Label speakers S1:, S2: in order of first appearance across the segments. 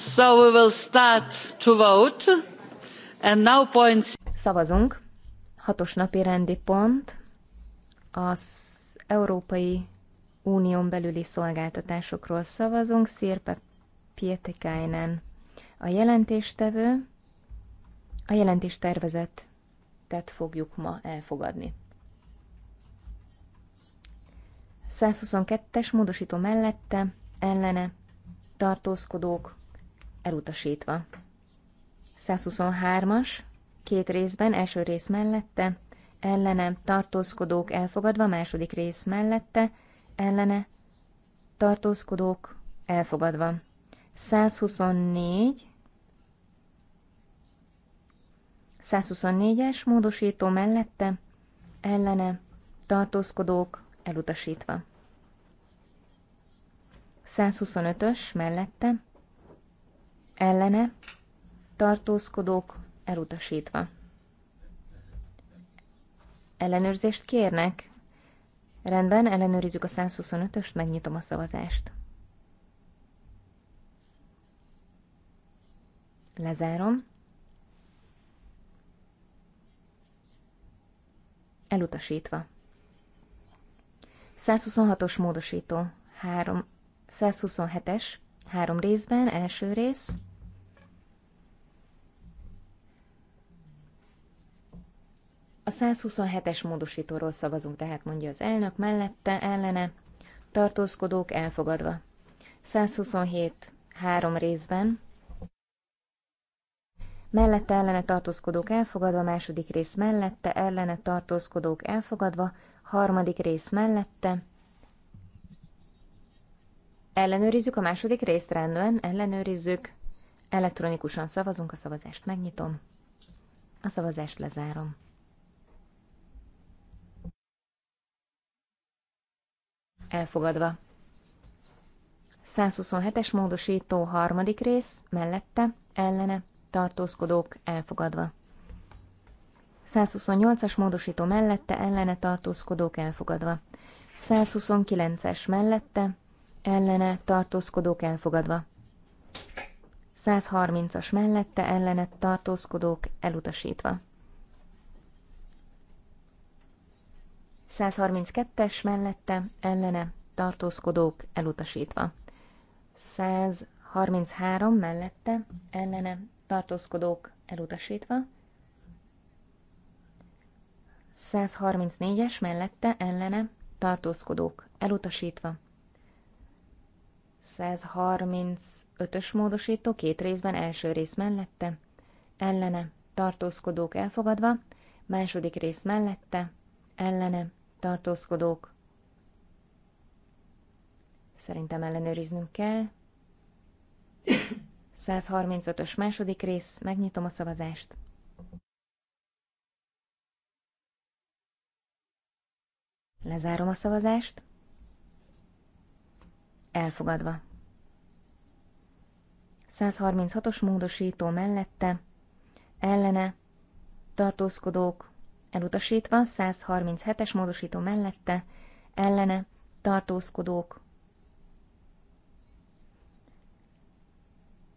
S1: So we will start to vote. And now points. Szavazunk. Hatos napi rendi pont az Európai Unión belüli szolgáltatásokról szavazunk. Szirpe Pietikainen a jelentéstevő. A jelentés tervezetet fogjuk ma elfogadni. 122-es módosító mellette, ellene, tartózkodók, elutasítva. 123-as, két részben, első rész mellette, ellene tartózkodók elfogadva, második rész mellette, ellene tartózkodók elfogadva. 124, 124-es módosító mellette, ellene tartózkodók elutasítva. 125-ös mellette, ellene, tartózkodók elutasítva. Ellenőrzést kérnek? Rendben, ellenőrizzük a 125-öst, megnyitom a szavazást. Lezárom. Elutasítva. 126-os módosító, 3, 127-es, három részben, első rész, A 127-es módosítóról szavazunk tehát, mondja az elnök, mellette, ellene, tartózkodók elfogadva. 127 három részben, mellette ellene tartózkodók elfogadva, második rész mellette, ellene tartózkodók elfogadva, harmadik rész mellette. Ellenőrizzük a második részt rendben, ellenőrizzük. Elektronikusan szavazunk, a szavazást megnyitom. A szavazást lezárom. elfogadva. 127-es módosító harmadik rész, mellette, ellene, tartózkodók elfogadva. 128-as módosító mellette, ellene, tartózkodók elfogadva. 129-es mellette, ellene, tartózkodók elfogadva. 130-as mellette, ellene, tartózkodók elutasítva. 132-es mellette ellene tartózkodók elutasítva. 133 mellette ellene tartózkodók elutasítva. 134-es mellette ellene tartózkodók elutasítva. 135-ös módosító két részben első rész mellette, ellene tartózkodók elfogadva, második rész mellette, ellene tartózkodók. Szerintem ellenőriznünk kell. 135-ös második rész, megnyitom a szavazást. Lezárom a szavazást. Elfogadva. 136-os módosító mellette, ellene, tartózkodók, elutasítva 137-es módosító mellette, ellene, tartózkodók.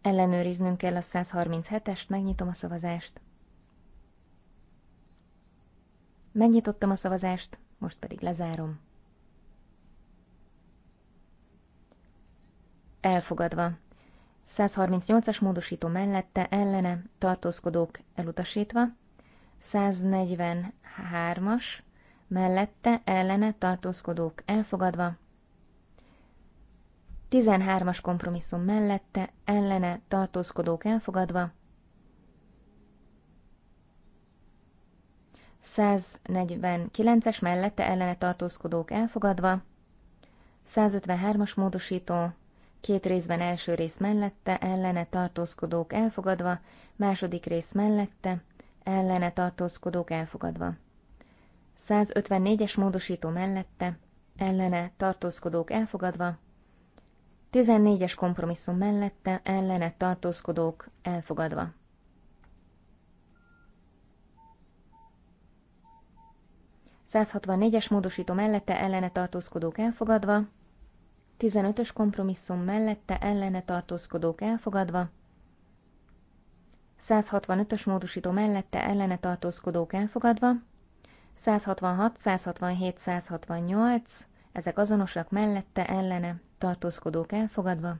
S1: Ellenőriznünk kell a 137-est, megnyitom a szavazást. Megnyitottam a szavazást, most pedig lezárom. Elfogadva. 138-as módosító mellette, ellene, tartózkodók elutasítva, 143-as, mellette ellene tartózkodók elfogadva, 13-as kompromisszum mellette ellene tartózkodók elfogadva, 149-es mellette ellene tartózkodók elfogadva, 153-as módosító, két részben első rész mellette, ellene tartózkodók elfogadva, második rész mellette, ellene tartózkodók elfogadva. 154-es módosító mellette, ellene tartózkodók elfogadva, 14-es kompromisszum mellette, ellene tartózkodók elfogadva. es módosító mellette ellene tartózkodók elfogadva, 15-ös kompromisszum mellette ellene tartózkodók elfogadva, 165-ös módosító mellette ellene tartózkodók elfogadva, 166, 167, 168, ezek azonosak mellette ellene tartózkodók elfogadva,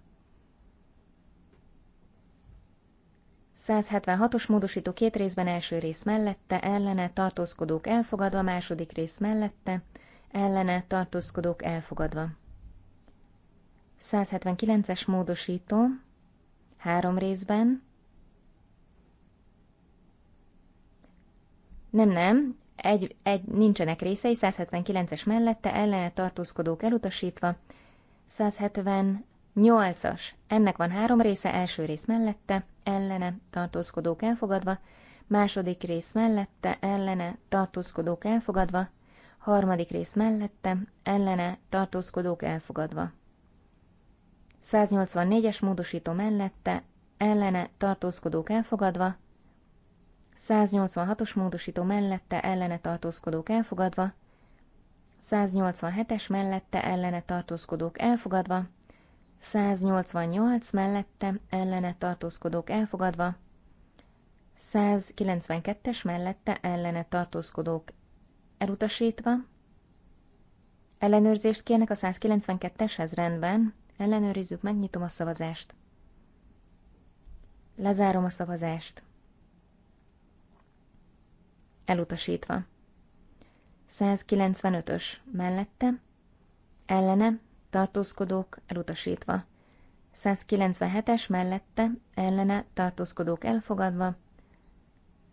S1: 176-os módosító két részben első rész mellette, ellene tartózkodók elfogadva, második rész mellette, ellene tartózkodók elfogadva. 179-es módosító három részben, Nem, nem, egy, egy, nincsenek részei, 179-es mellette, ellene tartózkodók elutasítva, 178-as, ennek van három része, első rész mellette, ellene tartózkodók elfogadva, második rész mellette, ellene tartózkodók elfogadva, harmadik rész mellette, ellene tartózkodók elfogadva. 184-es módosító mellette, ellene tartózkodók elfogadva, 186-os módosító mellette ellene tartózkodók elfogadva, 187-es mellette ellene tartózkodók elfogadva, 188 mellette ellene tartózkodók elfogadva, 192-es mellette ellene tartózkodók elutasítva, ellenőrzést kérnek a 192-eshez rendben, ellenőrizzük, megnyitom a szavazást. Lezárom a szavazást elutasítva. 195-ös mellette, ellene, tartózkodók elutasítva. 197-es mellette, ellene, tartózkodók elfogadva.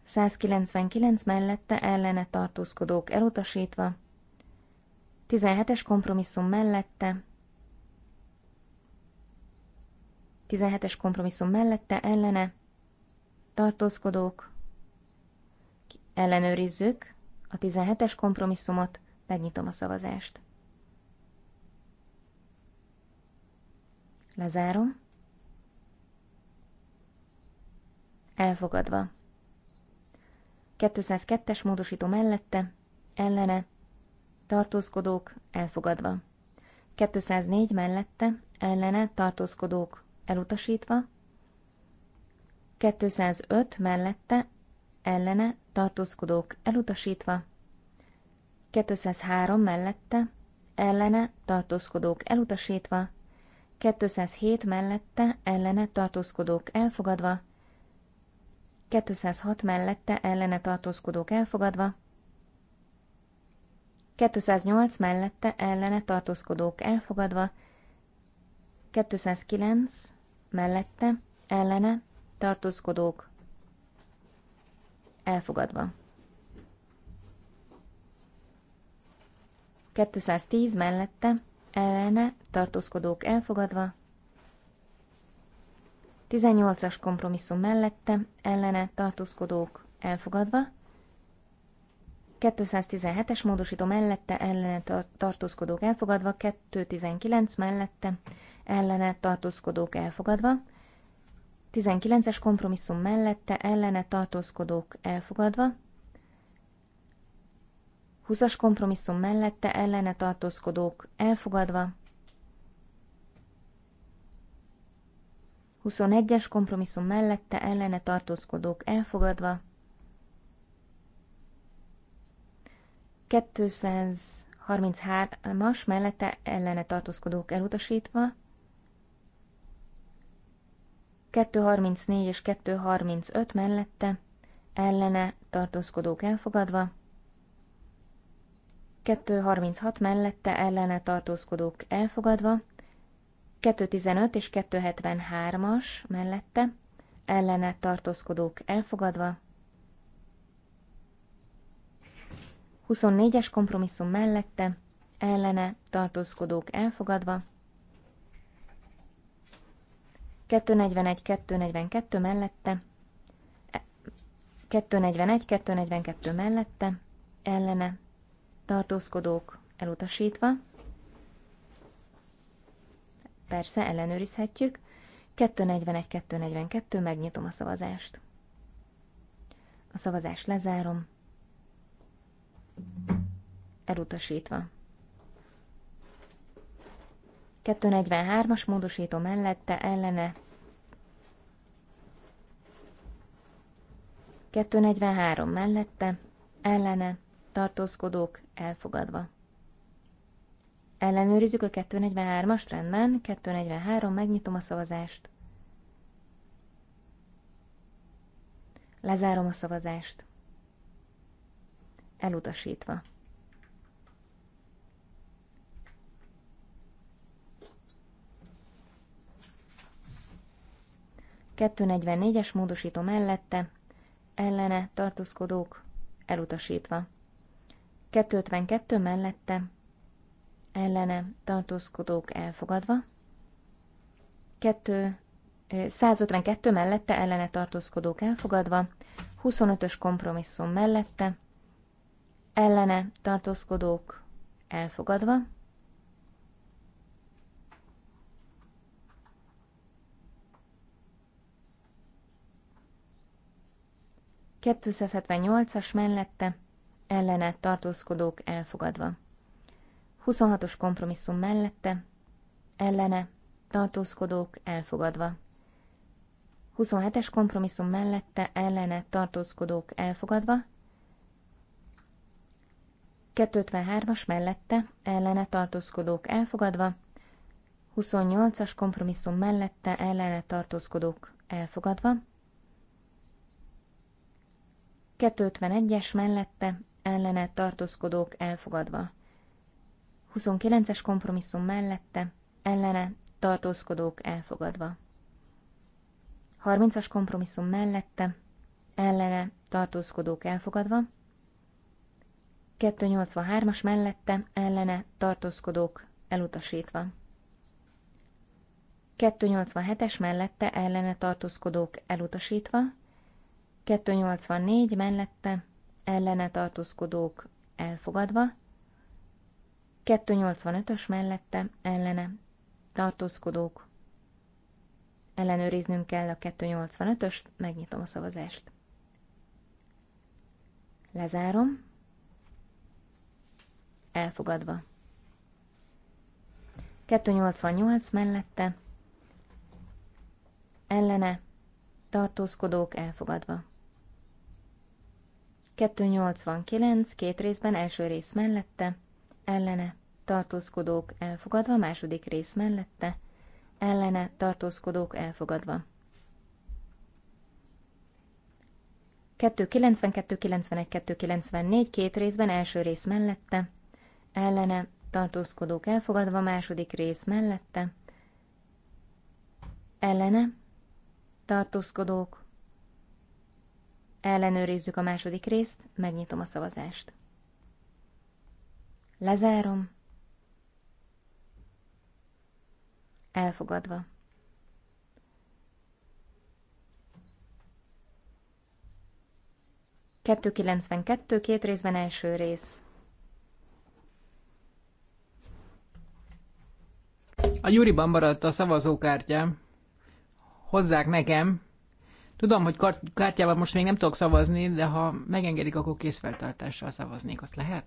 S1: 199 mellette, ellene, tartózkodók elutasítva. 17-es kompromisszum mellette, 17-es kompromisszum mellette, ellene, tartózkodók Ellenőrizzük a 17-es kompromisszumot, megnyitom a szavazást. Lezárom. Elfogadva. 202-es módosító mellette, ellene, tartózkodók, elfogadva. 204 mellette, ellene, tartózkodók, elutasítva. 205 mellette, ellene tartózkodók elutasítva, 203 mellette, ellene tartózkodók elutasítva, 207 mellette, ellene tartózkodók elfogadva, 206 mellette, ellene tartózkodók elfogadva, 208 mellette, ellene tartózkodók elfogadva, 209 mellette, ellene tartózkodók elfogadva. 210 mellette, ellene, tartózkodók elfogadva. 18-as kompromisszum mellette, ellene, tartózkodók elfogadva. 217-es módosító mellette, ellene, tartózkodók elfogadva. 219 mellette, ellene, tartózkodók elfogadva. 19-es kompromisszum mellette ellene tartózkodók elfogadva, 20-as kompromisszum mellette ellene tartózkodók elfogadva, 21-es kompromisszum mellette ellene tartózkodók elfogadva, 233-as mellette ellene tartózkodók elutasítva, 234 és 235 mellette, ellene tartózkodók elfogadva, 236 mellette ellene tartózkodók elfogadva, 215 és 273-as mellette ellene tartózkodók elfogadva, 24-es kompromisszum mellette ellene tartózkodók elfogadva, 241, 242 mellette, 241, e, 242 mellette, ellene, tartózkodók elutasítva, persze ellenőrizhetjük, 241-242, megnyitom a szavazást. A szavazást lezárom. Elutasítva. 243-as módosító mellette ellene 243 mellette ellene tartózkodók elfogadva. Ellenőrizzük a 243-as rendben, 243, megnyitom a szavazást. Lezárom a szavazást. Elutasítva. 244-es módosító mellette, ellene tartózkodók elutasítva. 252 mellette, ellene tartózkodók elfogadva. 2, 152 eh, mellette ellene tartózkodók elfogadva, 25-ös kompromisszum mellette, ellene tartózkodók elfogadva, 278-as mellette ellene tartózkodók elfogadva. 26-os kompromisszum mellette ellene tartózkodók elfogadva. 27-es kompromisszum mellette ellene tartózkodók elfogadva. 253-as mellette ellene tartózkodók elfogadva. 28-as kompromisszum mellette ellene tartózkodók elfogadva. 251-es mellette ellene tartózkodók elfogadva. 29-es kompromisszum mellette ellene tartózkodók elfogadva. 30-as kompromisszum mellette ellene tartózkodók elfogadva. 283-as mellette ellene tartózkodók elutasítva. 287-es mellette ellene tartózkodók elutasítva. 284 mellette ellene tartózkodók elfogadva, 285-ös mellette ellene tartózkodók ellenőriznünk kell a 285-öst, megnyitom a szavazást. Lezárom. Elfogadva. 288 mellette ellene tartózkodók elfogadva. 289, két részben, első rész mellette, ellene, tartózkodók elfogadva, második rész mellette, ellene, tartózkodók elfogadva. 292, 91, 294, két részben, első rész mellette, ellene, tartózkodók elfogadva, második rész mellette, ellene, tartózkodók Ellenőrizzük a második részt, megnyitom a szavazást. Lezárom. Elfogadva. Kettő kilencvenkettő, két részben első rész.
S2: A Gyuriban maradt a szavazókártyám. Hozzák nekem, Tudom, hogy kártyával most még nem tudok szavazni, de ha megengedik, akkor készfeltartással szavaznék, azt lehet?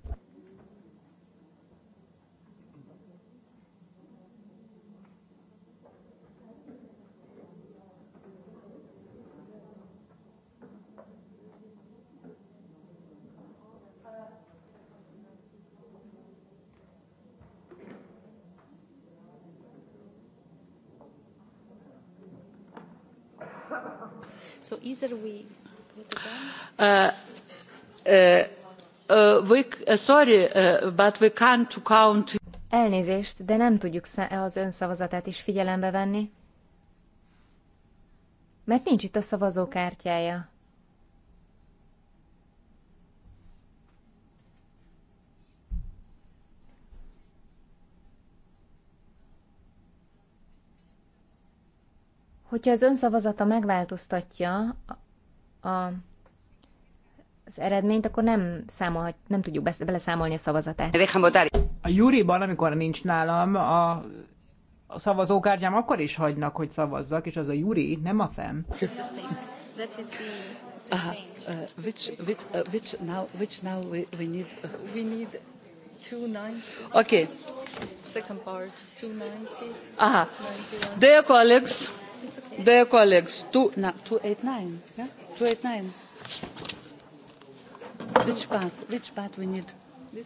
S1: Elnézést, de nem tudjuk az ön szavazatát is figyelembe venni, mert nincs itt a szavazókártyája. Hogyha az önszavazata megváltoztatja a, a, az eredményt, akkor nem, számolhat, nem tudjuk beleszámolni a szavazatát. A
S2: júriban, amikor nincs nálam a, a szavazókártyám,
S1: akkor is hagynak,
S2: hogy szavazzak, és az a júri, nem a fem. Aha, uh, which, which, uh, which now, which now we, we need? Uh, we need
S3: 290. Okay. Second part, 290. Aha. 91. Dear colleagues, Dear colleagues, two, no, 289, yeah? 289.
S1: Which part? Which part we need?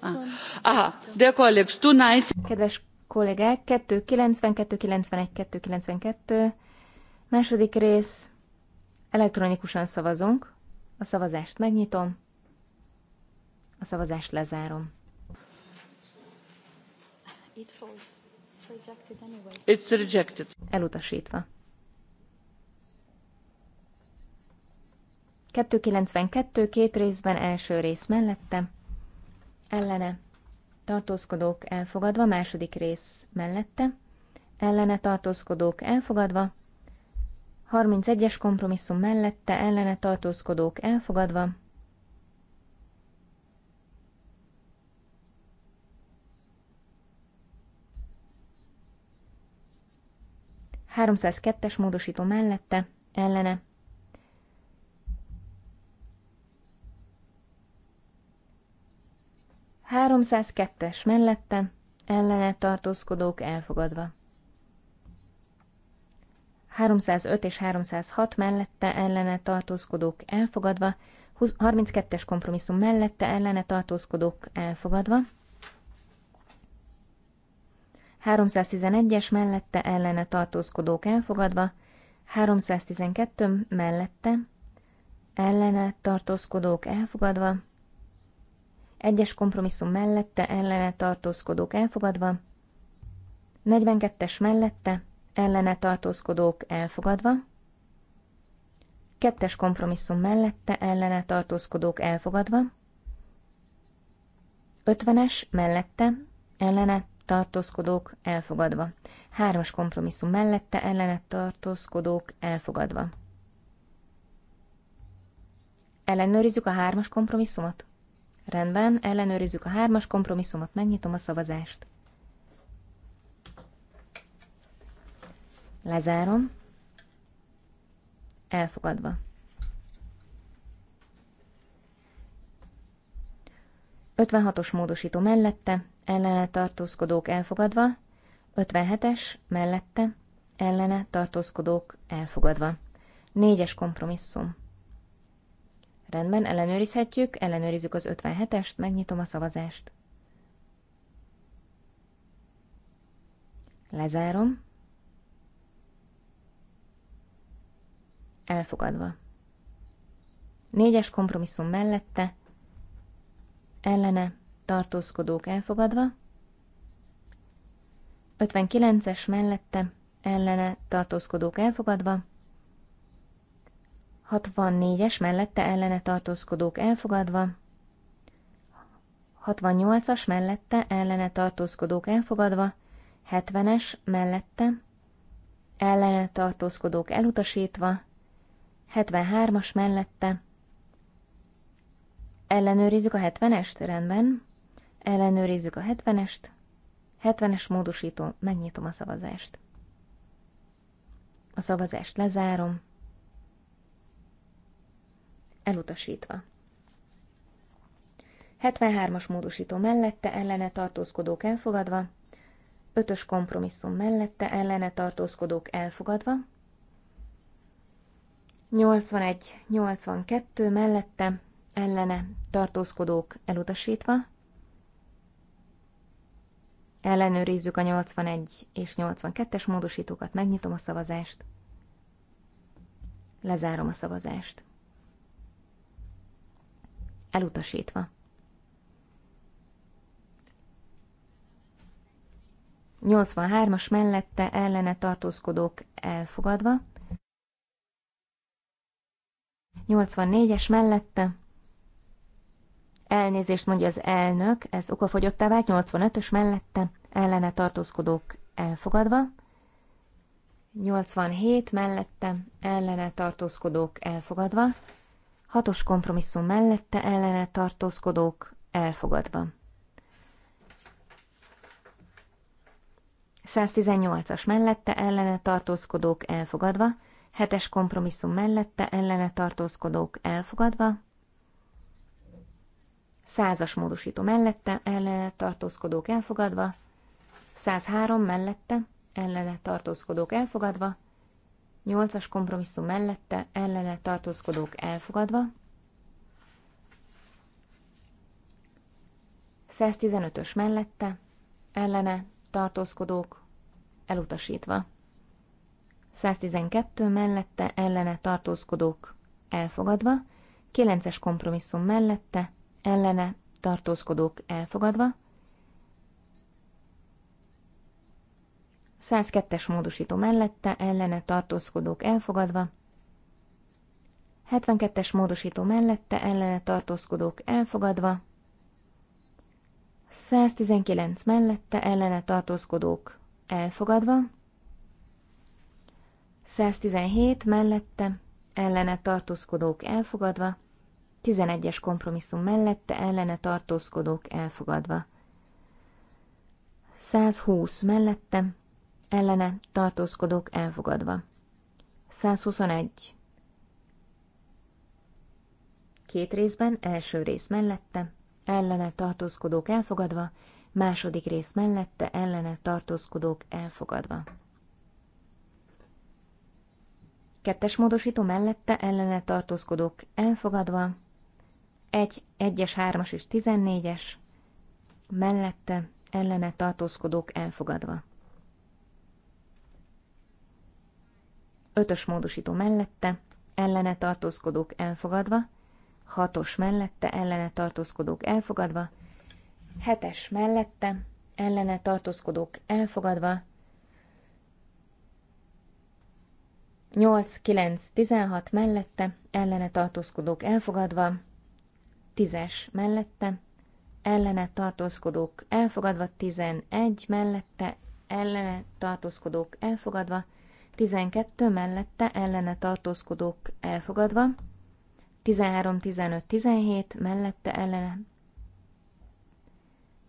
S1: Ah. Aha, dear colleagues, 290. Kedves kollégák, 290, 291, 292. Második rész. Elektronikusan szavazunk. A szavazást megnyitom. A szavazást lezárom.
S4: It falls. It's rejected anyway. It's
S1: rejected. Elutasítva. 292 két részben első rész mellette, ellene tartózkodók elfogadva, második rész mellette, ellene tartózkodók elfogadva, 31-es kompromisszum mellette, ellene tartózkodók elfogadva, 302-es módosító mellette, ellene, 302-es mellette, ellene tartózkodók elfogadva. 305 és 306 mellette ellene tartózkodók elfogadva, 32-es kompromisszum mellette ellene tartózkodók elfogadva, 311-es mellette ellene tartózkodók elfogadva, 312 mellette ellene tartózkodók elfogadva, egyes kompromisszum mellette ellene tartózkodók elfogadva, 42-es mellette ellene tartózkodók elfogadva, kettes kompromisszum mellette ellene tartózkodók elfogadva, 50-es mellette ellene tartózkodók elfogadva, 3-as kompromisszum mellette ellene tartózkodók elfogadva. Ellenőrizzük a 3-as kompromisszumot? Rendben, ellenőrizzük a hármas kompromisszumot, megnyitom a szavazást. Lezárom. Elfogadva. Ötvenhatos módosító mellette, ellene tartózkodók elfogadva, 57-es mellette, ellene tartózkodók elfogadva. Négyes kompromisszum Rendben, ellenőrizhetjük, ellenőrizzük az 57-est, megnyitom a szavazást. Lezárom. Elfogadva. Négyes kompromisszum mellette, ellene, tartózkodók elfogadva. 59-es mellette, ellene, tartózkodók elfogadva. 64-es mellette ellene tartózkodók elfogadva, 68-as mellette ellene tartózkodók elfogadva, 70-es mellette ellene tartózkodók elutasítva, 73-as mellette. Ellenőrizzük a 70-est, rendben. Ellenőrizzük a 70-est. 70-es módosító, megnyitom a szavazást. A szavazást lezárom elutasítva. 73-as módosító mellette ellene tartózkodók elfogadva, 5-ös kompromisszum mellette ellene tartózkodók elfogadva, 81-82 mellette ellene tartózkodók elutasítva, ellenőrizzük a 81 és 82-es módosítókat, megnyitom a szavazást, lezárom a szavazást. Elutasítva. 83-as mellette ellene tartózkodók elfogadva. 84-es mellette elnézést mondja az elnök, ez okafogyottá vált, 85-ös mellette ellene tartózkodók elfogadva. 87 mellette ellene tartózkodók elfogadva. Hatos kompromisszum mellette ellene tartózkodók elfogadva. 118-as mellette ellene tartózkodók elfogadva, 7-es kompromisszum mellette ellene tartózkodók elfogadva, 100-as módosító mellette ellene tartózkodók elfogadva, 103 mellette ellene tartózkodók elfogadva, Nyolcas kompromisszum mellette ellene tartózkodók elfogadva. 115-ös mellette ellene tartózkodók elutasítva. 112 mellette ellene tartózkodók elfogadva. 9-es kompromisszum mellette ellene tartózkodók elfogadva. 102-es módosító mellette, ellene tartózkodók elfogadva, 72-es módosító mellette, ellene tartózkodók elfogadva, 119 mellette, ellene tartózkodók elfogadva, 117 mellette, ellene tartózkodók elfogadva, 11-es kompromisszum mellette, ellene tartózkodók elfogadva, 120 mellette, ellene tartózkodók elfogadva. 121. Két részben, első rész mellette, ellene tartózkodók elfogadva, második rész mellette, ellene tartózkodók elfogadva. Kettes módosító mellette, ellene tartózkodók elfogadva, egy, egyes, hármas és tizennégyes, mellette, ellene tartózkodók elfogadva. Ötös módosító mellette, ellene tartózkodók elfogadva, hatos mellette, ellene tartózkodók elfogadva, hetes mellette, ellene tartózkodók elfogadva, 8-9-16 mellette, ellene tartózkodók elfogadva, 10-es mellette, ellene tartózkodók elfogadva, 11 mellette, ellene tartózkodók elfogadva, 12 mellette ellene tartózkodók elfogadva, 13-15-17 mellette ellene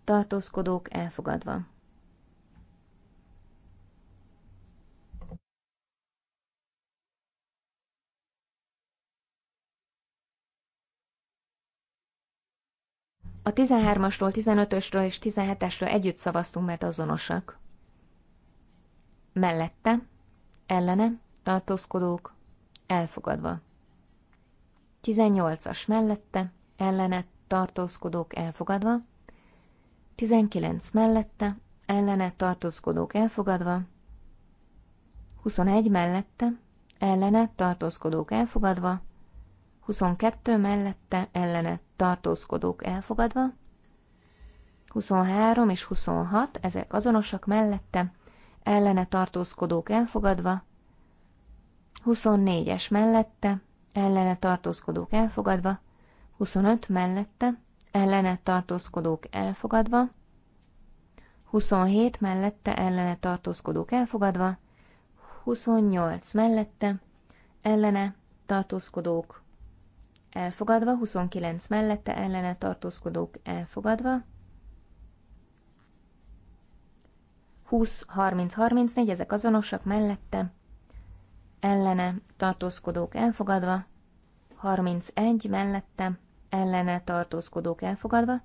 S1: tartózkodók elfogadva. A 13-asról, 15-ösről és 17-esről együtt szavaztunk, mert azonosak. Mellette ellene, tartózkodók, elfogadva. 18-as mellette, ellene, tartózkodók, elfogadva. 19 mellette, ellene, tartózkodók, elfogadva. 21 mellette, ellene, tartózkodók, elfogadva. 22 mellette, ellene, tartózkodók, elfogadva. 23 és 26, ezek azonosak mellette, ellene tartózkodók elfogadva, 24-es mellette, ellene tartózkodók elfogadva, 25 mellette, ellene tartózkodók elfogadva, 27 mellette, ellene tartózkodók elfogadva, 28 mellette, ellene tartózkodók elfogadva, 29 mellette, ellene tartózkodók elfogadva, 20-30-34, ezek azonosak mellette, ellene tartózkodók elfogadva, 31 mellette, ellene tartózkodók elfogadva.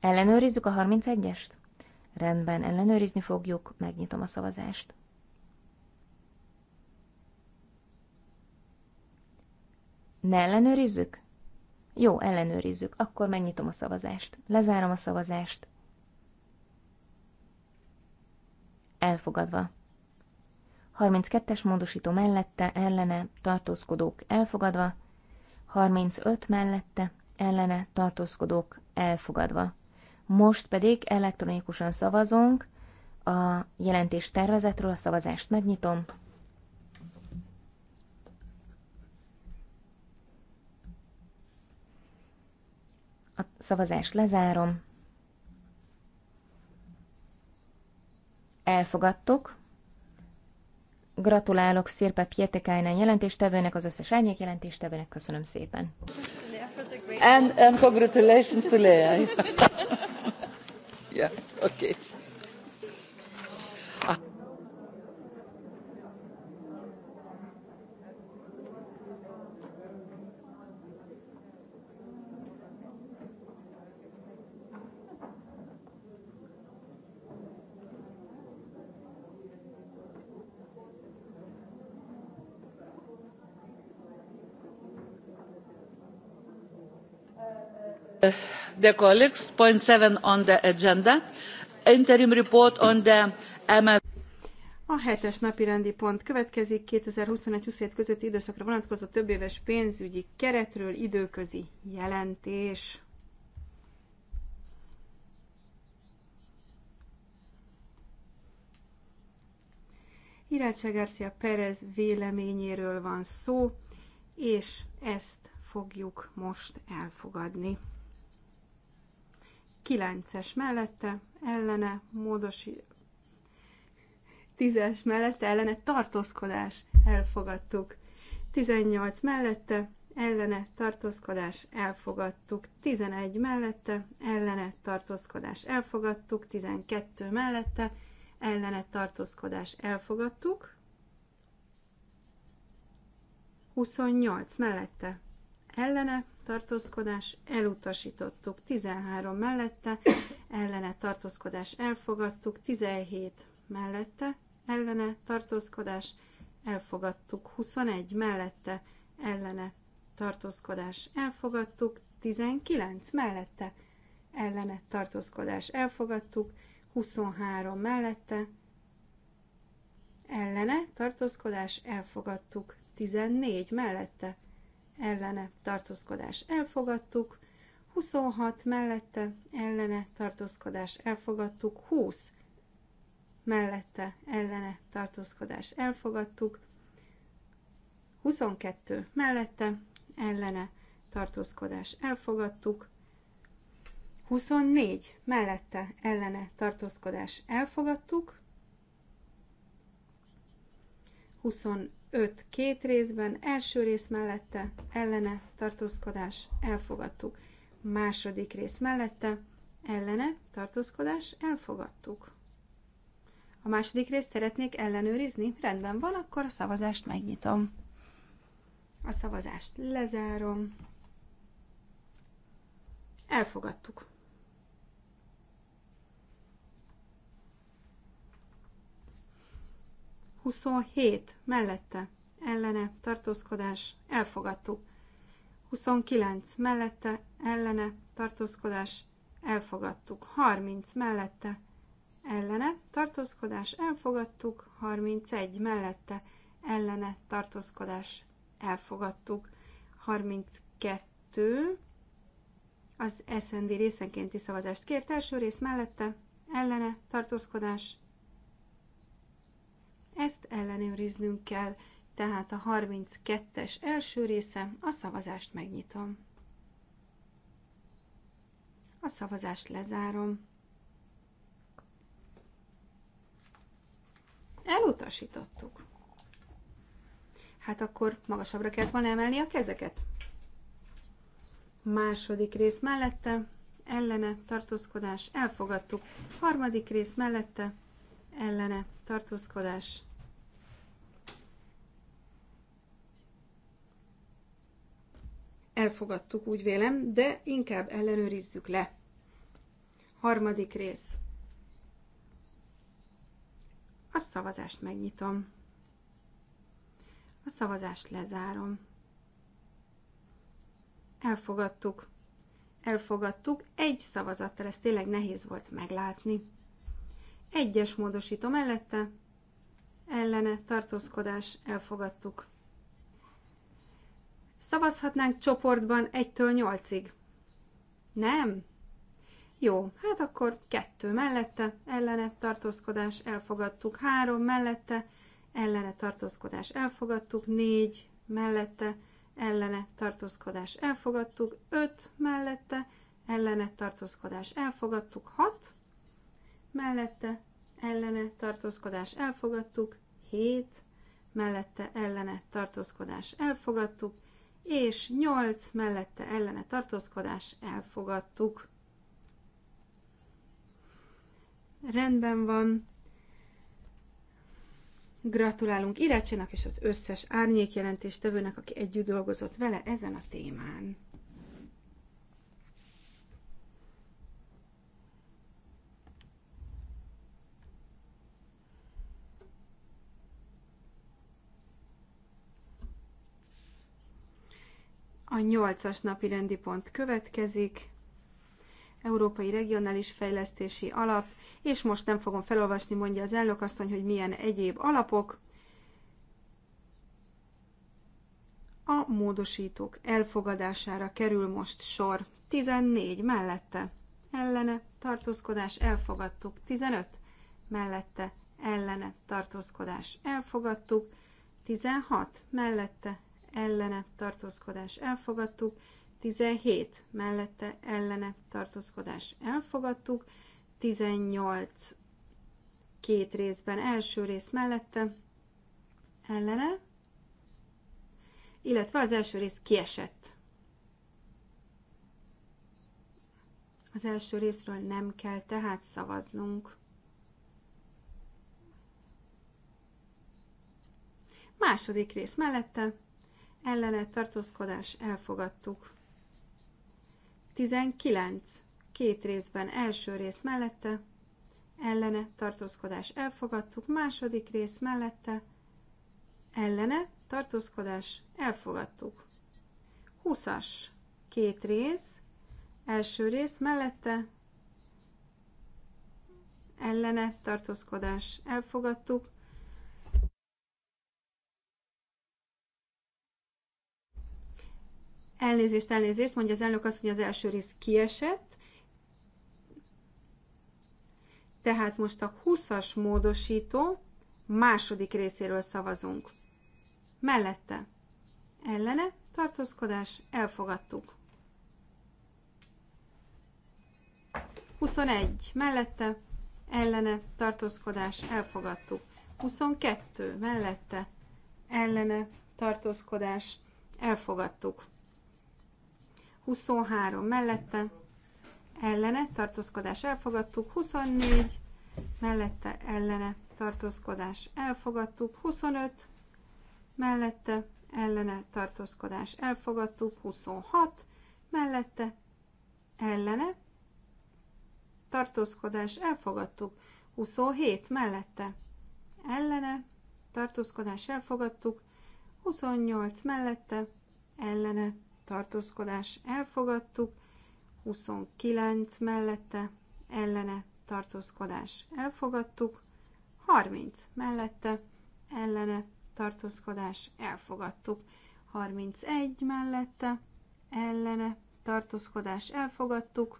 S1: Ellenőrizzük a 31-est? Rendben, ellenőrizni fogjuk, megnyitom a szavazást. Ne ellenőrizzük? Jó, ellenőrizzük. Akkor megnyitom a szavazást. Lezárom a szavazást. elfogadva. 32-es módosító mellette, ellene, tartózkodók elfogadva, 35 mellette, ellene, tartózkodók elfogadva. Most pedig elektronikusan szavazunk, a jelentés tervezetről a szavazást megnyitom. A szavazást lezárom. Elfogadtuk. Gratulálok Szirpe Pietekájnán jelentéstevőnek, az összes árnyék jelentéstevőnek. Köszönöm szépen.
S3: And, and um, congratulations to Lea. yeah, okay. dear colleagues point seven on the agenda
S4: interim report on the MF a hetes napi rendi pont következik 2021-27 közötti időszakra vonatkozó többéves pénzügyi keretről időközi jelentés. Irácsa Garcia Perez véleményéről van szó, és ezt fogjuk most elfogadni. 9-es mellette, ellene, módosi, 10-es mellette, ellene, tartózkodás, elfogadtuk. 18 mellette, ellene, tartózkodás, elfogadtuk. 11 mellette, ellene, tartózkodás, elfogadtuk. 12 mellette, ellene, tartózkodás, elfogadtuk. 28 mellette, ellene, tartózkodás elutasítottuk, 13 mellette, ellene tartózkodás elfogadtuk, 17 mellette, ellene tartózkodás elfogadtuk, 21 mellette, ellene tartózkodás elfogadtuk, 19 mellette, ellene tartózkodás elfogadtuk, 23 mellette, ellene tartózkodás elfogadtuk, 14 mellette, ellene tartózkodás elfogadtuk, 26 mellette ellene tartózkodás elfogadtuk, 20 mellette ellene tartózkodás elfogadtuk, 22 mellette ellene tartózkodás elfogadtuk, 24 mellette ellene tartózkodás elfogadtuk, 25 5 két részben, első rész mellette, ellene, tartózkodás, elfogadtuk. Második rész mellette, ellene, tartózkodás, elfogadtuk. A második részt szeretnék ellenőrizni? Rendben van, akkor a szavazást megnyitom. A szavazást lezárom. Elfogadtuk. 27 mellette, ellene, tartózkodás, elfogadtuk. 29 mellette, ellene, tartózkodás, elfogadtuk. 30 mellette, ellene, tartózkodás, elfogadtuk. 31 mellette, ellene, tartózkodás, elfogadtuk. 32 az SND részenkénti szavazást kért első rész mellette, ellene, tartózkodás, ezt ellenőriznünk kell, tehát a 32-es első része, a szavazást megnyitom. A szavazást lezárom. Elutasítottuk. Hát akkor magasabbra kellett volna emelni a kezeket. Második rész mellette, ellene, tartózkodás, elfogadtuk. Harmadik rész mellette, ellene, tartózkodás, Elfogadtuk, úgy vélem, de inkább ellenőrizzük le. Harmadik rész. A szavazást megnyitom. A szavazást lezárom. Elfogadtuk. Elfogadtuk. Egy szavazattal, ez tényleg nehéz volt meglátni. Egyes módosítom mellette, ellene tartózkodás, elfogadtuk. Szavazhatnánk csoportban 1-től 8-ig? Nem? Jó, hát akkor kettő mellette, ellene tartózkodás, elfogadtuk. Három mellette, ellene tartózkodás, elfogadtuk. Négy mellette, ellene tartózkodás, elfogadtuk. Öt mellette, ellene tartózkodás, elfogadtuk. Hat mellette, ellene tartózkodás, elfogadtuk. Hét mellette, ellene tartózkodás, elfogadtuk és 8 mellette ellene tartózkodás elfogadtuk. Rendben van. Gratulálunk Irácsénak és az összes árnyékjelentéstevőnek, aki együtt dolgozott vele ezen a témán. A nyolcas napi rendi pont következik. Európai Regionális Fejlesztési Alap, és most nem fogom felolvasni, mondja az asszony, hogy milyen egyéb alapok. A módosítók elfogadására kerül most sor. 14 mellette, ellene, tartózkodás, elfogadtuk. 15 mellette, ellene, tartózkodás, elfogadtuk. 16 mellette, ellene tartózkodás elfogadtuk, 17 mellette ellene tartózkodás elfogadtuk, 18 két részben első rész mellette ellene, illetve az első rész kiesett. Az első részről nem kell tehát szavaznunk. Második rész mellette ellene tartózkodás elfogadtuk. 19. Két részben első rész mellette, ellene tartózkodás elfogadtuk, második rész mellette, ellene tartózkodás elfogadtuk. 20-as. Két rész, első rész mellette, ellene tartózkodás elfogadtuk, Elnézést, elnézést, mondja az elnök azt, hogy az első rész kiesett. Tehát most a 20-as módosító második részéről szavazunk. Mellette. Ellene, tartózkodás, elfogadtuk. 21. Mellette, ellene, tartózkodás, elfogadtuk. 22. Mellette, ellene, tartózkodás, elfogadtuk. 23 mellette, ellene, tartózkodás elfogadtuk, 24 mellette, ellene, tartózkodás elfogadtuk, 25 mellette, ellene, tartózkodás elfogadtuk, 26 mellette, ellene, tartózkodás elfogadtuk, 27 mellette, ellene, tartózkodás elfogadtuk, 28 mellette, ellene, tartózkodás elfogadtuk, 29 mellette ellene tartózkodás elfogadtuk, 30 mellette ellene tartózkodás elfogadtuk, 31 mellette ellene tartózkodás elfogadtuk,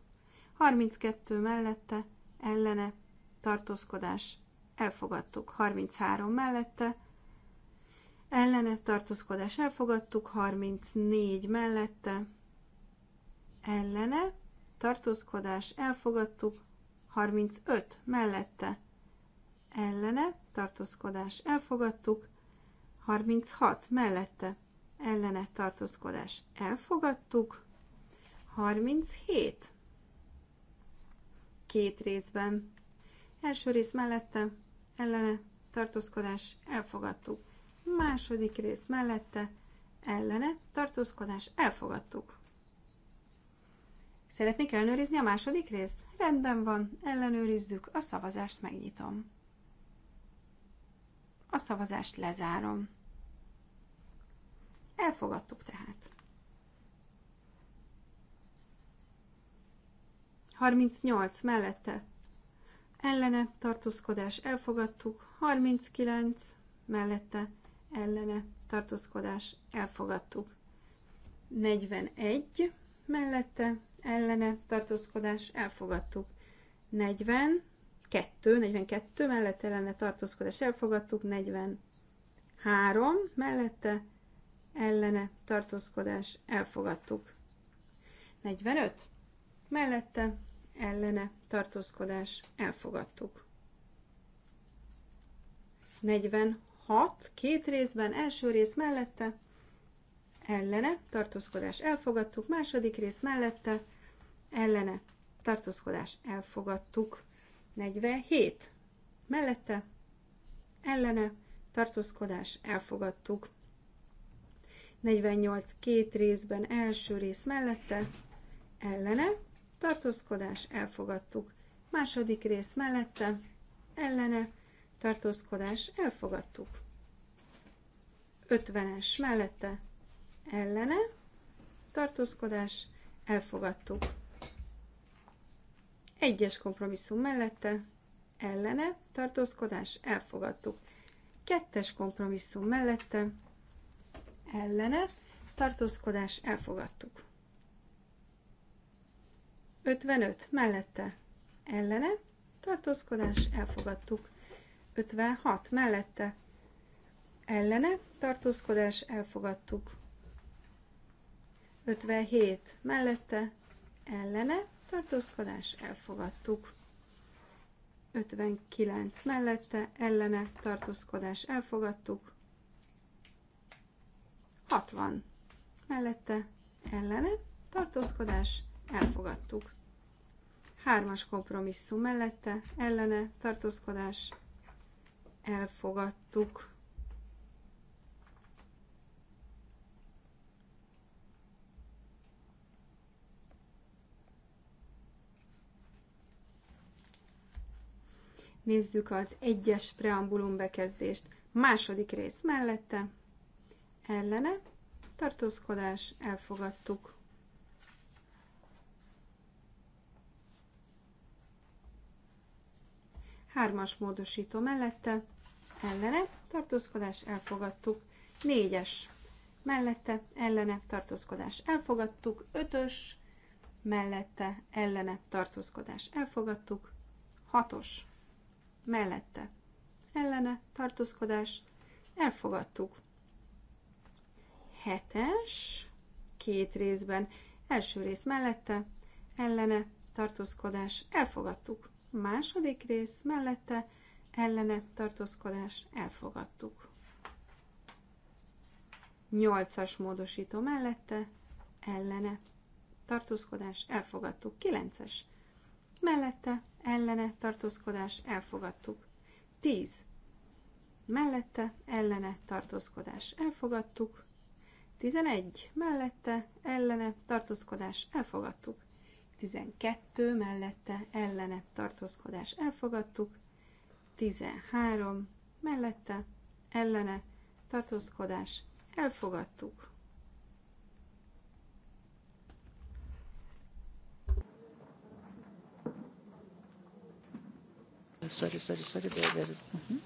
S4: 32 mellette ellene tartózkodás elfogadtuk, 33 mellette ellene tartózkodás elfogadtuk, 34 mellette ellene tartózkodás elfogadtuk, 35 mellette ellene tartózkodás elfogadtuk, 36 mellette ellene tartózkodás elfogadtuk, 37 két részben. Első rész mellette ellene tartózkodás elfogadtuk Második rész mellette ellene tartózkodás elfogadtuk. Szeretnék ellenőrizni a második részt? Rendben van, ellenőrizzük, a szavazást megnyitom. A szavazást lezárom. Elfogadtuk tehát. 38 mellette ellene tartózkodás elfogadtuk, 39 mellette ellene tartózkodás elfogadtuk. 41 mellette ellene tartózkodás elfogadtuk. 42 42 mellette ellene tartózkodás elfogadtuk, 43 mellette ellene tartózkodás elfogadtuk. 45 mellette ellene tartózkodás elfogadtuk. 6 két részben, első rész mellette, ellene, tartózkodás elfogadtuk, második rész mellette, ellene, tartózkodás elfogadtuk, 47 mellette, ellene, tartózkodás elfogadtuk, 48 két részben, első rész mellette, ellene, tartózkodás elfogadtuk, második rész mellette, ellene, tartózkodás, elfogadtuk. 50-es mellette ellene, tartózkodás, elfogadtuk. Egyes kompromisszum mellette ellene, tartózkodás, elfogadtuk. Kettes kompromisszum mellette ellene, tartózkodás, elfogadtuk. 55 mellette ellene, tartózkodás, elfogadtuk. 56 mellette ellene tartózkodás elfogadtuk. 57 mellette ellene tartózkodás elfogadtuk. 59 mellette ellene tartózkodás elfogadtuk. 60 mellette ellene tartózkodás elfogadtuk. Hármas kompromisszum mellette ellene tartózkodás elfogadtuk. Nézzük az egyes preambulum bekezdést. Második rész mellette, ellene, tartózkodás, elfogadtuk. Hármas módosító mellette, ellene, tartózkodás, elfogadtuk. Négyes, mellette, ellene, tartózkodás, elfogadtuk. Ötös, mellette, ellene, tartózkodás, elfogadtuk. Hatos, mellette, ellene, tartózkodás, elfogadtuk. Hetes, két részben, első rész mellette, ellene, tartózkodás, elfogadtuk. Második rész mellette, ellene tartózkodás elfogadtuk. 8-as módosító mellette ellene tartózkodás elfogadtuk. 9-es mellette ellene tartózkodás elfogadtuk. 10 mellette ellene tartózkodás elfogadtuk. 11 mellette ellene tartózkodás elfogadtuk. 12 mellette ellene tartózkodás elfogadtuk. 13 mellette, ellene, tartózkodás, elfogadtuk.
S3: Sorry, sorry, sorry, there, there is... Mhm.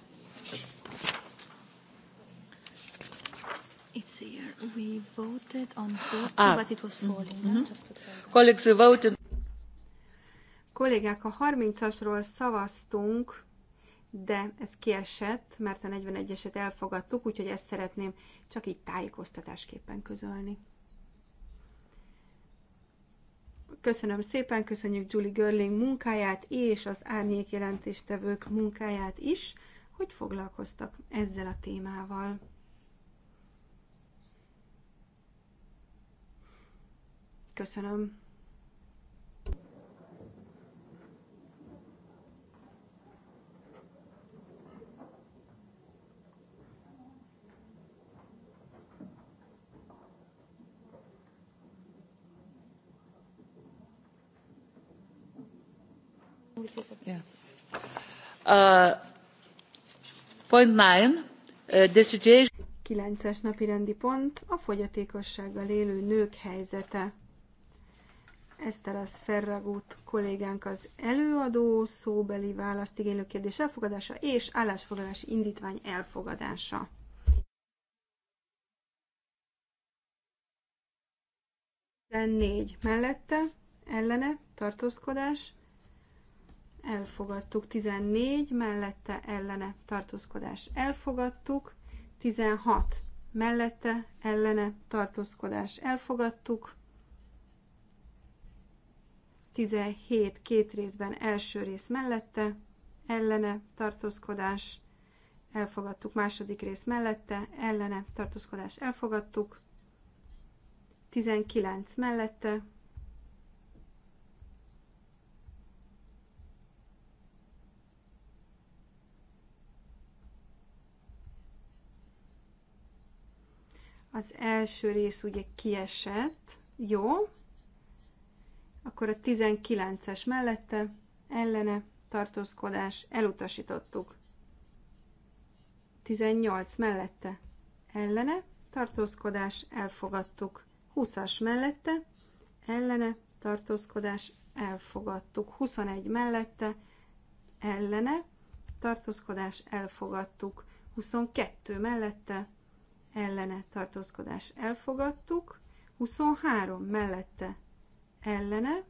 S4: It's here. We voted on 40, ah. but it was mhm, falling. Mm
S3: -hmm. Just to Colleagues, we voted.
S4: Kollégák, a 30-asról szavaztunk, de ez kiesett, mert a 41-eset elfogadtuk, úgyhogy ezt szeretném csak így tájékoztatásképpen közölni. Köszönöm szépen, köszönjük Julie Görling munkáját és az árnyék jelentéstevők munkáját is, hogy foglalkoztak ezzel a témával. Köszönöm.
S2: Yeah. Uh, point nine, uh, the situation...
S4: 9 napi rendi pont a fogyatékossággal élő nők helyzete. Eszterász Ferragut kollégánk az előadó, szóbeli választ igénylő kérdés elfogadása és állásfoglalási indítvány elfogadása. négy mellette, ellene, tartózkodás, elfogadtuk. 14 mellette ellene tartózkodás elfogadtuk. 16 mellette ellene tartózkodás elfogadtuk. 17 két részben első rész mellette ellene tartózkodás elfogadtuk. Második rész mellette ellene tartózkodás elfogadtuk. 19 mellette Az első rész ugye kiesett, jó. Akkor a 19-es mellette ellene tartózkodás elutasítottuk. 18 mellette ellene tartózkodás elfogadtuk. 20-as mellette ellene tartózkodás elfogadtuk. 21 mellette ellene tartózkodás elfogadtuk. 22 mellette ellene tartózkodás elfogadtuk, 23 mellette ellene,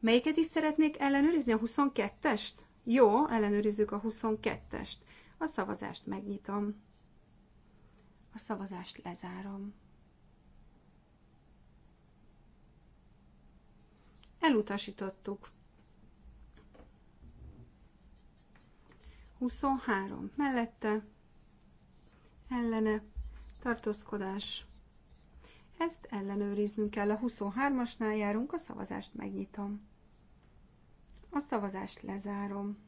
S4: Melyiket is szeretnék ellenőrizni? A 22-est? Jó, ellenőrizzük a 22-est. A szavazást megnyitom. A szavazást lezárom. Elutasítottuk. 23 mellette, ellene, tartózkodás. Ezt ellenőriznünk kell. A 23-asnál járunk, a szavazást megnyitom. A szavazást lezárom.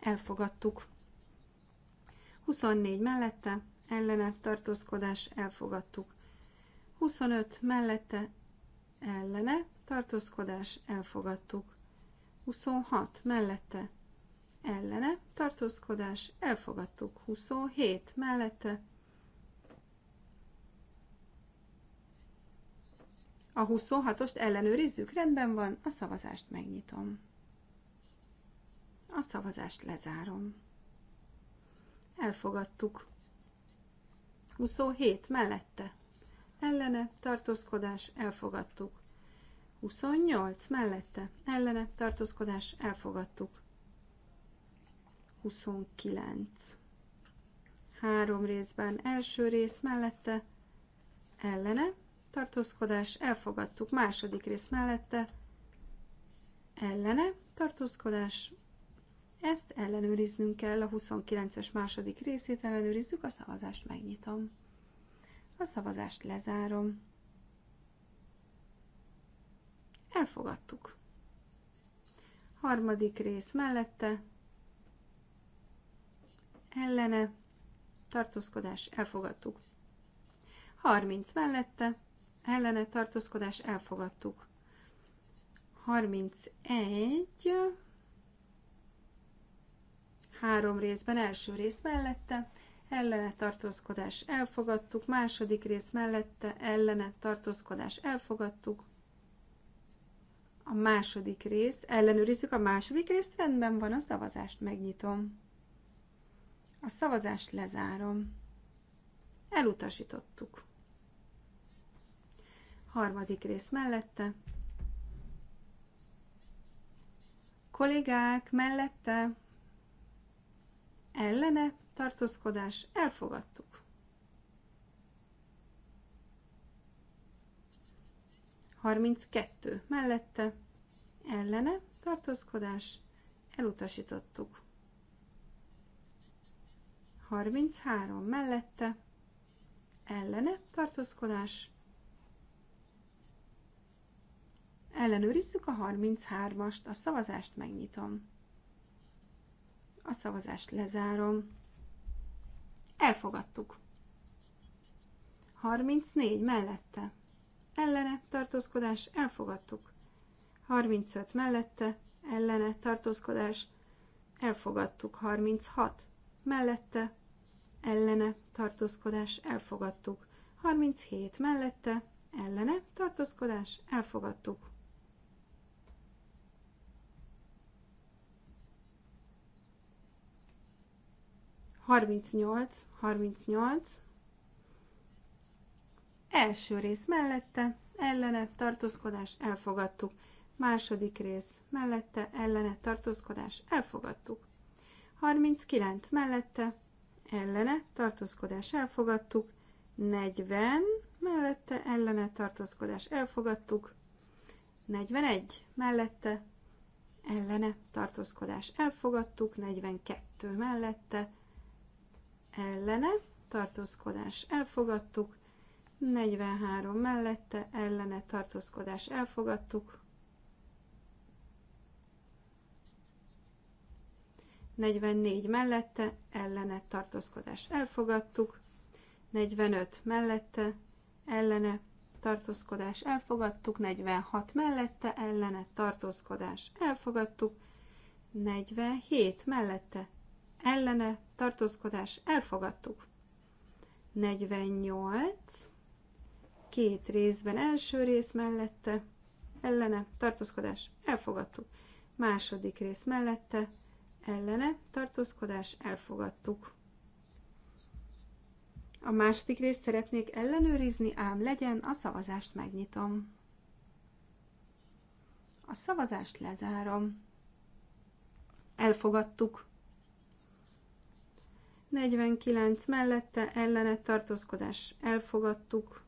S4: Elfogadtuk. 24 mellette, ellene, tartózkodás, elfogadtuk. 25 mellette, ellene, tartózkodás, elfogadtuk. 26 mellette ellene tartózkodás, elfogadtuk 27 mellette. A 26-ost ellenőrizzük, rendben van, a szavazást megnyitom. A szavazást lezárom. Elfogadtuk. 27 mellette. Ellene tartózkodás, elfogadtuk. 28 mellette, ellene tartózkodás elfogadtuk. 29. Három részben első rész mellette, ellene tartózkodás elfogadtuk. Második rész mellette, ellene tartózkodás. Ezt ellenőriznünk kell, a 29-es második részét ellenőrizzük, a szavazást megnyitom. A szavazást lezárom. Elfogadtuk. Harmadik rész mellette. Ellene. Tartózkodás. Elfogadtuk. 30 mellette. Ellene. Tartózkodás. Elfogadtuk. 31. Három részben. Első rész mellette ellene tartózkodás elfogadtuk, második rész mellette ellene tartózkodás elfogadtuk, a második rész, ellenőrizzük a második részt, rendben van, a szavazást megnyitom. A szavazást lezárom. Elutasítottuk. Harmadik rész mellette. Kollégák mellette. Ellene tartózkodás elfogadtuk. 32 mellette, ellene, tartózkodás, elutasítottuk. 33 mellette, ellene, tartózkodás, Ellenőrizzük a 33-ast, a szavazást megnyitom. A szavazást lezárom. Elfogadtuk. 34 mellette ellene tartózkodás elfogadtuk. 35 mellette ellene tartózkodás elfogadtuk. 36 mellette ellene tartózkodás elfogadtuk. 37 mellette ellene tartózkodás elfogadtuk. Harmincnyolc, harmincnyolc, Első rész mellette, ellene, tartózkodás, elfogadtuk. Második rész mellette, ellene, tartózkodás, elfogadtuk. 39 mellette, ellene, tartózkodás, elfogadtuk. 40 mellette, ellene, tartózkodás, elfogadtuk. 41 mellette, ellene, tartózkodás, elfogadtuk. 42 mellette, ellene, tartózkodás, elfogadtuk. 43 mellette, ellene tartózkodás elfogadtuk. 44 mellette, ellene tartózkodás elfogadtuk. 45 mellette, ellene tartózkodás elfogadtuk. 46 mellette, ellene tartózkodás elfogadtuk. 47 mellette, ellene tartózkodás elfogadtuk. 48 két részben. Első rész mellette, ellene, tartózkodás, elfogadtuk. Második rész mellette, ellene, tartózkodás, elfogadtuk. A második részt szeretnék ellenőrizni, ám legyen, a szavazást megnyitom. A szavazást lezárom. Elfogadtuk. 49 mellette ellene tartózkodás elfogadtuk.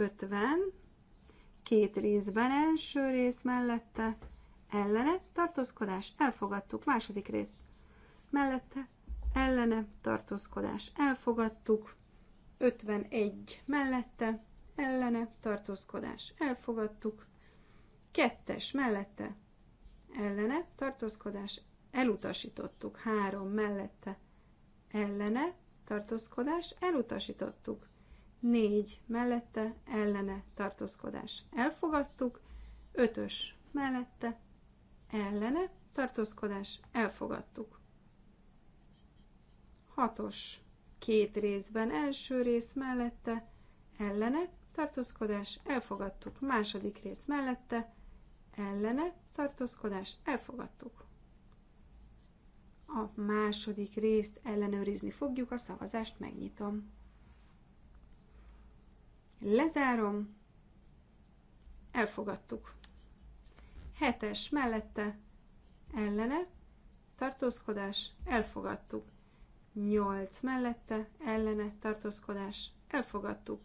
S4: 50, két részben, első rész mellette, ellene, tartózkodás, elfogadtuk, második rész mellette, ellene, tartózkodás, elfogadtuk, 51 mellette, ellene, tartózkodás, elfogadtuk, kettes mellette, ellene, tartózkodás, elutasítottuk, három mellette, ellene, tartózkodás, elutasítottuk négy mellette ellene tartózkodás elfogadtuk, ötös mellette ellene tartózkodás elfogadtuk. hatos két részben első rész mellette ellene tartózkodás elfogadtuk, második rész mellette ellene tartózkodás elfogadtuk. A második részt ellenőrizni fogjuk, a szavazást megnyitom. Lezárom. Elfogadtuk. Hetes mellette ellene tartózkodás, elfogadtuk. Nyolc mellette, ellene, tartózkodás, elfogadtuk.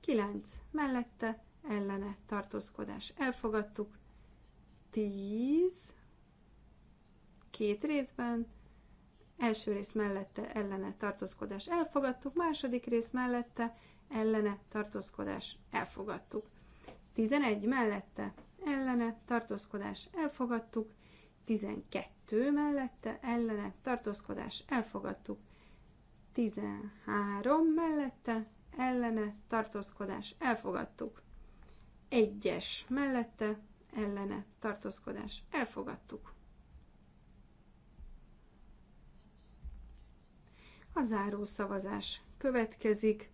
S4: Kilenc mellette, ellene, tartózkodás, elfogadtuk. Tíz, két részben, első rész mellette, ellene, tartózkodás, elfogadtuk. Második rész mellette, ellene tartózkodás elfogadtuk. 11 mellette ellene tartózkodás elfogadtuk, 12 mellette ellene tartózkodás elfogadtuk, 13 mellette ellene tartózkodás elfogadtuk, 1-es mellette ellene tartózkodás elfogadtuk. A záró szavazás következik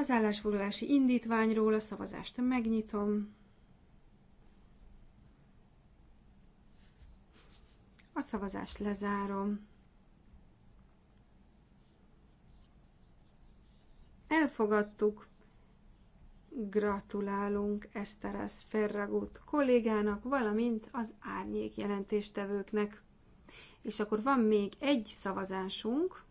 S4: az állásfoglalási indítványról a szavazást megnyitom. A szavazást lezárom. Elfogadtuk. Gratulálunk Eszteres Ferragut kollégának, valamint az árnyék jelentéstevőknek. És akkor van még egy szavazásunk,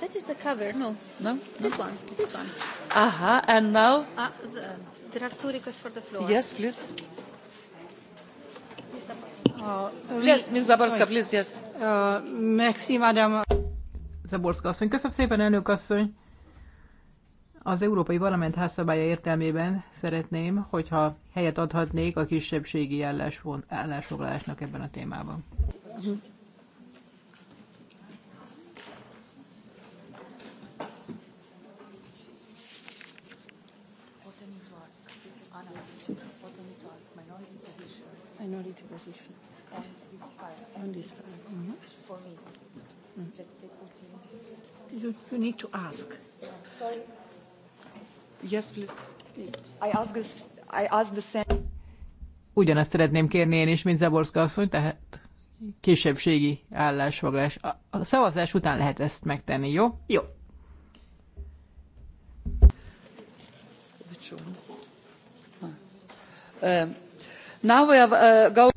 S3: That is the cover, no.
S2: No? This no. one, this one. Aha, uh-huh. and now?
S3: Uh, the, there are two requests for the floor. Yes, please. Uh, uh,
S2: Zaborska, asszony. Köszönöm szépen, elnök asszony. Az Európai Parlament házszabálya értelmében szeretném, hogyha helyet adhatnék a kisebbségi állásfoglalásnak ebben a témában. Uh-huh. minority position.
S3: On this file. On this file. Mm -hmm. For me. Mm. That
S2: You, you need to ask.
S3: Sorry.
S4: Yes, please. I ask, this, I ask the
S2: same. Ugyanezt szeretném kérni én is, mint Zaborszka asszony, tehát kisebbségi állásfoglalás. A, a szavazás után lehet ezt megtenni, jó? Jó. Uh, Uh,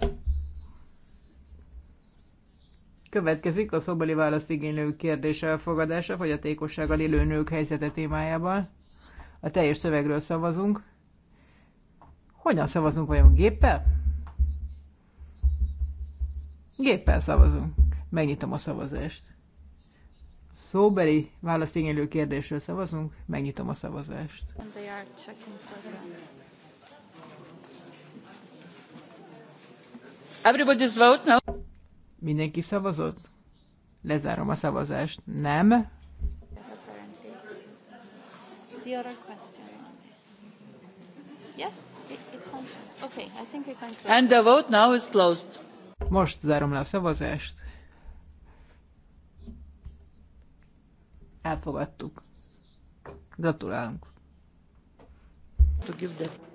S2: Következik a szobeli válaszigénylő kérdése elfogadása fogyatékossággal élő nők helyzete témájában. A teljes szövegről szavazunk. Hogyan szavazunk vajon? Géppel? Géppel szavazunk. Megnyitom a szavazást. Szóbeli igénylő kérdésről szavazunk. Megnyitom a szavazást. Everybody's vote now. Mindenki szavazott? Lezárom a szavazást. Nem.
S4: Yes, it,
S1: okay, I think we can close. And the vote now is closed.
S2: Most zárom le a szavazást. Elfogadtuk. Gratulálunk. To give that.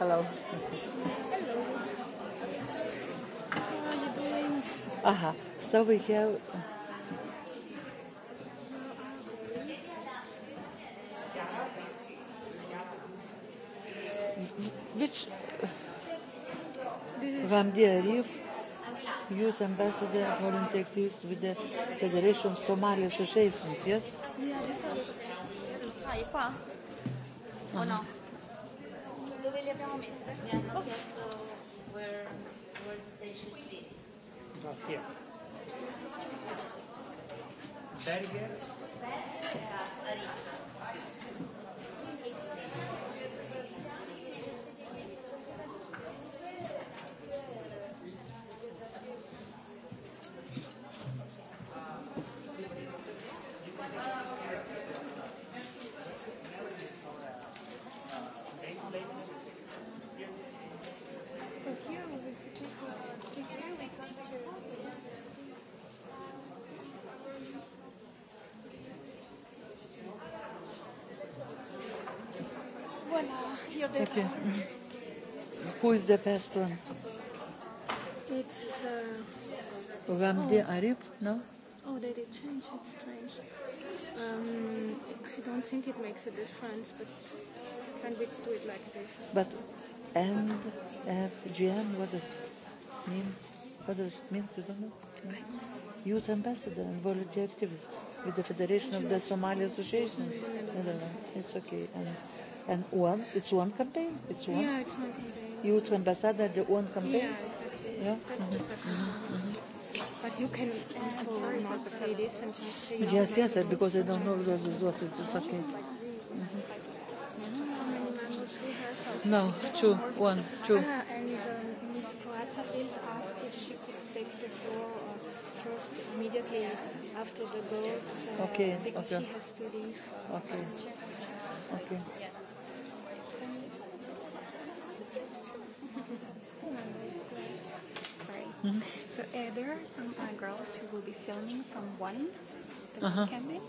S2: Hello. Hello. How
S3: are you doing? Aha, so we have. Which Van Dieriv,
S4: Youth Ambassador, volunteer activist with the Federation of Somali Associations, yes?
S1: Yeah, this is the case. Uh -huh. Oh no dove li abbiamo messe? Mi hanno oh. chiesto where, where they should be.
S3: No, here. Berger.
S1: Berger era a Rizzo.
S3: Who is the first one? It's. Uh, Ramdi oh. Arif, no? Oh, they did change it, strange.
S4: Um, I don't think it makes a difference, but can we do it like this?
S3: But, and FGM, what does it mean? What does it mean? You don't know? Right. Youth ambassador and volunteer activist with the Federation of the Somali Association. Mm-hmm. It's okay. And, And one, it's one campaign.
S2: It's one. Yeah, it's one campaign. Youth ambassador, the one campaign.
S4: Yeah,
S3: just, Yeah.
S2: That's mm-hmm. the second mm-hmm.
S3: But you can also sorry, not say this and just
S4: say. Yes,
S2: yes, yes because I don't
S3: know what is what is it's okay. No, two, one, two. Ah,
S4: and um, Ms. Corazza Bild asked if she could
S3: take the floor first immediately after the girls uh, okay, because okay. she has to leave. Uh, okay. Okay. Yes. Mm-hmm. So
S4: uh, there are some uh, girls who will be filming from one, the uh-huh. campaign.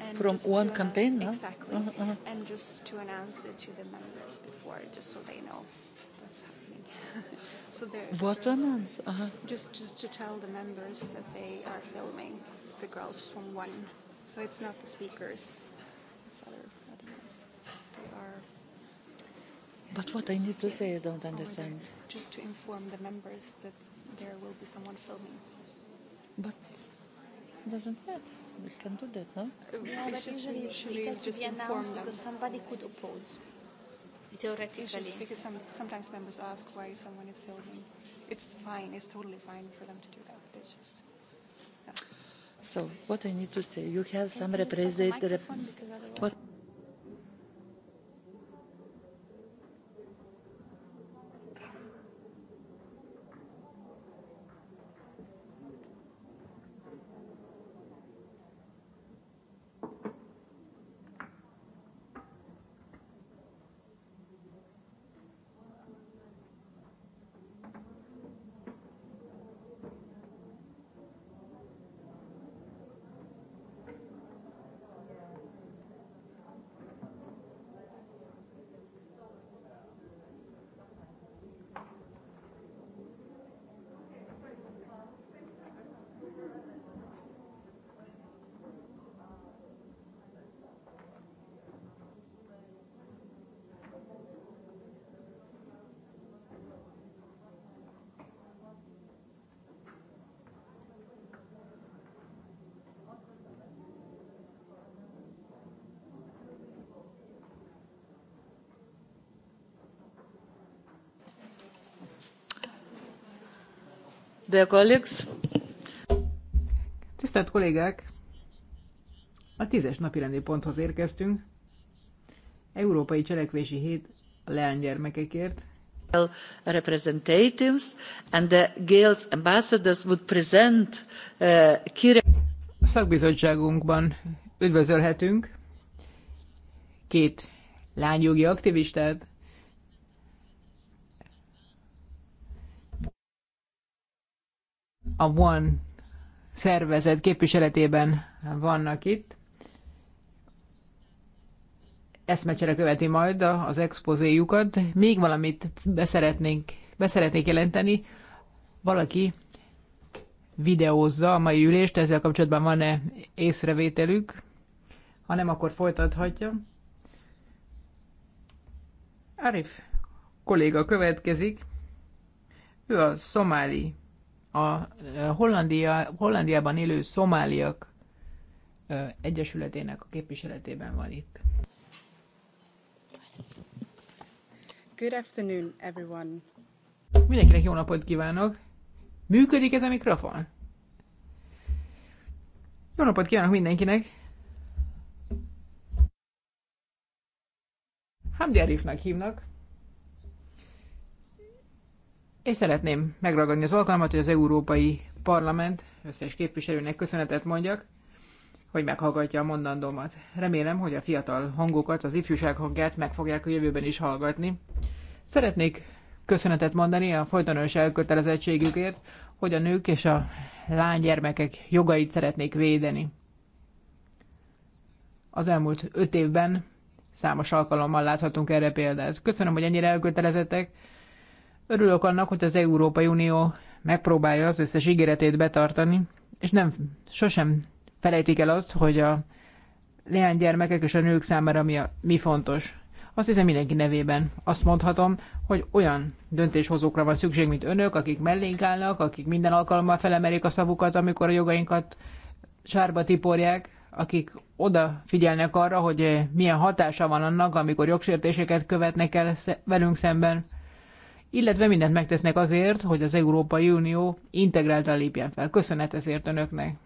S4: And from one campaign, announce, no? exactly, uh-huh, uh-huh. and just to announce it to the members before, just so they know what's happening. so there. What announce? Uh-huh. Just, just
S3: to tell the members that they are filming the girls from one. So it's not the speakers. It's other, other ones. They are. But what I need to say, I don't oh understand.
S4: Just to inform the members that there will be someone filming. But
S3: doesn't matter. We can do that, no? Uh,
S4: yeah, but usually it has to be announced because somebody could oppose. Theoretically. Just because some, sometimes members ask why someone is filming. It's fine. It's totally fine for
S3: them to do that. But it's just. Yeah. So what I need to say, you have some representative. Rep- what?
S2: Dear colleagues. Tisztelt kollégák! A tízes napi rendi ponthoz érkeztünk. Európai Cselekvési Hét a leánygyermekekért. Representatives and the Girls Ambassadors would present uh, kire... A szakbizottságunkban üdvözölhetünk két lányjogi aktivistát, a One szervezet képviseletében vannak itt. Eszmecsere követi majd az expozéjukat. Még valamit beszeretnénk, beszeretnék jelenteni. Valaki videózza a mai ülést, ezzel kapcsolatban van-e észrevételük, ha nem, akkor folytathatja. Arif kolléga következik, ő a szomáli a eh, Hollandia, Hollandiában élő szomáliak eh, egyesületének a képviseletében van itt. Good afternoon, everyone. Mindenkinek jó napot kívánok! Működik ez a mikrofon? Jó napot kívánok mindenkinek! Hamdi Arifnak hívnak. És szeretném megragadni az alkalmat, hogy az Európai Parlament összes képviselőnek köszönetet mondjak, hogy meghallgatja a mondandómat. Remélem, hogy a fiatal hangokat, az ifjúság hangját meg fogják a jövőben is hallgatni. Szeretnék köszönetet mondani a folytonos elkötelezettségükért, hogy a nők és a lánygyermekek jogait szeretnék védeni. Az elmúlt öt évben számos alkalommal láthatunk erre példát. Köszönöm, hogy ennyire elkötelezettek, Örülök annak, hogy az Európai Unió megpróbálja az összes ígéretét betartani, és nem sosem felejtik el azt, hogy a leánygyermekek és a nők számára mi, a, mi fontos. Azt hiszem mindenki nevében azt mondhatom, hogy olyan döntéshozókra van szükség, mint önök, akik mellénk állnak, akik minden alkalommal felemelik a szavukat, amikor a jogainkat sárba tiporják, akik oda figyelnek arra, hogy milyen hatása van annak, amikor jogsértéseket követnek el velünk szemben illetve mindent megtesznek azért, hogy az Európai Unió integráltan lépjen fel. Köszönet ezért önöknek!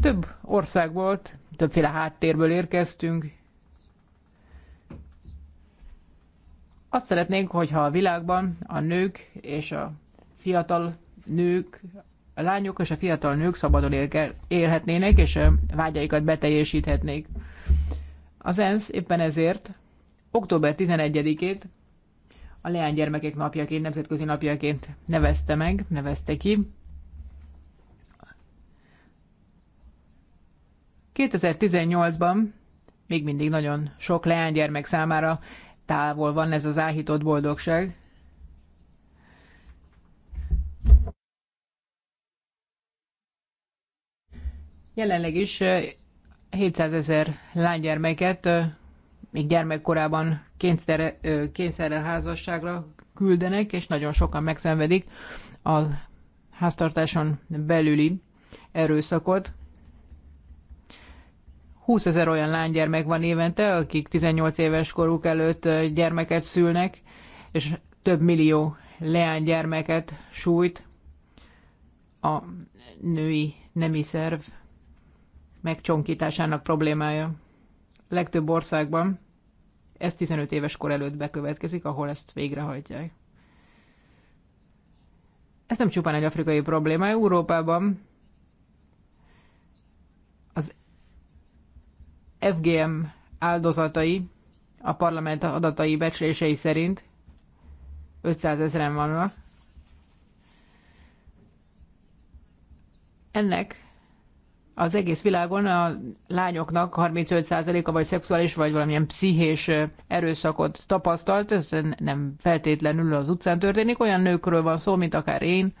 S2: Több ország volt, többféle háttérből érkeztünk. Azt szeretnénk, hogyha a világban a nők és a fiatal nők, a lányok és a fiatal nők szabadon élhetnének, és vágyaikat beteljesíthetnék. Az ENSZ éppen ezért október 11-ét a leánygyermekek napjaként, nemzetközi napjaként nevezte meg, nevezte ki. 2018-ban még mindig nagyon sok leánygyermek számára távol van ez az áhított boldogság. Jelenleg is 700 eh, ezer lánygyermeket eh, még gyermekkorában kényszerrel házasságra küldenek, és nagyon sokan megszenvedik a háztartáson belüli erőszakot. 20 ezer olyan lánygyermek van évente, akik 18 éves koruk előtt gyermeket szülnek, és több millió leánygyermeket sújt a női nemi szerv megcsonkításának problémája legtöbb országban ez 15 éves kor előtt bekövetkezik, ahol ezt végrehajtják. Ez nem csupán egy afrikai probléma. Európában az FGM áldozatai a parlament adatai becslései szerint 500 ezeren vannak. Ennek az egész világon a lányoknak 35%-a vagy szexuális, vagy valamilyen pszichés erőszakot tapasztalt, ez nem feltétlenül az utcán történik, olyan nőkről van szó, mint akár én.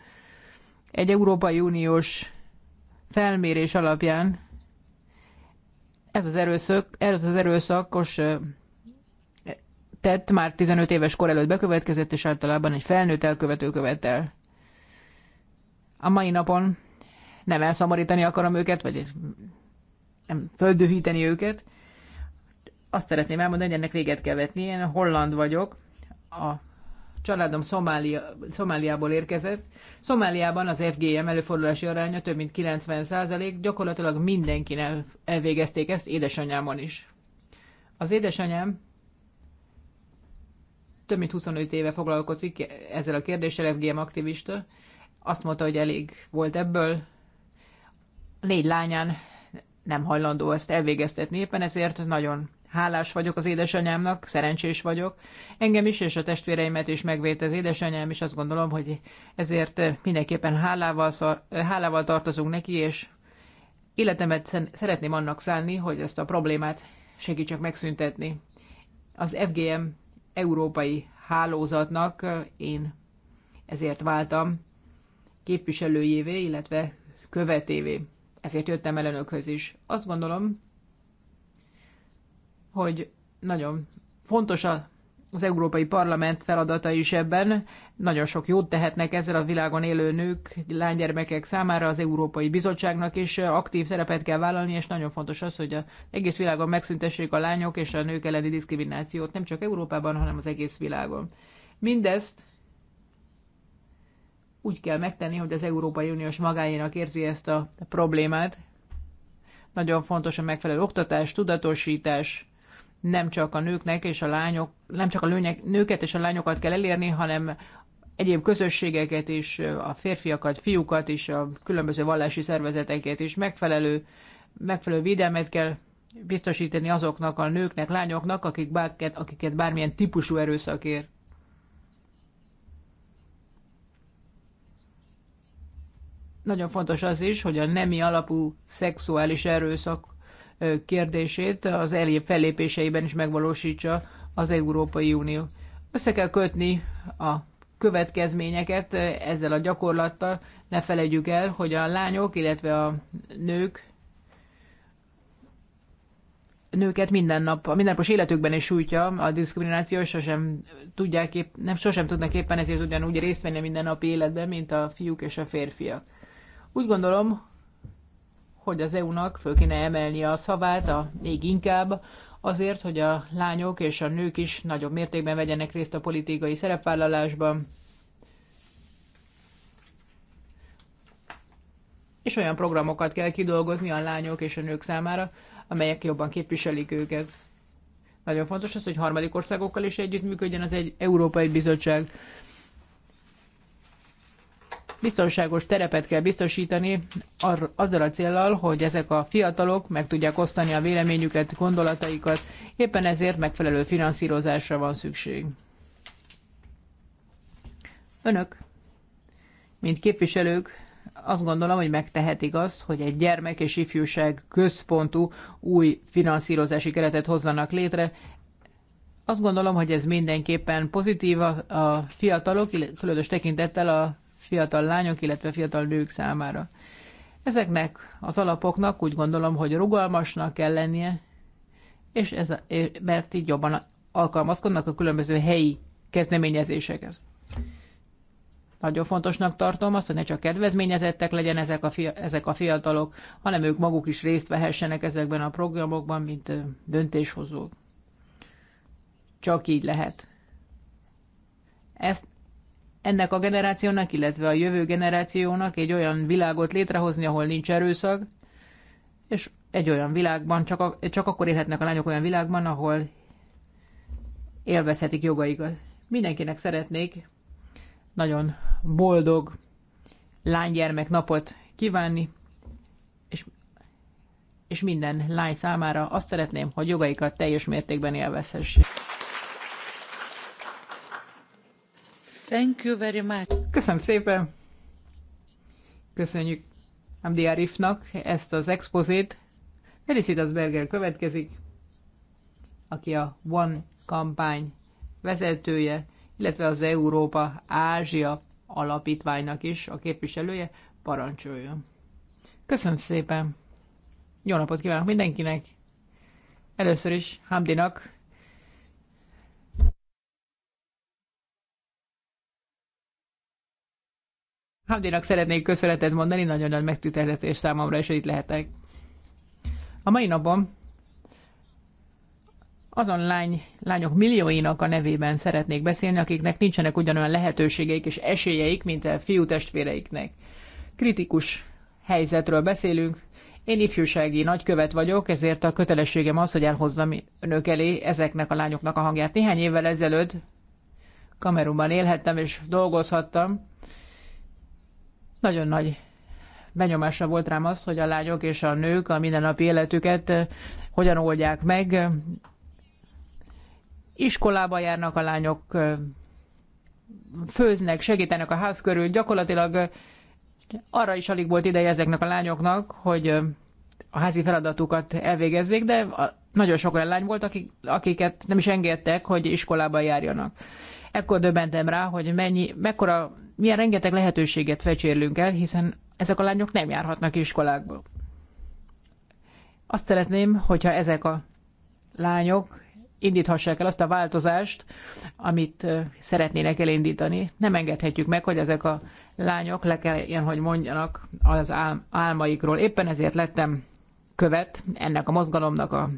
S2: Egy Európai Uniós felmérés alapján ez az, erőszak, ez az erőszakos tett már 15 éves kor előtt bekövetkezett, és általában egy felnőtt elkövető követel. A mai napon nem elszamarítani akarom őket, vagy nem földühíteni őket. Azt szeretném elmondani, hogy ennek véget kell vetni. Én holland vagyok, a családom Szomália, Szomáliából érkezett. Szomáliában az FGM előfordulási aránya több mint 90 százalék, gyakorlatilag mindenkinek elvégezték ezt, édesanyámon is. Az édesanyám több mint 25 éve foglalkozik ezzel a kérdéssel, FGM aktivista. Azt mondta, hogy elég volt ebből, négy lányán nem hajlandó ezt elvégeztetni, éppen ezért nagyon hálás vagyok az édesanyámnak, szerencsés vagyok. Engem is és a testvéreimet is megvédte az édesanyám, és azt gondolom, hogy ezért mindenképpen hálával, hálával tartozunk neki, és életemet szeretném annak szállni, hogy ezt a problémát segítsek megszüntetni. Az FGM európai hálózatnak én ezért váltam képviselőjévé, illetve követévé ezért jöttem el önökhöz is. Azt gondolom, hogy nagyon fontos a az Európai Parlament feladata is ebben. Nagyon sok jót tehetnek ezzel a világon élő nők, lánygyermekek számára az Európai Bizottságnak, és aktív szerepet kell vállalni, és nagyon fontos az, hogy az egész világon megszüntessék a lányok és a nők elleni diszkriminációt, nem csak Európában, hanem az egész világon. Mindezt úgy kell megtenni, hogy az Európai Uniós magáénak érzi ezt a problémát. Nagyon fontos a megfelelő oktatás, tudatosítás, nem csak a nőknek és a lányok, nem csak a lőnyek, nőket és a lányokat kell elérni, hanem egyéb közösségeket is, a férfiakat, fiúkat is, a különböző vallási szervezeteket is megfelelő, megfelelő védelmet kell biztosítani azoknak a nőknek, lányoknak, akik bárket, akiket bármilyen típusú erőszak ér. nagyon fontos az is, hogy a nemi alapú szexuális erőszak kérdését az elé fellépéseiben is megvalósítsa az Európai Unió. Össze kell kötni a következményeket ezzel a gyakorlattal. Ne felejtjük el, hogy a lányok, illetve a nők nőket minden nap, a mindennapos életükben is sújtja a diszkrimináció, és sosem, tudják épp, nem, sosem tudnak éppen ezért ugyanúgy részt venni a mindennapi életben, mint a fiúk és a férfiak. Úgy gondolom, hogy az EU-nak föl kéne emelni a szavát, a, még inkább, azért, hogy a lányok és a nők is nagyobb mértékben vegyenek részt a politikai szerepvállalásban, és olyan programokat kell kidolgozni a lányok és a nők számára, amelyek jobban képviselik őket. Nagyon fontos az, hogy harmadik országokkal is együttműködjen az egy Európai Bizottság. Biztonságos terepet kell biztosítani ar- azzal a célral, hogy ezek a fiatalok meg tudják osztani a véleményüket, gondolataikat, éppen ezért megfelelő finanszírozásra van szükség. Önök, mint képviselők, azt gondolom, hogy megtehetik azt, hogy egy gyermek és ifjúság központú új finanszírozási keretet hozzanak létre. Azt gondolom, hogy ez mindenképpen pozitív a, a fiatalok, különös tekintettel a fiatal lányok, illetve fiatal nők számára. Ezeknek az alapoknak úgy gondolom, hogy rugalmasnak kell lennie, és ez, a, mert így jobban alkalmazkodnak a különböző helyi kezdeményezésekhez. Nagyon fontosnak tartom azt, hogy ne csak kedvezményezettek legyen ezek a, fia, ezek a fiatalok, hanem ők maguk is részt vehessenek ezekben a programokban, mint döntéshozók. Csak így lehet. Ezt ennek a generációnak, illetve a jövő generációnak egy olyan világot létrehozni, ahol nincs erőszak, és egy olyan világban, csak, a, csak akkor élhetnek a lányok olyan világban, ahol élvezhetik jogaikat. Mindenkinek szeretnék nagyon boldog lánygyermek napot kívánni, és, és minden lány számára azt szeretném, hogy jogaikat teljes mértékben élvezhessék. Köszönöm szépen. Köszönjük Amdi Arifnak ezt az expozét. Felicitas Berger következik, aki a One kampány vezetője, illetve az Európa-Ázsia alapítványnak is a képviselője. Parancsoljon! Köszönöm szépen! Jó napot kívánok mindenkinek! Először is Hamdinak Hamdinak szeretnék köszönetet mondani, nagyon nagy megtüteltetés számomra, és itt lehetek. A mai napon azon lány, lányok millióinak a nevében szeretnék beszélni, akiknek nincsenek ugyanolyan lehetőségeik és esélyeik, mint a fiú testvéreiknek. Kritikus helyzetről beszélünk. Én ifjúsági nagykövet vagyok, ezért a kötelességem az, hogy elhozzam önök elé ezeknek a lányoknak a hangját. Néhány évvel ezelőtt Kamerumban élhettem és dolgozhattam, nagyon nagy benyomásra volt rám az, hogy a lányok és a nők a mindennapi életüket eh, hogyan oldják meg. Iskolába járnak a lányok, eh, főznek, segítenek a ház körül. Gyakorlatilag eh, arra is alig volt ideje ezeknek a lányoknak, hogy a házi feladatukat elvégezzék, de nagyon sok olyan lány volt, akik, akiket nem is engedtek, hogy iskolába járjanak. Ekkor döbbentem rá, hogy mennyi, mekkora milyen rengeteg lehetőséget fecsérlünk el, hiszen ezek a lányok nem járhatnak iskolákba. Azt szeretném, hogyha ezek a lányok indíthassák el azt a változást, amit szeretnének elindítani. Nem engedhetjük meg, hogy ezek a lányok le kell, ilyen, hogy mondjanak az álmaikról. Éppen ezért lettem követ, ennek a mozgalomnak a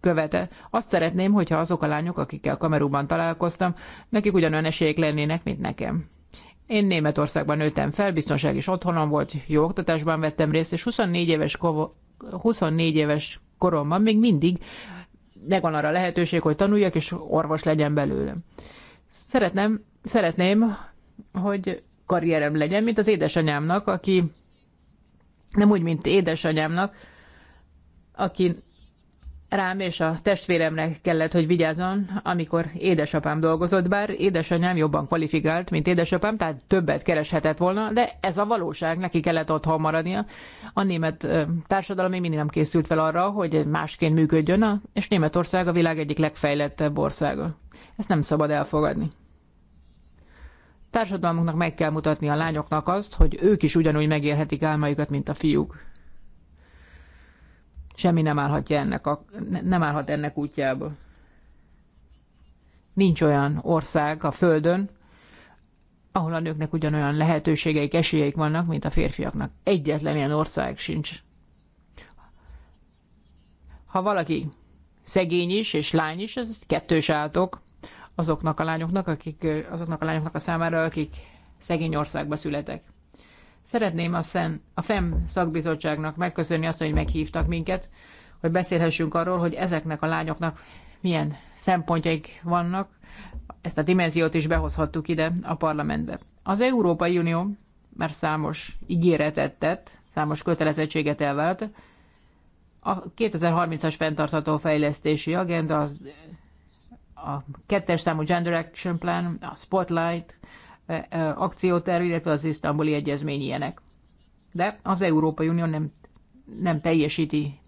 S2: követe. Azt szeretném, hogyha azok a lányok, akikkel kamerúban találkoztam, nekik ugyanolyan esélyek lennének, mint nekem. Én Németországban nőttem fel, biztonság is otthonom volt, jó oktatásban vettem részt, és 24 éves, kovo, 24 éves koromban még mindig megvan arra lehetőség, hogy tanuljak, és orvos legyen belőlem. Szeretném, szeretném, hogy karrierem legyen, mint az édesanyámnak, aki nem úgy, mint édesanyámnak, aki rám és a testvéremnek kellett, hogy vigyázzon, amikor édesapám dolgozott, bár édesanyám jobban kvalifikált, mint édesapám, tehát többet kereshetett volna, de ez a valóság, neki kellett otthon maradnia. A német társadalom még mindig nem készült fel arra, hogy másként működjön, és Németország a világ egyik legfejlettebb országa. Ezt nem szabad elfogadni. Társadalmunknak meg kell mutatni a lányoknak azt, hogy ők is ugyanúgy megélhetik álmaikat, mint a fiúk semmi nem, állhatja ennek a, nem állhat ennek útjába. Nincs olyan ország a Földön, ahol a nőknek ugyanolyan lehetőségeik, esélyeik vannak, mint a férfiaknak. Egyetlen ilyen ország sincs. Ha valaki szegény is és lány is, ez kettős átok azoknak a lányoknak, akik, azoknak a lányoknak a számára, akik szegény országba születek. Szeretném a, SZEN, a FEM szakbizottságnak megköszönni azt, hogy meghívtak minket, hogy beszélhessünk arról, hogy ezeknek a lányoknak milyen szempontjaik vannak. Ezt a dimenziót is behozhattuk ide a parlamentbe. Az Európai Unió már számos ígéretet tett, számos kötelezettséget elvált. A 2030-as fenntartható fejlesztési agenda, az, a kettes számú Gender Action Plan, a Spotlight, akcióterv, illetve az isztambuli egyezmény ilyenek. De az Európai Unió nem, nem teljesíti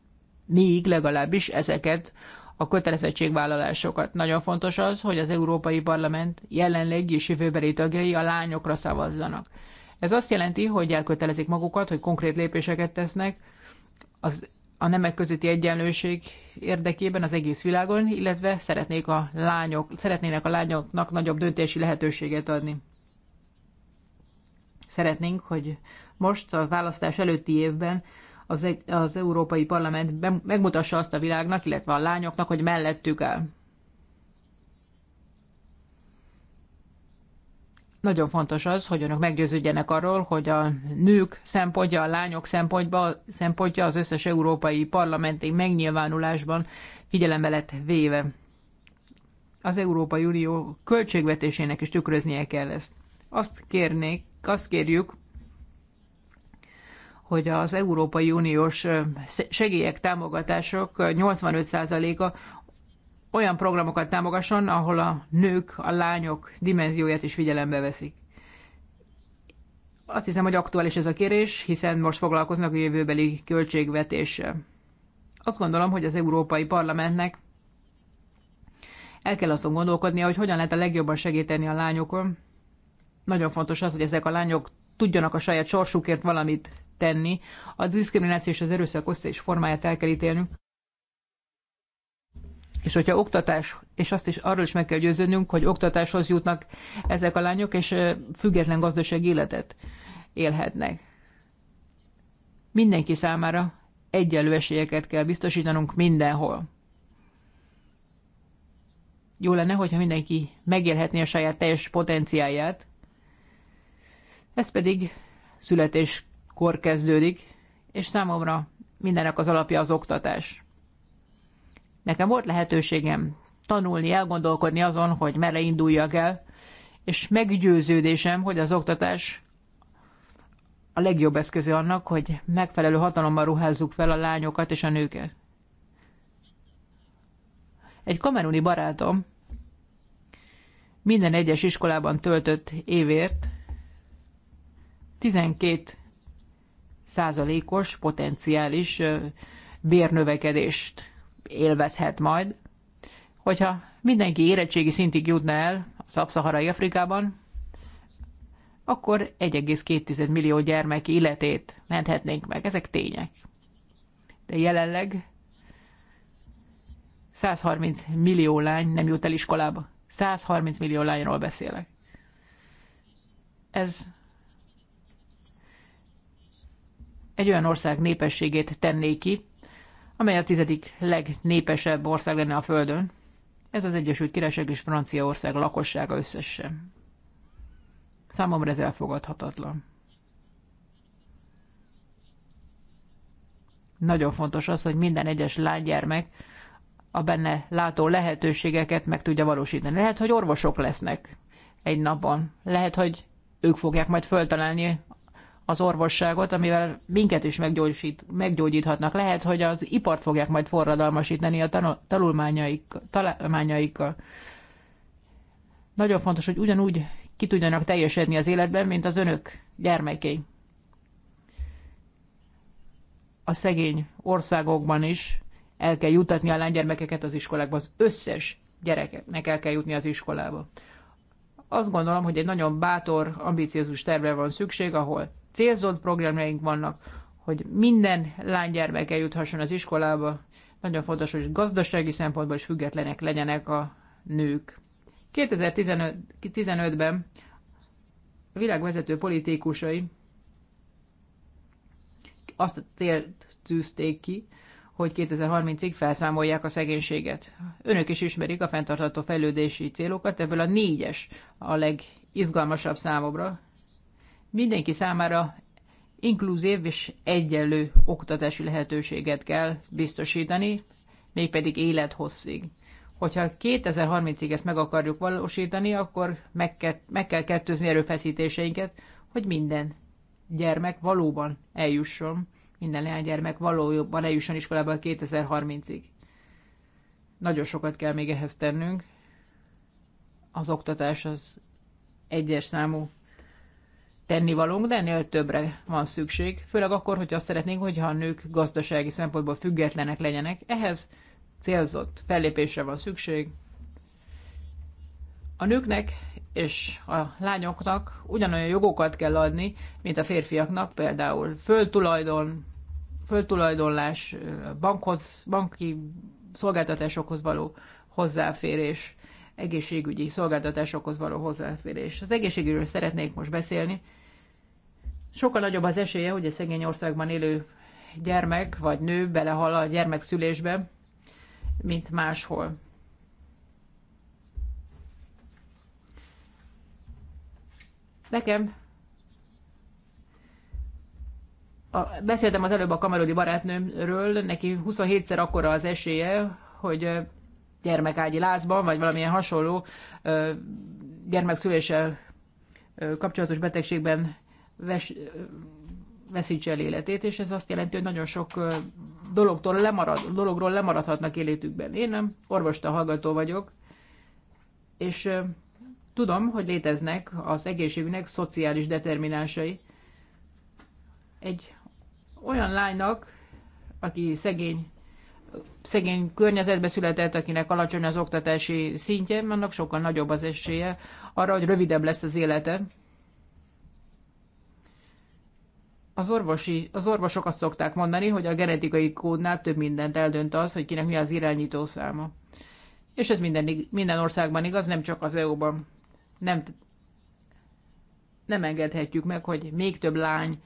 S2: még legalábbis ezeket a kötelezettségvállalásokat. Nagyon fontos az, hogy az Európai Parlament jelenlegi és jövőbeli tagjai a lányokra szavazzanak. Ez azt jelenti, hogy elkötelezik magukat, hogy konkrét lépéseket tesznek az, a nemek közötti egyenlőség érdekében az egész világon, illetve szeretnék a lányok, szeretnének a lányoknak nagyobb döntési lehetőséget adni szeretnénk, hogy most a választás előtti évben az, egy, az Európai Parlament be, megmutassa azt a világnak, illetve a lányoknak, hogy mellettük áll. Nagyon fontos az, hogy önök meggyőződjenek arról, hogy a nők szempontja, a lányok szempontja az összes európai parlamenti megnyilvánulásban figyelembe lett véve. Az Európai Unió költségvetésének is tükröznie kell ezt. Azt kérnék, azt kérjük, hogy az Európai Uniós segélyek, támogatások 85%-a olyan programokat támogasson, ahol a nők, a lányok dimenzióját is figyelembe veszik. Azt hiszem, hogy aktuális ez a kérés, hiszen most foglalkoznak a jövőbeli költségvetéssel. Azt gondolom, hogy az Európai Parlamentnek el kell azon gondolkodnia, hogy hogyan lehet a legjobban segíteni a lányokon, nagyon fontos az, hogy ezek a lányok tudjanak a saját sorsukért valamit tenni. A diszkrimináció és az erőszak összes formáját el kell ítélnünk. És hogyha oktatás, és azt is arról is meg kell győződnünk, hogy oktatáshoz jutnak ezek a lányok, és független gazdaság életet élhetnek. Mindenki számára egyenlő esélyeket kell biztosítanunk mindenhol. Jó lenne, hogyha mindenki megélhetné a saját teljes potenciáját, ez pedig születéskor kezdődik, és számomra mindenek az alapja az oktatás. Nekem volt lehetőségem tanulni, elgondolkodni azon, hogy merre induljak el, és meggyőződésem, hogy az oktatás a legjobb eszköze annak, hogy megfelelő hatalommal ruházzuk fel a lányokat és a nőket. Egy kameruni barátom minden egyes iskolában töltött évért 12 százalékos potenciális bérnövekedést élvezhet majd. Hogyha mindenki érettségi szintig jutna el a szabszaharai Afrikában, akkor 1,2 millió gyermek életét menthetnénk meg. Ezek tények. De jelenleg 130 millió lány nem jut el iskolába. 130 millió lányról beszélek. Ez egy olyan ország népességét tenné ki, amely a tizedik legnépesebb ország lenne a Földön. Ez az Egyesült Királyság és Franciaország lakossága összesen. Számomra ez elfogadhatatlan. Nagyon fontos az, hogy minden egyes lánygyermek a benne látó lehetőségeket meg tudja valósítani. Lehet, hogy orvosok lesznek egy napon. Lehet, hogy ők fogják majd föltalálni az orvosságot, amivel minket is meggyógyít, meggyógyíthatnak. Lehet, hogy az ipart fogják majd forradalmasítani a tanul, tanulmányaik, Nagyon fontos, hogy ugyanúgy ki tudjanak teljesedni az életben, mint az önök gyermekei. A szegény országokban is el kell jutatni a lánygyermekeket az iskolákba. Az összes gyereknek el kell jutni az iskolába azt gondolom, hogy egy nagyon bátor, ambiciózus terve van szükség, ahol célzott programjaink vannak, hogy minden lánygyermek eljuthasson az iskolába. Nagyon fontos, hogy gazdasági szempontból is függetlenek legyenek a nők. 2015-ben a világ vezető politikusai azt a célt tűzték ki, hogy 2030-ig felszámolják a szegénységet. Önök is ismerik a fenntartható fejlődési célokat, ebből a négyes a legizgalmasabb számomra mindenki számára inkluzív és egyenlő oktatási lehetőséget kell biztosítani, mégpedig élethosszig. Hogyha 2030-ig ezt meg akarjuk valósítani, akkor meg kell, meg kell kettőzni erőfeszítéseinket, hogy minden gyermek valóban eljusson, minden leánygyermek valóban eljusson iskolába 2030-ig. Nagyon sokat kell még ehhez tennünk. Az oktatás az egyes számú tennivalónk, de ennél többre van szükség, főleg akkor, hogyha azt szeretnénk, hogyha a nők gazdasági szempontból függetlenek legyenek. Ehhez célzott fellépésre van szükség. A nőknek és a lányoknak ugyanolyan jogokat kell adni, mint a férfiaknak, például földtulajdon, földtulajdonlás, bankhoz, banki szolgáltatásokhoz való hozzáférés, egészségügyi szolgáltatásokhoz való hozzáférés. Az egészségügyről szeretnék most beszélni sokkal nagyobb az esélye, hogy egy szegény országban élő gyermek vagy nő belehal a gyermekszülésbe, mint máshol. Nekem a, beszéltem az előbb a kamerodi barátnőmről, neki 27-szer akkora az esélye, hogy gyermekágyi lázban, vagy valamilyen hasonló gyermekszüléssel kapcsolatos betegségben ves, veszítse el életét, és ez azt jelenti, hogy nagyon sok dologtól lemarad, dologról lemaradhatnak életükben. Én nem orvosta hallgató vagyok, és tudom, hogy léteznek az egészségünknek szociális determinánsai. Egy olyan lánynak, aki szegény, szegény környezetbe született, akinek alacsony az oktatási szintje, annak sokkal nagyobb az esélye arra, hogy rövidebb lesz az élete, Az, orvosi, az orvosok azt szokták mondani, hogy a genetikai kódnál több mindent eldönt az, hogy kinek mi az irányító száma. És ez minden, minden országban igaz, nem csak az EU-ban. Nem, nem engedhetjük meg, hogy még több lány,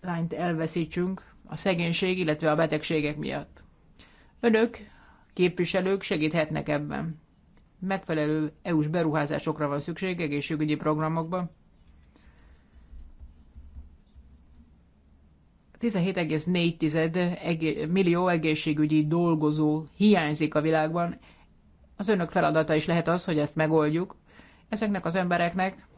S2: lányt elveszítsünk a szegénység, illetve a betegségek miatt. Önök, képviselők segíthetnek ebben. Megfelelő EU-s beruházásokra van szükség egészségügyi programokban, 17,4 millió egészségügyi dolgozó hiányzik a világban. Az önök feladata is lehet az, hogy ezt megoldjuk. Ezeknek az embereknek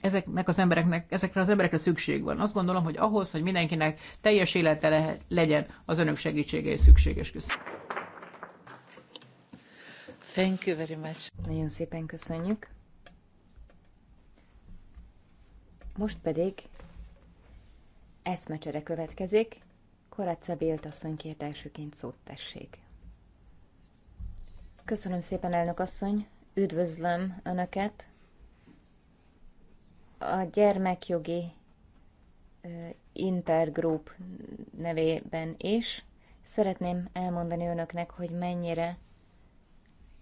S2: ezeknek az embereknek, ezekre az emberekre szükség van. Azt gondolom, hogy ahhoz, hogy mindenkinek teljes élete le, legyen, az önök segítsége is szükséges. Köszönöm.
S1: Thank you very much. Nagyon szépen köszönjük. Most pedig eszmecsere következik. Koratza Bélt asszony két elsőként szót tessék. Köszönöm szépen, elnök asszony. Üdvözlöm Önöket. A gyermekjogi Intergroup nevében is. Szeretném elmondani önöknek, hogy mennyire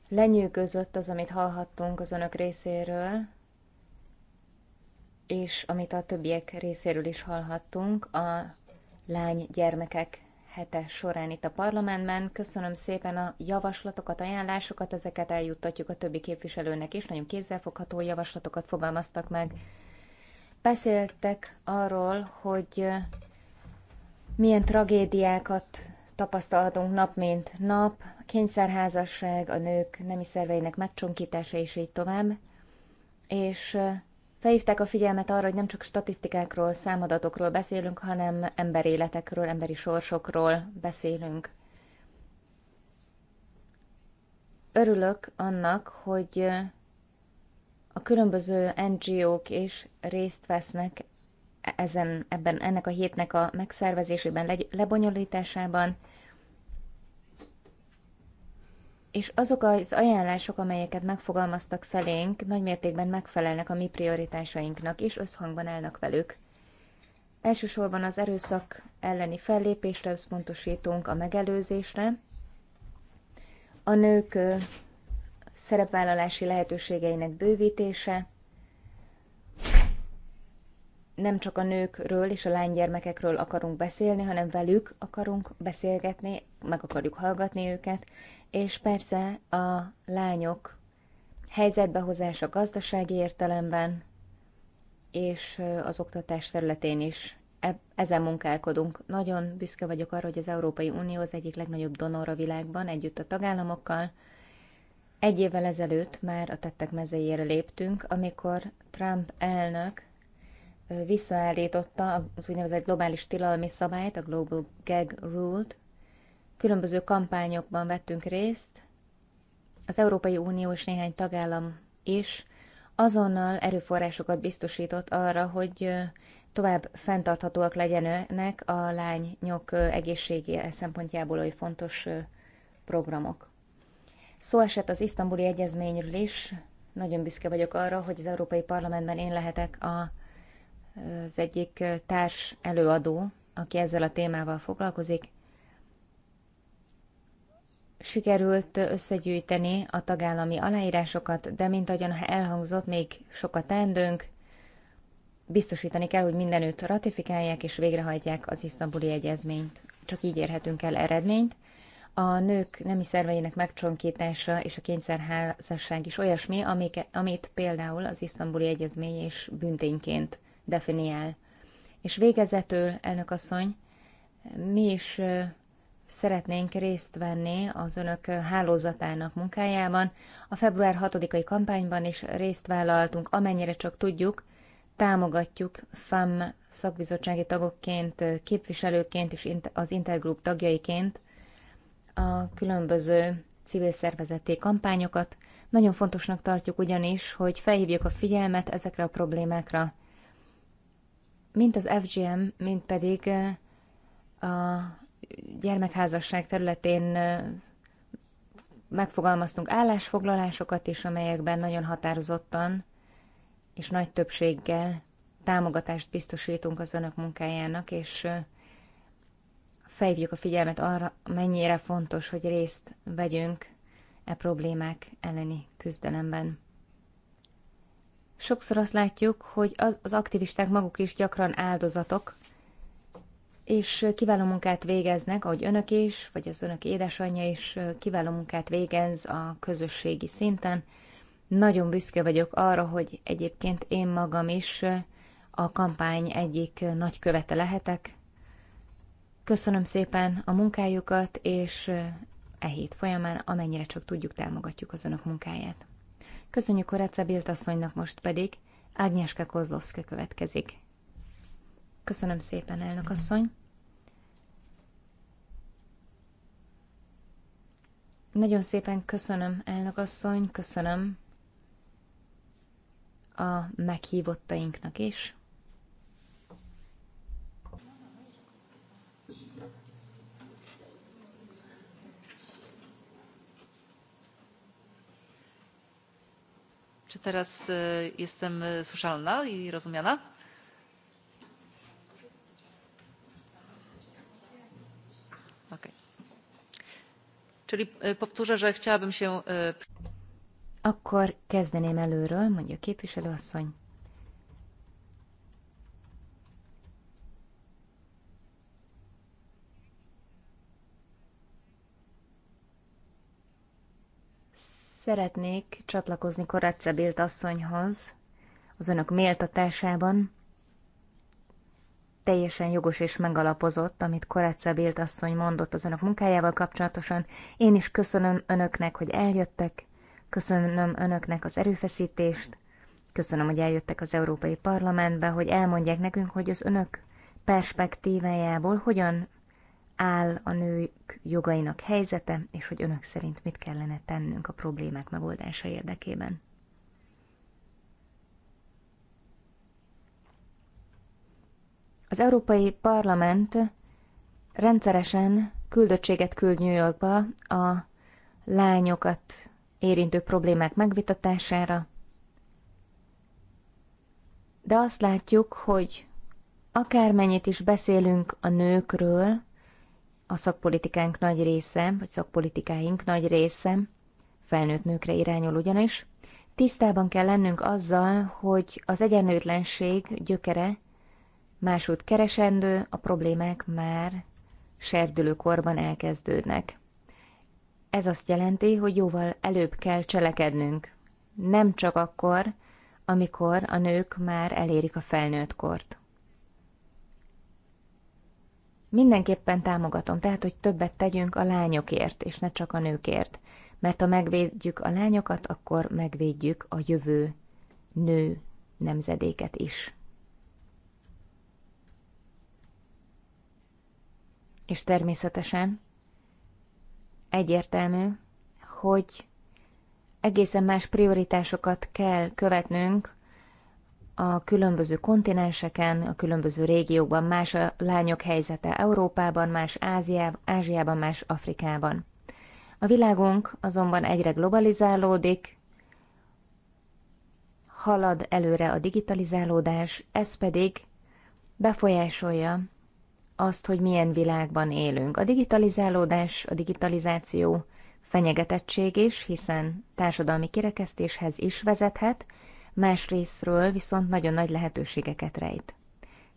S1: lenyűgözött az, amit hallhattunk az önök részéről, és amit a többiek részéről is hallhattunk, a lány gyermekek hete során itt a parlamentben. Köszönöm szépen a javaslatokat, ajánlásokat, ezeket eljuttatjuk a többi képviselőnek is. Nagyon kézzelfogható javaslatokat fogalmaztak meg. Beszéltek arról, hogy milyen tragédiákat tapasztalhatunk nap mint nap, a kényszerházasság, a nők nemi szerveinek megcsonkítása és így tovább. És Felhívták a figyelmet arra, hogy nem csak statisztikákról, számadatokról beszélünk, hanem emberéletekről, emberi sorsokról beszélünk. Örülök annak, hogy a különböző NGO-k is részt vesznek ezen, ebben, ennek a hétnek a megszervezésében, lebonyolításában, és azok az ajánlások, amelyeket megfogalmaztak felénk, nagymértékben megfelelnek a mi prioritásainknak, és összhangban állnak velük. Elsősorban az erőszak elleni fellépésre összpontosítunk, a megelőzésre, a nők szerepvállalási lehetőségeinek bővítése, nem csak a nőkről és a lánygyermekekről akarunk beszélni, hanem velük akarunk beszélgetni, meg akarjuk hallgatni őket, és persze a lányok helyzetbehozása gazdasági értelemben, és az oktatás területén is ezen munkálkodunk. Nagyon büszke vagyok arra, hogy az Európai Unió az egyik legnagyobb donor a világban, együtt a tagállamokkal. Egy évvel ezelőtt már a tettek mezeiére léptünk, amikor Trump elnök visszaállította az úgynevezett globális tilalmi szabályt, a Global Gag Rule-t, Különböző kampányokban vettünk részt, az Európai Unió és néhány tagállam is azonnal erőforrásokat biztosított arra, hogy tovább fenntarthatóak legyenek a lányok egészségi szempontjából oly fontos programok. Szó esett az isztambuli egyezményről is. Nagyon büszke vagyok arra, hogy az Európai Parlamentben én lehetek a, az egyik társ előadó, aki ezzel a témával foglalkozik. Sikerült összegyűjteni a tagállami aláírásokat, de mint ahogyan elhangzott, még sokat teendőnk. Biztosítani kell, hogy mindenütt ratifikálják és végrehajtják az isztambuli egyezményt. Csak így érhetünk el eredményt. A nők nemi szerveinek megcsonkítása és a kényszerházasság is olyasmi, amik, amit például az isztambuli egyezmény és bünténként definiál. És végezetül, elnök asszony, mi is szeretnénk részt venni az önök hálózatának munkájában. A február 6-ai kampányban is részt vállaltunk, amennyire csak tudjuk, támogatjuk FAM szakbizottsági tagokként, képviselőként és az Intergroup tagjaiként a különböző civil szervezeti kampányokat. Nagyon fontosnak tartjuk ugyanis, hogy felhívjuk a figyelmet ezekre a problémákra. Mint az FGM, mint pedig eh, a gyermekházasság területén megfogalmaztunk állásfoglalásokat is, amelyekben nagyon határozottan és nagy többséggel támogatást biztosítunk az önök munkájának, és fejvjük a figyelmet arra, mennyire fontos, hogy részt vegyünk e problémák elleni küzdelemben. Sokszor azt látjuk, hogy az, az aktivisták maguk is gyakran áldozatok, és kiváló munkát végeznek, ahogy önök is, vagy az önök édesanyja is kiváló munkát végez a közösségi szinten. Nagyon büszke vagyok arra, hogy egyébként én magam is a kampány egyik nagy követe lehetek. Köszönöm szépen a munkájukat, és e hét folyamán, amennyire csak tudjuk, támogatjuk az önök munkáját. Köszönjük Horáca Bélt asszonynak most pedig, Ágnieszka Kozlovszka következik. Köszönöm szépen, elnök mhm. asszony. Nagyon szépen köszönöm, elnök asszony, köszönöm a meghívottainknak is. Czy teraz e, jestem e, słyszalna i rozumiana? Czyli e, powtórzę, że chciałabym się... E, Akkor kezdeném előről, mondja a képviselőasszony. Szeretnék csatlakozni Koratzebilt asszonyhoz az önök méltatásában, teljesen jogos és megalapozott, amit Koretsze Bélt asszony mondott az önök munkájával kapcsolatosan. Én is köszönöm önöknek, hogy eljöttek, köszönöm önöknek az erőfeszítést, köszönöm, hogy eljöttek az Európai Parlamentbe, hogy elmondják nekünk, hogy az önök perspektívájából hogyan áll a nők jogainak helyzete, és hogy önök szerint mit kellene tennünk a problémák megoldása érdekében. Az Európai Parlament rendszeresen küldöttséget küld New Yorkba a lányokat érintő problémák megvitatására, de azt látjuk, hogy akármennyit is beszélünk a nőkről, a szakpolitikánk nagy része, vagy szakpolitikáink nagy része, felnőtt nőkre irányul ugyanis, tisztában kell lennünk azzal, hogy az egyenlőtlenség gyökere másút keresendő, a problémák már serdülőkorban elkezdődnek. Ez azt jelenti, hogy jóval előbb kell cselekednünk. Nem csak akkor, amikor a nők már elérik a felnőtt kort. Mindenképpen támogatom, tehát, hogy többet tegyünk a lányokért, és ne csak a nőkért. Mert ha megvédjük a lányokat, akkor megvédjük a jövő nő nemzedéket is. És természetesen egyértelmű, hogy egészen más prioritásokat kell követnünk a különböző kontinenseken, a különböző régiókban, más a lányok helyzete Európában, más Ázia, Ázsiában, más Afrikában. A világunk azonban egyre globalizálódik, halad előre a digitalizálódás, ez pedig befolyásolja azt, hogy milyen világban élünk. A digitalizálódás, a digitalizáció fenyegetettség is, hiszen társadalmi kirekesztéshez is vezethet, másrésztről viszont nagyon nagy lehetőségeket rejt.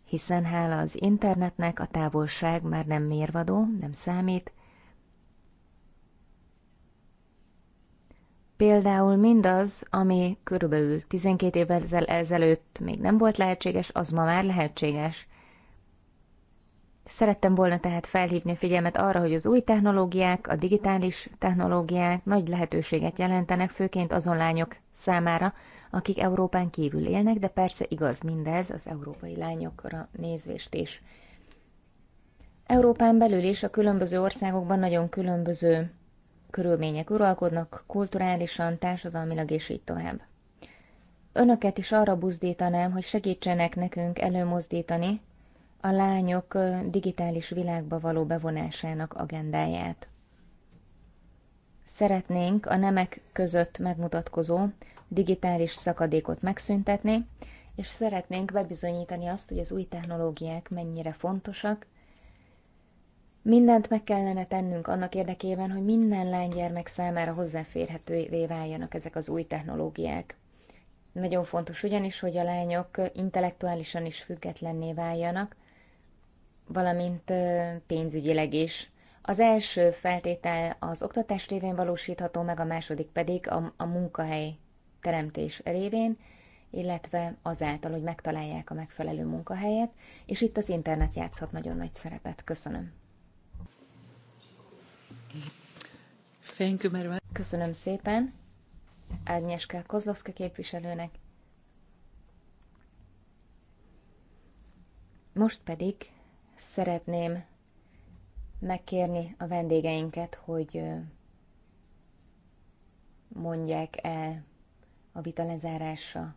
S1: Hiszen hála az internetnek a távolság már nem mérvadó, nem számít. Például mindaz, ami körülbelül 12 évvel ezelőtt még nem volt lehetséges, az ma már lehetséges – Szerettem volna tehát felhívni a figyelmet arra, hogy az új technológiák, a digitális technológiák nagy lehetőséget jelentenek, főként azon lányok számára, akik Európán kívül élnek, de persze igaz mindez az európai lányokra nézvést is. Európán belül is a különböző országokban nagyon különböző körülmények uralkodnak, kulturálisan, társadalmilag és így tovább. Önöket is arra buzdítanám, hogy segítsenek nekünk előmozdítani a lányok digitális világba való bevonásának agendáját. Szeretnénk a nemek között megmutatkozó digitális szakadékot megszüntetni, és szeretnénk bebizonyítani azt, hogy az új technológiák mennyire fontosak. Mindent meg kellene tennünk annak érdekében, hogy minden lánygyermek számára hozzáférhetővé váljanak ezek az új technológiák. Nagyon fontos ugyanis, hogy a lányok intellektuálisan is függetlenné váljanak, valamint pénzügyileg is. Az első feltétel az oktatás révén valósítható meg, a második pedig a, a munkahely teremtés révén, illetve azáltal, hogy megtalálják a megfelelő munkahelyet, és itt az internet játszhat nagyon nagy szerepet. Köszönöm. Köszönöm szépen Ágnieszka Kozlovszka képviselőnek. Most pedig szeretném megkérni a vendégeinket, hogy mondják el a vita lezárása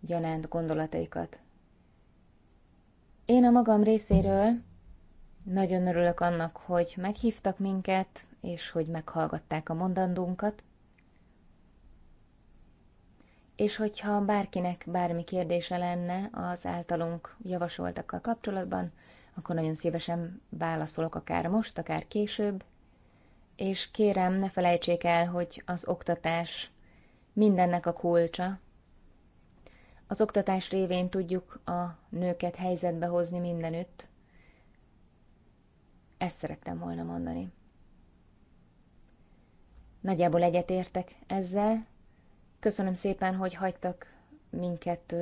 S1: gyanánt gondolataikat. Én a magam részéről nagyon örülök annak, hogy meghívtak minket, és hogy meghallgatták a mondandónkat és hogyha bárkinek bármi kérdése lenne az általunk javasoltakkal kapcsolatban, akkor nagyon szívesen válaszolok akár most, akár később, és kérem, ne felejtsék el, hogy az oktatás mindennek a kulcsa. Az oktatás révén tudjuk a nőket helyzetbe hozni mindenütt. Ezt szerettem volna mondani. Nagyjából egyetértek ezzel, Köszönöm szépen, hogy hagytak minket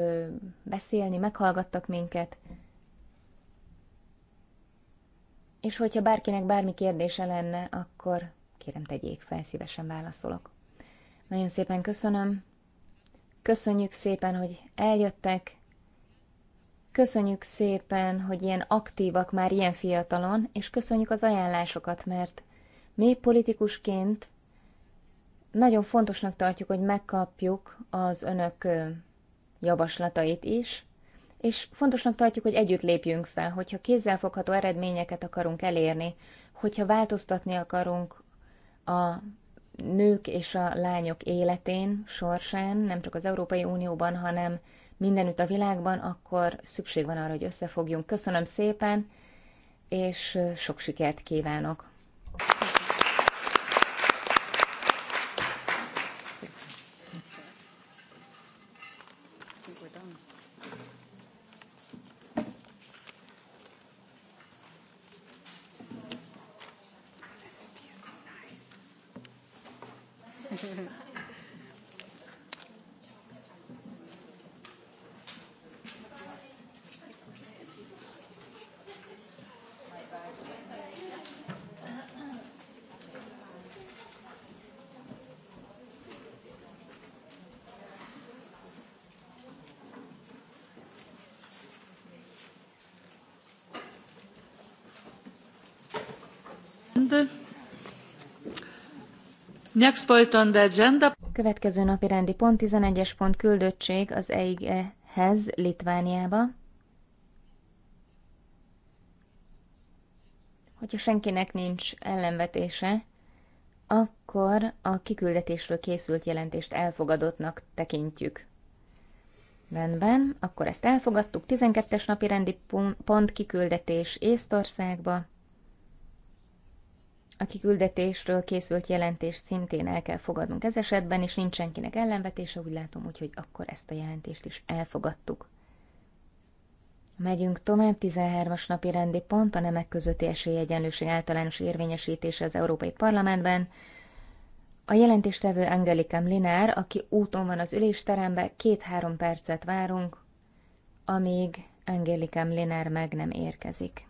S1: beszélni, meghallgattak minket. És hogyha bárkinek bármi kérdése lenne, akkor kérem tegyék fel, szívesen válaszolok. Nagyon szépen köszönöm. Köszönjük szépen, hogy eljöttek. Köszönjük szépen, hogy ilyen aktívak már ilyen fiatalon, és köszönjük az ajánlásokat, mert mi politikusként nagyon fontosnak tartjuk, hogy megkapjuk az önök javaslatait is, és fontosnak tartjuk, hogy együtt lépjünk fel, hogyha kézzelfogható eredményeket akarunk elérni, hogyha változtatni akarunk a nők és a lányok életén, sorsán, nem csak az Európai Unióban, hanem mindenütt a világban, akkor szükség van arra, hogy összefogjunk. Köszönöm szépen, és sok sikert kívánok! And Next point on the agenda. Következő napi rendi pont 11-es pont küldöttség az EIGE-hez Litvániába. Hogyha senkinek nincs ellenvetése, akkor a kiküldetésről készült jelentést elfogadottnak tekintjük. Rendben, akkor ezt elfogadtuk. 12-es napi rendi pont kiküldetés Észtországba. A kiküldetésről készült jelentést szintén el kell fogadnunk ez esetben, és nincs senkinek ellenvetése, úgy látom, úgyhogy akkor ezt a jelentést is elfogadtuk. Megyünk tovább, 13-as napi rendi pont, a nemek közötti esélyegyenlőség általános érvényesítése az Európai Parlamentben. A jelentéstevő Angelika Mlinár, aki úton van az ülésterembe, két-három percet várunk, amíg Angelika Mlinár meg nem érkezik.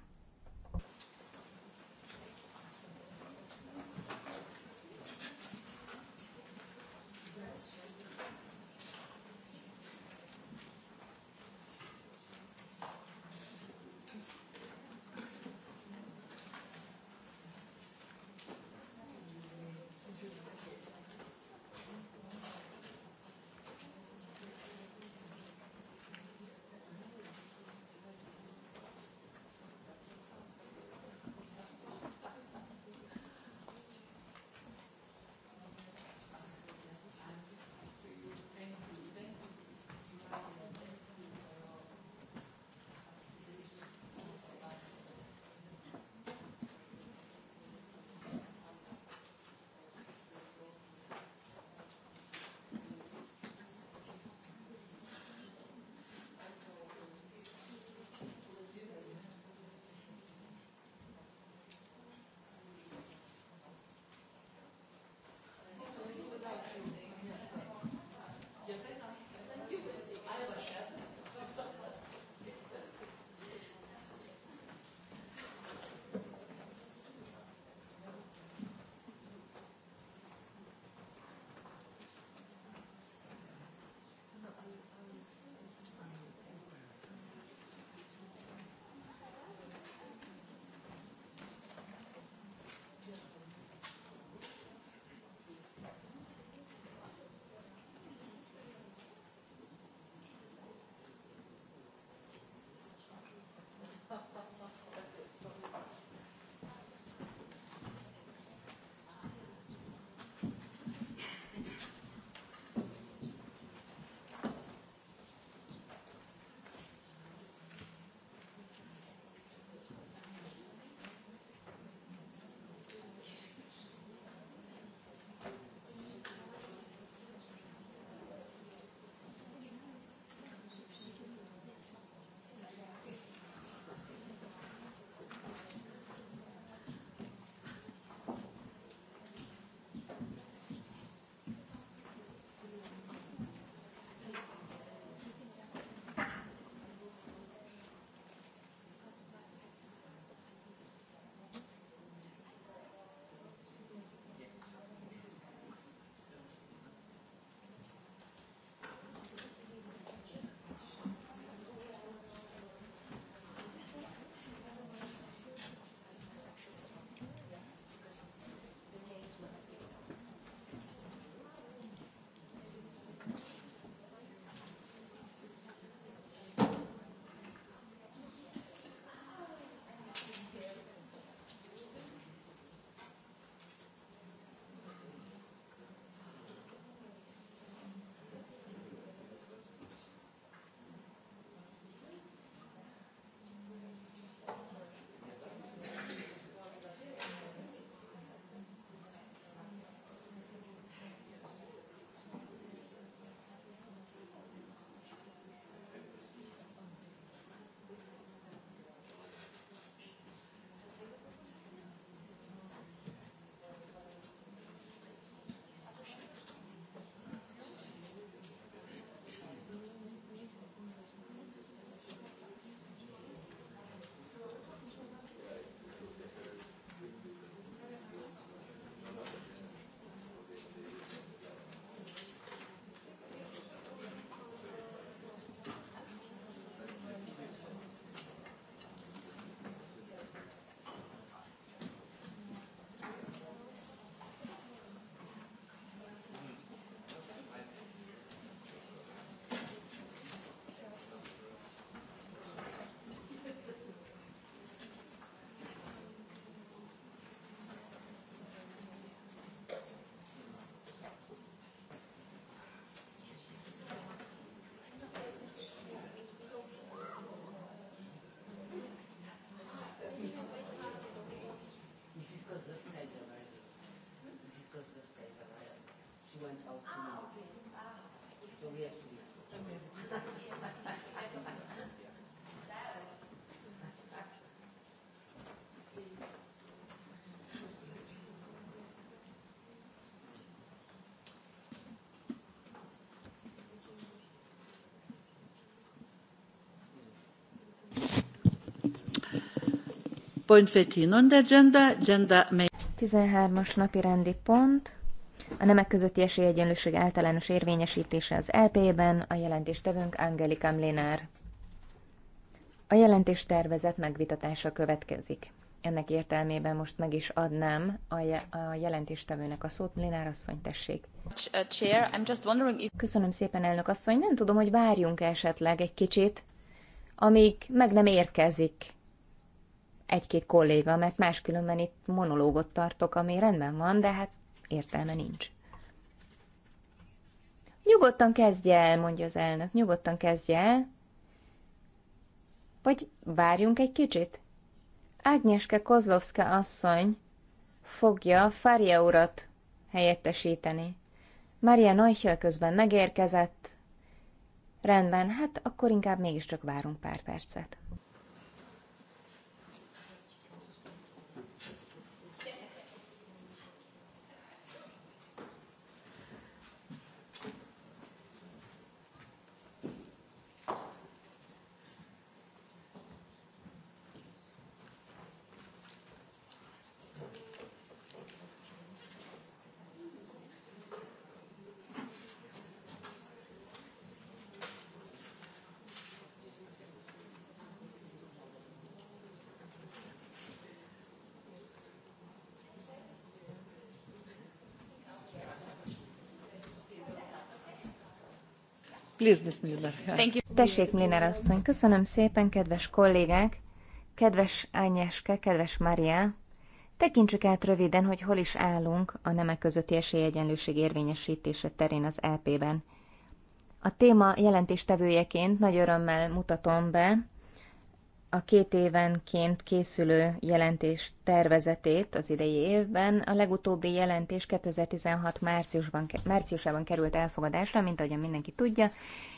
S3: Pont out ah, okay. ah. So
S1: 13-as napi rendi pont, a nemek közötti esélyegyenlőség általános érvényesítése az EP-ben, a jelentéstevőnk Angelika Mlénár. A jelentés tervezett megvitatása következik. Ennek értelmében most meg is adnám a, je- a jelentéstevőnek a szót, Mlinár asszony, tessék. Uh, Köszönöm szépen, elnök asszony. Nem tudom, hogy várjunk -e esetleg egy kicsit, amíg meg nem érkezik egy-két kolléga, mert máskülönben itt monológot tartok, ami rendben van, de hát értelme nincs. Nyugodtan kezdje el, mondja az elnök, nyugodtan kezdje el. Vagy várjunk egy kicsit. Ágnieske Kozlovska asszony fogja Fária urat helyettesíteni. Maria Neuchel közben megérkezett. Rendben, hát akkor inkább mégiscsak várunk pár percet. Tessék, Mliner asszony, köszönöm szépen, kedves kollégák, kedves Ányeske, kedves Mária. Tekintsük át röviden, hogy hol is állunk a nemek közötti esélyegyenlőség érvényesítése terén az lp ben A téma jelentéstevőjeként nagy örömmel mutatom be a két évenként készülő jelentés tervezetét az idei évben. A legutóbbi jelentés 2016 márciusban, márciusában került elfogadásra, mint ahogyan mindenki tudja.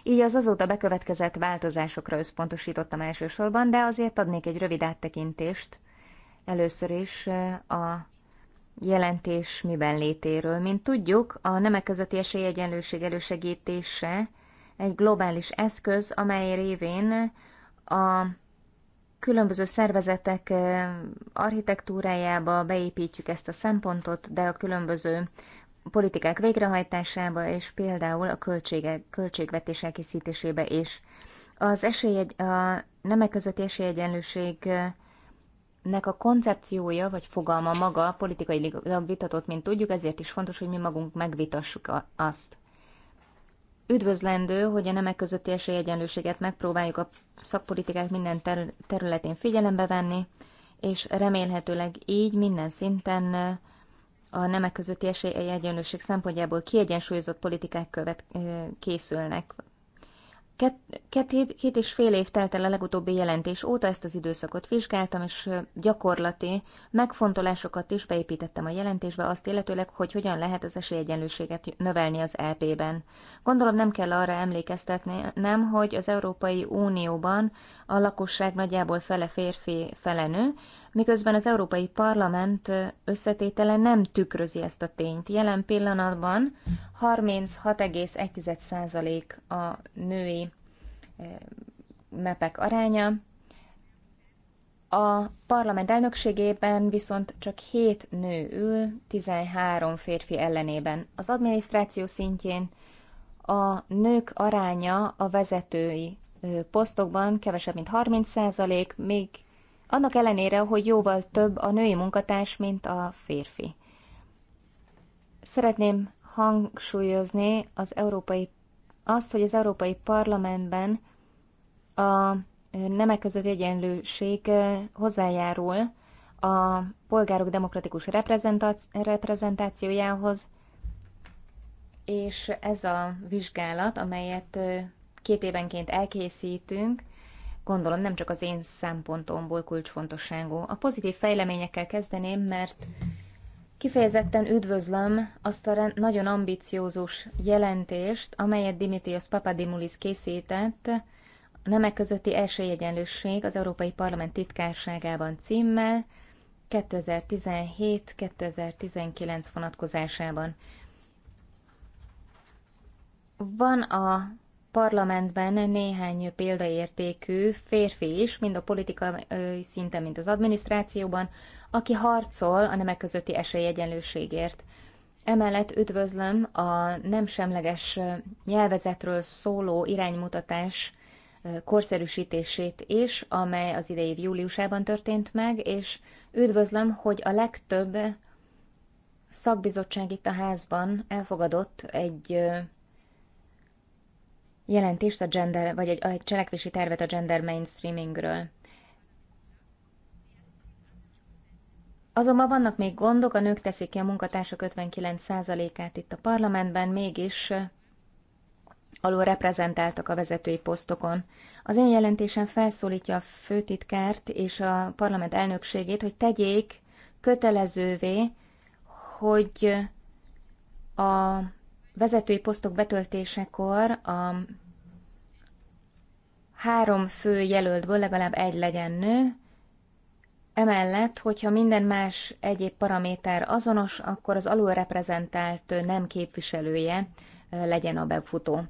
S1: Így az azóta bekövetkezett változásokra összpontosítottam elsősorban, de azért adnék egy rövid áttekintést először is eh, a jelentés miben létéről. Mint tudjuk, a nemek közötti esélyegyenlőség elősegítése egy globális eszköz, amely révén a különböző szervezetek architektúrájába beépítjük ezt a szempontot, de a különböző politikák végrehajtásába és például a költségek, költségvetés elkészítésébe is. Az esély, a nemek közötti esélyegyenlőségnek a koncepciója vagy fogalma maga politikailag vitatott, mint tudjuk, ezért is fontos, hogy mi magunk megvitassuk azt. Üdvözlendő, hogy a nemek közötti esélyegyenlőséget megpróbáljuk a szakpolitikák minden ter- területén figyelembe venni, és remélhetőleg így minden szinten eh, a nemek közötti esélyegyenlőség szempontjából kiegyensúlyozott politikák követ- eh, készülnek, Két, két és fél év telt el a legutóbbi jelentés óta, ezt az időszakot vizsgáltam, és gyakorlati megfontolásokat is beépítettem a jelentésbe, azt illetőleg, hogy hogyan lehet az esélyegyenlőséget növelni az EP-ben. Gondolom nem kell arra emlékeztetni, nem, hogy az Európai Unióban a lakosság nagyjából fele férfi, fele nő, miközben az Európai Parlament összetétele nem tükrözi ezt a tényt. Jelen pillanatban 36,1% a női mepek aránya, a parlament elnökségében viszont csak 7 nő ül, 13 férfi ellenében. Az adminisztráció szintjén a nők aránya a vezetői posztokban kevesebb, mint 30 százalék, még annak ellenére, hogy jóval több a női munkatárs, mint a férfi. Szeretném hangsúlyozni az európai, azt, hogy az Európai Parlamentben a nemek közötti egyenlőség hozzájárul a polgárok demokratikus reprezentációjához, és ez a vizsgálat, amelyet két évenként elkészítünk, gondolom nem csak az én szempontomból kulcsfontosságú. A pozitív fejleményekkel kezdeném, mert kifejezetten üdvözlöm azt a nagyon ambiciózus jelentést, amelyet Dimitrios Papadimulis készített, a nemek közötti esélyegyenlőség az Európai Parlament titkárságában címmel 2017-2019 vonatkozásában. Van a parlamentben néhány példaértékű férfi is, mind a politikai szinten, mind az adminisztrációban, aki harcol a nemek közötti esélyegyenlőségért. Emellett üdvözlöm a nem semleges nyelvezetről szóló iránymutatás korszerűsítését is, amely az idei év júliusában történt meg, és üdvözlöm, hogy a legtöbb szakbizottság itt a házban elfogadott egy jelentést a gender, vagy egy, egy cselekvési tervet a gender mainstreamingről. Azonban vannak még gondok, a nők teszik ki a munkatársak 59%-át itt a parlamentben, mégis alul reprezentáltak a vezetői posztokon. Az én jelentésem felszólítja a főtitkárt és a parlament elnökségét, hogy tegyék kötelezővé, hogy a vezetői posztok betöltésekor a három fő jelöltből legalább egy legyen nő, Emellett, hogyha minden más egyéb paraméter azonos, akkor az alulreprezentált nem képviselője legyen a befutó.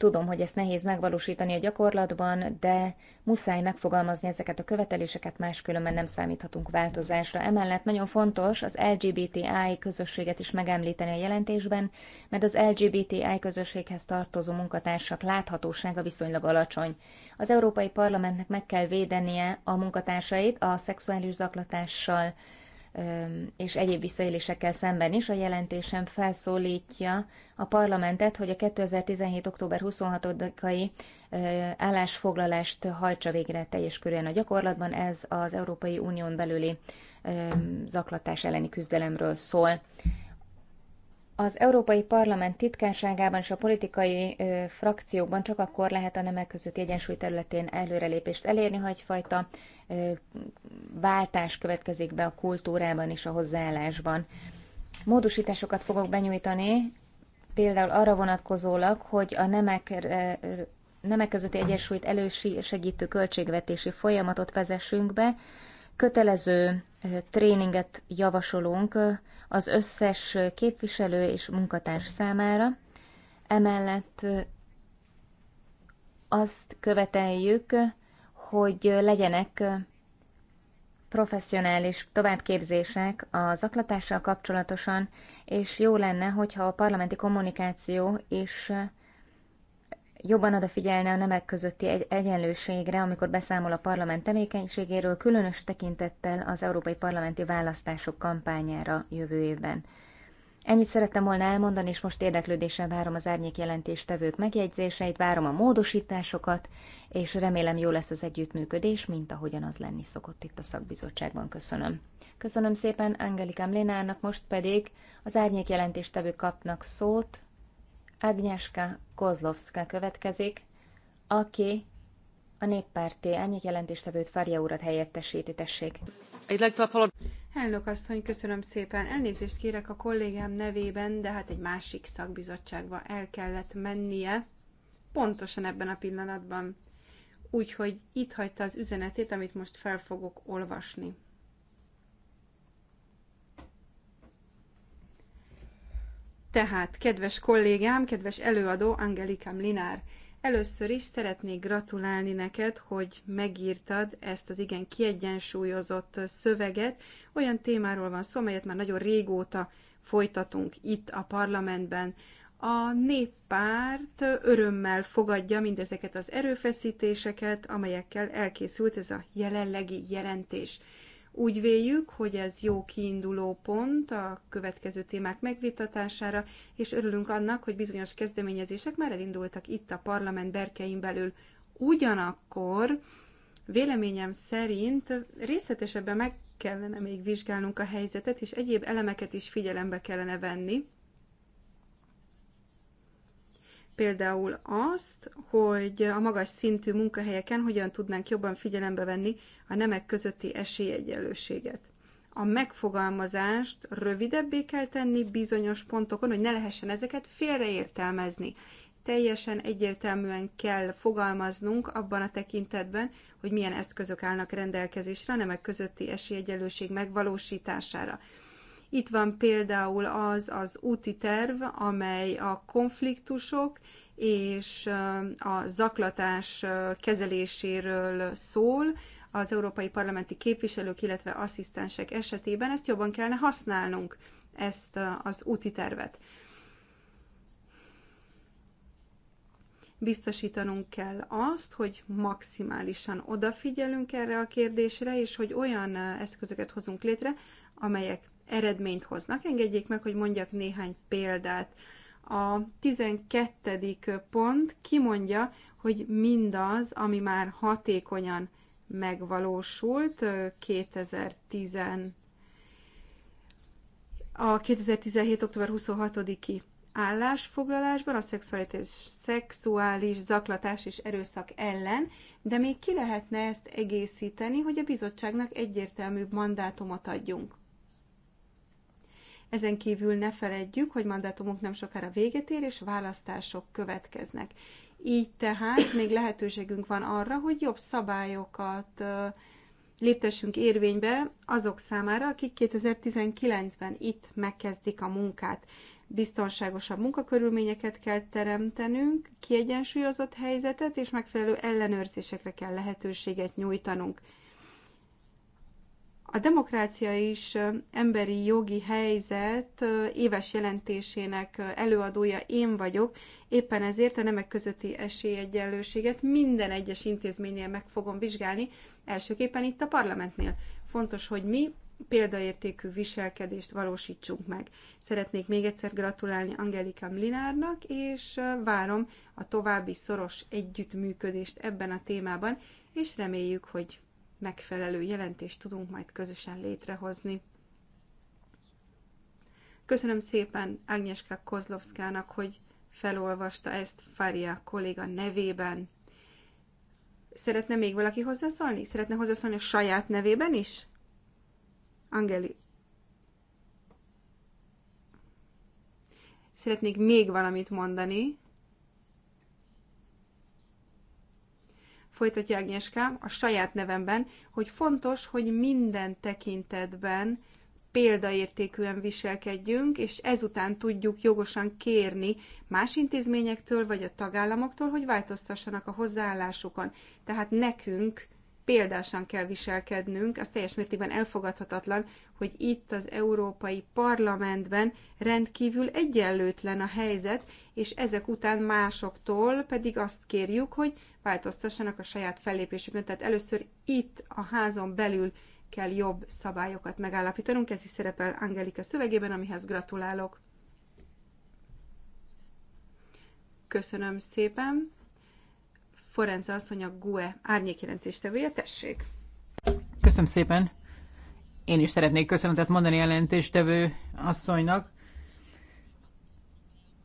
S1: Tudom, hogy ezt nehéz megvalósítani a gyakorlatban, de muszáj megfogalmazni ezeket a követeléseket, máskülönben nem számíthatunk változásra. Emellett nagyon fontos az LGBTI közösséget is megemlíteni a jelentésben, mert az LGBTI közösséghez tartozó munkatársak láthatósága viszonylag alacsony. Az Európai Parlamentnek meg kell védenie a munkatársait a szexuális zaklatással, és egyéb visszaélésekkel szemben is. A jelentésem felszólítja a parlamentet, hogy a 2017. október 26-ai állásfoglalást hajtsa végre teljes körűen a gyakorlatban. Ez az Európai Unión belüli zaklatás elleni küzdelemről szól. Az Európai Parlament titkárságában és a politikai ö, frakciókban csak akkor lehet a nemek közötti egyensúly területén előrelépést elérni, ha egyfajta váltás következik be a kultúrában és a hozzáállásban. Módosításokat fogok benyújtani, például arra vonatkozólag, hogy a nemek, nemek közötti egyensúlyt elősegítő költségvetési folyamatot vezessünk be, kötelező tréninget javasolunk az összes képviselő és munkatárs számára. Emellett azt követeljük, hogy legyenek professzionális továbbképzések a zaklatással kapcsolatosan, és jó lenne, hogyha a parlamenti kommunikáció is jobban odafigyelne a nemek közötti egy- egyenlőségre, amikor beszámol a parlament tevékenységéről, különös tekintettel az európai parlamenti választások kampányára jövő évben. Ennyit szerettem volna elmondani, és most érdeklődéssel várom az árnyék jelentéstevők megjegyzéseit, várom a módosításokat, és remélem jó lesz az együttműködés, mint ahogyan az lenni szokott itt a szakbizottságban. Köszönöm. Köszönöm szépen Angelikám Lénának, most pedig az árnyék jelentéstevők kapnak szót. Agnieszka Kozlovska következik, aki a néppárti árnyék jelentéstevőt Farja urat helyettesíti, tessék.
S4: Elnök asszony, köszönöm szépen. Elnézést kérek a kollégám nevében, de hát egy másik szakbizottságba el kellett mennie, pontosan ebben a pillanatban. Úgyhogy itt hagyta az üzenetét, amit most fel fogok olvasni. Tehát, kedves kollégám, kedves előadó, Angelikám Linár, Először is szeretnék gratulálni neked, hogy megírtad ezt az igen kiegyensúlyozott szöveget. Olyan témáról van szó, amelyet már nagyon régóta folytatunk itt a parlamentben. A néppárt örömmel fogadja mindezeket az erőfeszítéseket, amelyekkel elkészült ez a jelenlegi jelentés. Úgy véljük, hogy ez jó kiinduló pont a következő témák megvitatására, és örülünk annak, hogy bizonyos kezdeményezések már elindultak itt a parlament berkein belül. Ugyanakkor véleményem szerint részletesebben meg kellene még vizsgálnunk a helyzetet, és egyéb elemeket is figyelembe kellene venni, például azt, hogy a magas szintű munkahelyeken hogyan tudnánk jobban figyelembe venni a nemek közötti esélyegyenlőséget. A megfogalmazást rövidebbé kell tenni bizonyos pontokon, hogy ne lehessen ezeket félreértelmezni. Teljesen egyértelműen kell fogalmaznunk abban a tekintetben, hogy milyen eszközök állnak rendelkezésre a nemek közötti esélyegyenlőség megvalósítására itt van például az az úti terv, amely a konfliktusok és a zaklatás kezeléséről szól az európai parlamenti képviselők, illetve asszisztensek esetében. Ezt jobban kellene használnunk, ezt az úti tervet. biztosítanunk kell azt, hogy maximálisan odafigyelünk erre a kérdésre, és hogy olyan eszközöket hozunk létre, amelyek eredményt hoznak. Engedjék meg, hogy mondjak néhány példát. A 12. pont kimondja, hogy mindaz, ami már hatékonyan megvalósult 2010 a 2017. október 26-i állásfoglalásban a szexualitás, szexuális zaklatás és erőszak ellen, de még ki lehetne ezt egészíteni, hogy a bizottságnak egyértelműbb mandátumot adjunk. Ezen kívül ne feledjük, hogy mandátumunk nem sokára véget ér, és választások következnek. Így tehát még lehetőségünk van arra, hogy jobb szabályokat léptessünk érvénybe azok számára, akik 2019-ben itt megkezdik a munkát. Biztonságosabb munkakörülményeket kell teremtenünk, kiegyensúlyozott helyzetet és megfelelő ellenőrzésekre kell lehetőséget nyújtanunk. A demokrácia is emberi jogi helyzet éves jelentésének előadója én vagyok, éppen ezért a nemek közötti esélyegyenlőséget minden egyes intézménynél meg fogom vizsgálni, elsőképpen itt a parlamentnél. Fontos, hogy mi példaértékű viselkedést valósítsunk meg. Szeretnék még egyszer gratulálni Angelika Mlinárnak, és várom a további szoros együttműködést ebben a témában, és reméljük, hogy megfelelő jelentést tudunk majd közösen létrehozni. Köszönöm szépen Ágnieszka Kozlovszkának, hogy felolvasta ezt Faria kolléga nevében. Szeretne még valaki hozzászólni? Szeretne hozzászólni a saját nevében is? Angeli. Szeretnék még valamit mondani. folytatja Ágnieskám a saját nevemben, hogy fontos, hogy minden tekintetben példaértékűen viselkedjünk, és ezután tudjuk jogosan kérni más intézményektől vagy a tagállamoktól, hogy változtassanak a hozzáállásukon. Tehát nekünk példásan kell viselkednünk, az teljes mértékben elfogadhatatlan, hogy itt az Európai Parlamentben rendkívül egyenlőtlen a helyzet, és ezek után másoktól pedig azt kérjük, hogy változtassanak a saját fellépésükön. Tehát először itt a házon belül kell jobb szabályokat megállapítanunk. Ez is szerepel Angelika szövegében, amihez gratulálok. Köszönöm szépen. Forenza asszony a GUE
S2: árnyékjelentéstevője, tessék. Köszönöm szépen. Én is szeretnék köszönetet mondani jelentéstevő asszonynak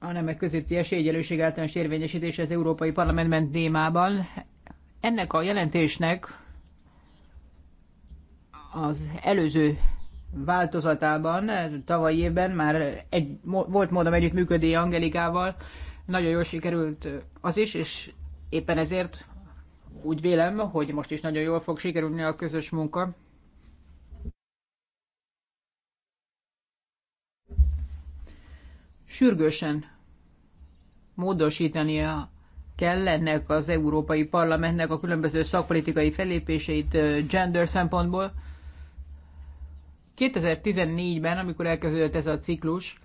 S2: a nemek közötti esélyegyelőség általános érvényesítése az Európai Parlamentben témában. Ennek a jelentésnek az előző változatában, tavalyi évben már egy, volt módom együttműködni Angelikával, nagyon jól sikerült az is, és éppen ezért úgy vélem, hogy most is nagyon jól fog sikerülni a közös munka. Sürgősen módosítania kell ennek az Európai Parlamentnek a különböző szakpolitikai fellépéseit gender szempontból. 2014-ben, amikor elkezdődött ez a ciklus,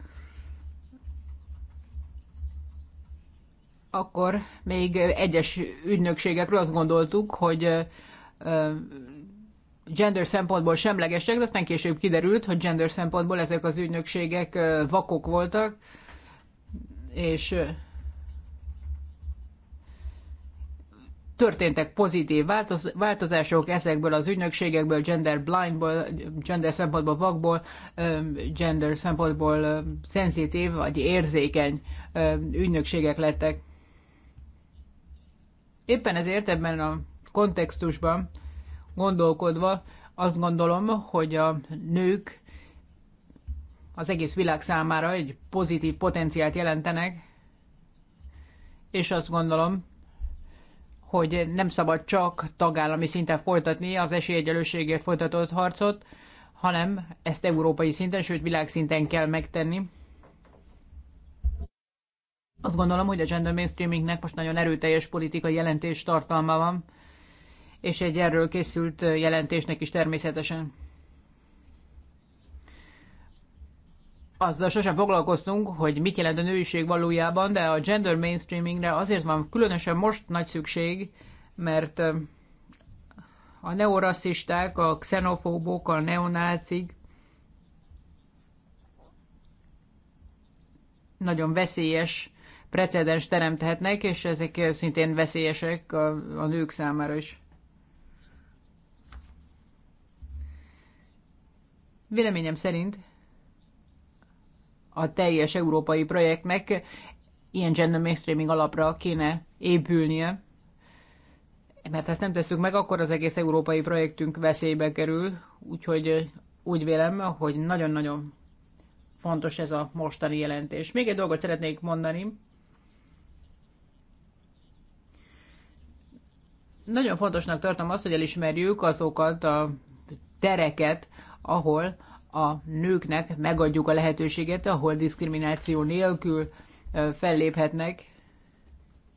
S2: akkor még egyes ügynökségekről azt gondoltuk, hogy gender szempontból semlegesek, de aztán később kiderült, hogy gender szempontból ezek az ügynökségek vakok voltak, és történtek pozitív változ, változások ezekből az ügynökségekből, gender blindból, gender szempontból vakból, gender szempontból szenzitív vagy érzékeny ügynökségek lettek. Éppen ezért ebben a kontextusban gondolkodva azt gondolom, hogy a nők az egész világ számára egy pozitív potenciált jelentenek, és azt gondolom, hogy nem szabad csak tagállami szinten folytatni az esélyegyelőségért folytatott harcot, hanem ezt európai szinten, sőt világszinten kell megtenni. Azt gondolom, hogy a gender mainstreamingnek most nagyon erőteljes politikai jelentés tartalma van, és egy erről készült jelentésnek is természetesen. azzal sosem foglalkoztunk, hogy mit jelent a nőiség valójában, de a gender mainstreamingre azért van különösen most nagy szükség, mert a neorasszisták, a xenofóbok, a neonácik nagyon veszélyes precedens teremthetnek, és ezek szintén veszélyesek a, a nők számára is. Véleményem szerint a teljes európai projektnek ilyen gender mainstreaming alapra kéne épülnie, mert ha ezt nem tesszük meg, akkor az egész európai projektünk veszélybe kerül, úgyhogy úgy vélem, hogy nagyon-nagyon fontos ez a mostani jelentés. Még egy dolgot szeretnék mondani. Nagyon fontosnak tartom azt, hogy elismerjük azokat a tereket, ahol a nőknek megadjuk a lehetőséget, ahol diszkrimináció nélkül felléphetnek.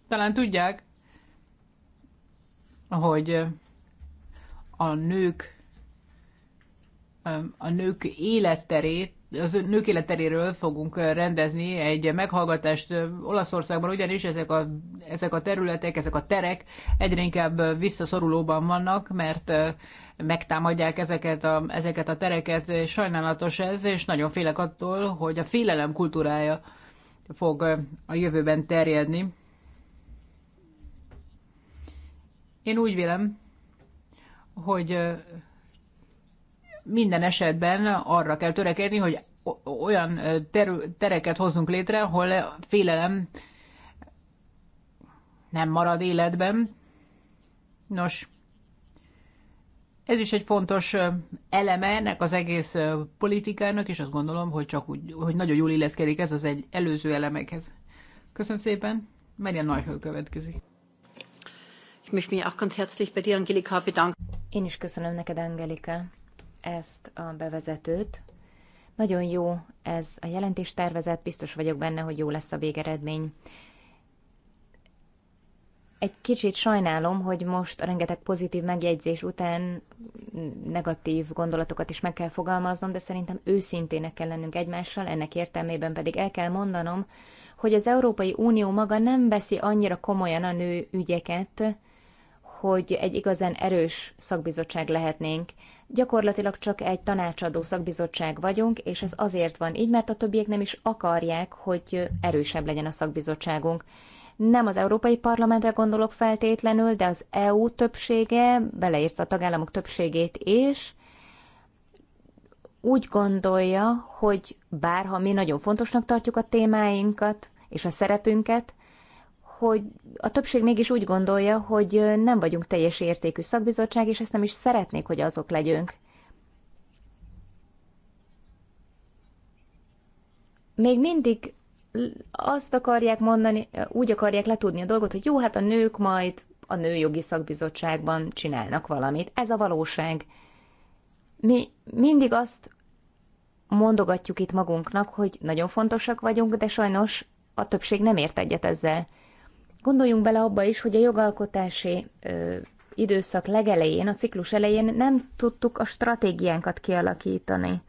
S2: Talán tudják, hogy a nők a nők életterét az nők életeréről fogunk rendezni egy meghallgatást Olaszországban, ugyanis ezek a, ezek a területek, ezek a terek egyre inkább visszaszorulóban vannak, mert megtámadják ezeket a, ezeket a tereket. Sajnálatos ez, és nagyon félek attól, hogy a félelem kultúrája fog a jövőben terjedni. Én úgy vélem, hogy minden esetben arra kell törekedni, hogy olyan ter- tereket hozzunk létre, ahol félelem nem marad életben. Nos, ez is egy fontos eleme ennek az egész politikának, és azt gondolom, hogy csak úgy, hogy nagyon jól illeszkedik ez az egy előző elemekhez.
S1: Köszönöm szépen,
S2: Marian Neuchel következik.
S1: Ich möchte mich auch ganz herzlich bei dir, Angelika, bedanken. Én is köszönöm neked, Angelika ezt a bevezetőt. Nagyon jó ez a jelentés tervezet. biztos vagyok benne, hogy jó lesz a végeredmény. Egy kicsit sajnálom, hogy most a rengeteg pozitív megjegyzés után negatív gondolatokat is meg kell fogalmaznom, de szerintem őszintének kell lennünk egymással, ennek értelmében pedig el kell mondanom, hogy az Európai Unió maga nem veszi annyira komolyan a nő ügyeket, hogy egy igazán erős szakbizottság lehetnénk. Gyakorlatilag csak egy tanácsadó szakbizottság vagyunk, és ez azért van így, mert a többiek nem is akarják, hogy erősebb legyen a szakbizottságunk. Nem az Európai Parlamentre gondolok feltétlenül, de az EU többsége, beleértve a tagállamok többségét is, úgy gondolja, hogy bárha mi nagyon fontosnak tartjuk a témáinkat és a szerepünket, hogy a többség mégis úgy gondolja, hogy nem vagyunk teljes értékű szakbizottság, és ezt nem is szeretnék, hogy azok legyünk. Még mindig azt akarják mondani, úgy akarják letudni a dolgot, hogy jó, hát a nők majd a nőjogi szakbizottságban csinálnak valamit. Ez a valóság. Mi mindig azt mondogatjuk itt magunknak, hogy nagyon fontosak vagyunk, de sajnos a többség nem ért egyet ezzel. Gondoljunk bele abba is, hogy a jogalkotási ö, időszak legelején, a ciklus elején nem tudtuk a stratégiánkat kialakítani.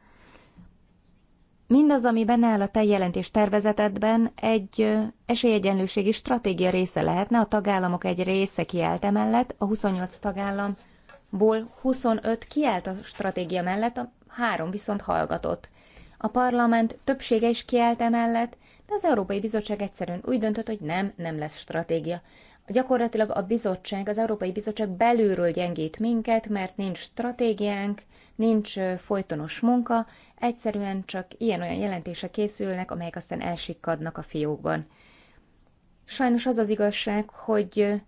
S1: Mindaz, ami benne áll a te jelentés tervezetedben, egy esélyegyenlőségi stratégia része lehetne, a tagállamok egy része kiállt emellett, a 28 tagállamból 25 kiállt a stratégia mellett, a három viszont hallgatott. A parlament többsége is kiállt emellett, de az Európai Bizottság egyszerűen úgy döntött, hogy nem, nem lesz stratégia. Gyakorlatilag a bizottság, az Európai Bizottság belülről gyengít minket, mert nincs stratégiánk, nincs folytonos munka, egyszerűen csak ilyen-olyan jelentések készülnek, amelyek aztán elsikkadnak a fiókban. Sajnos az az igazság, hogy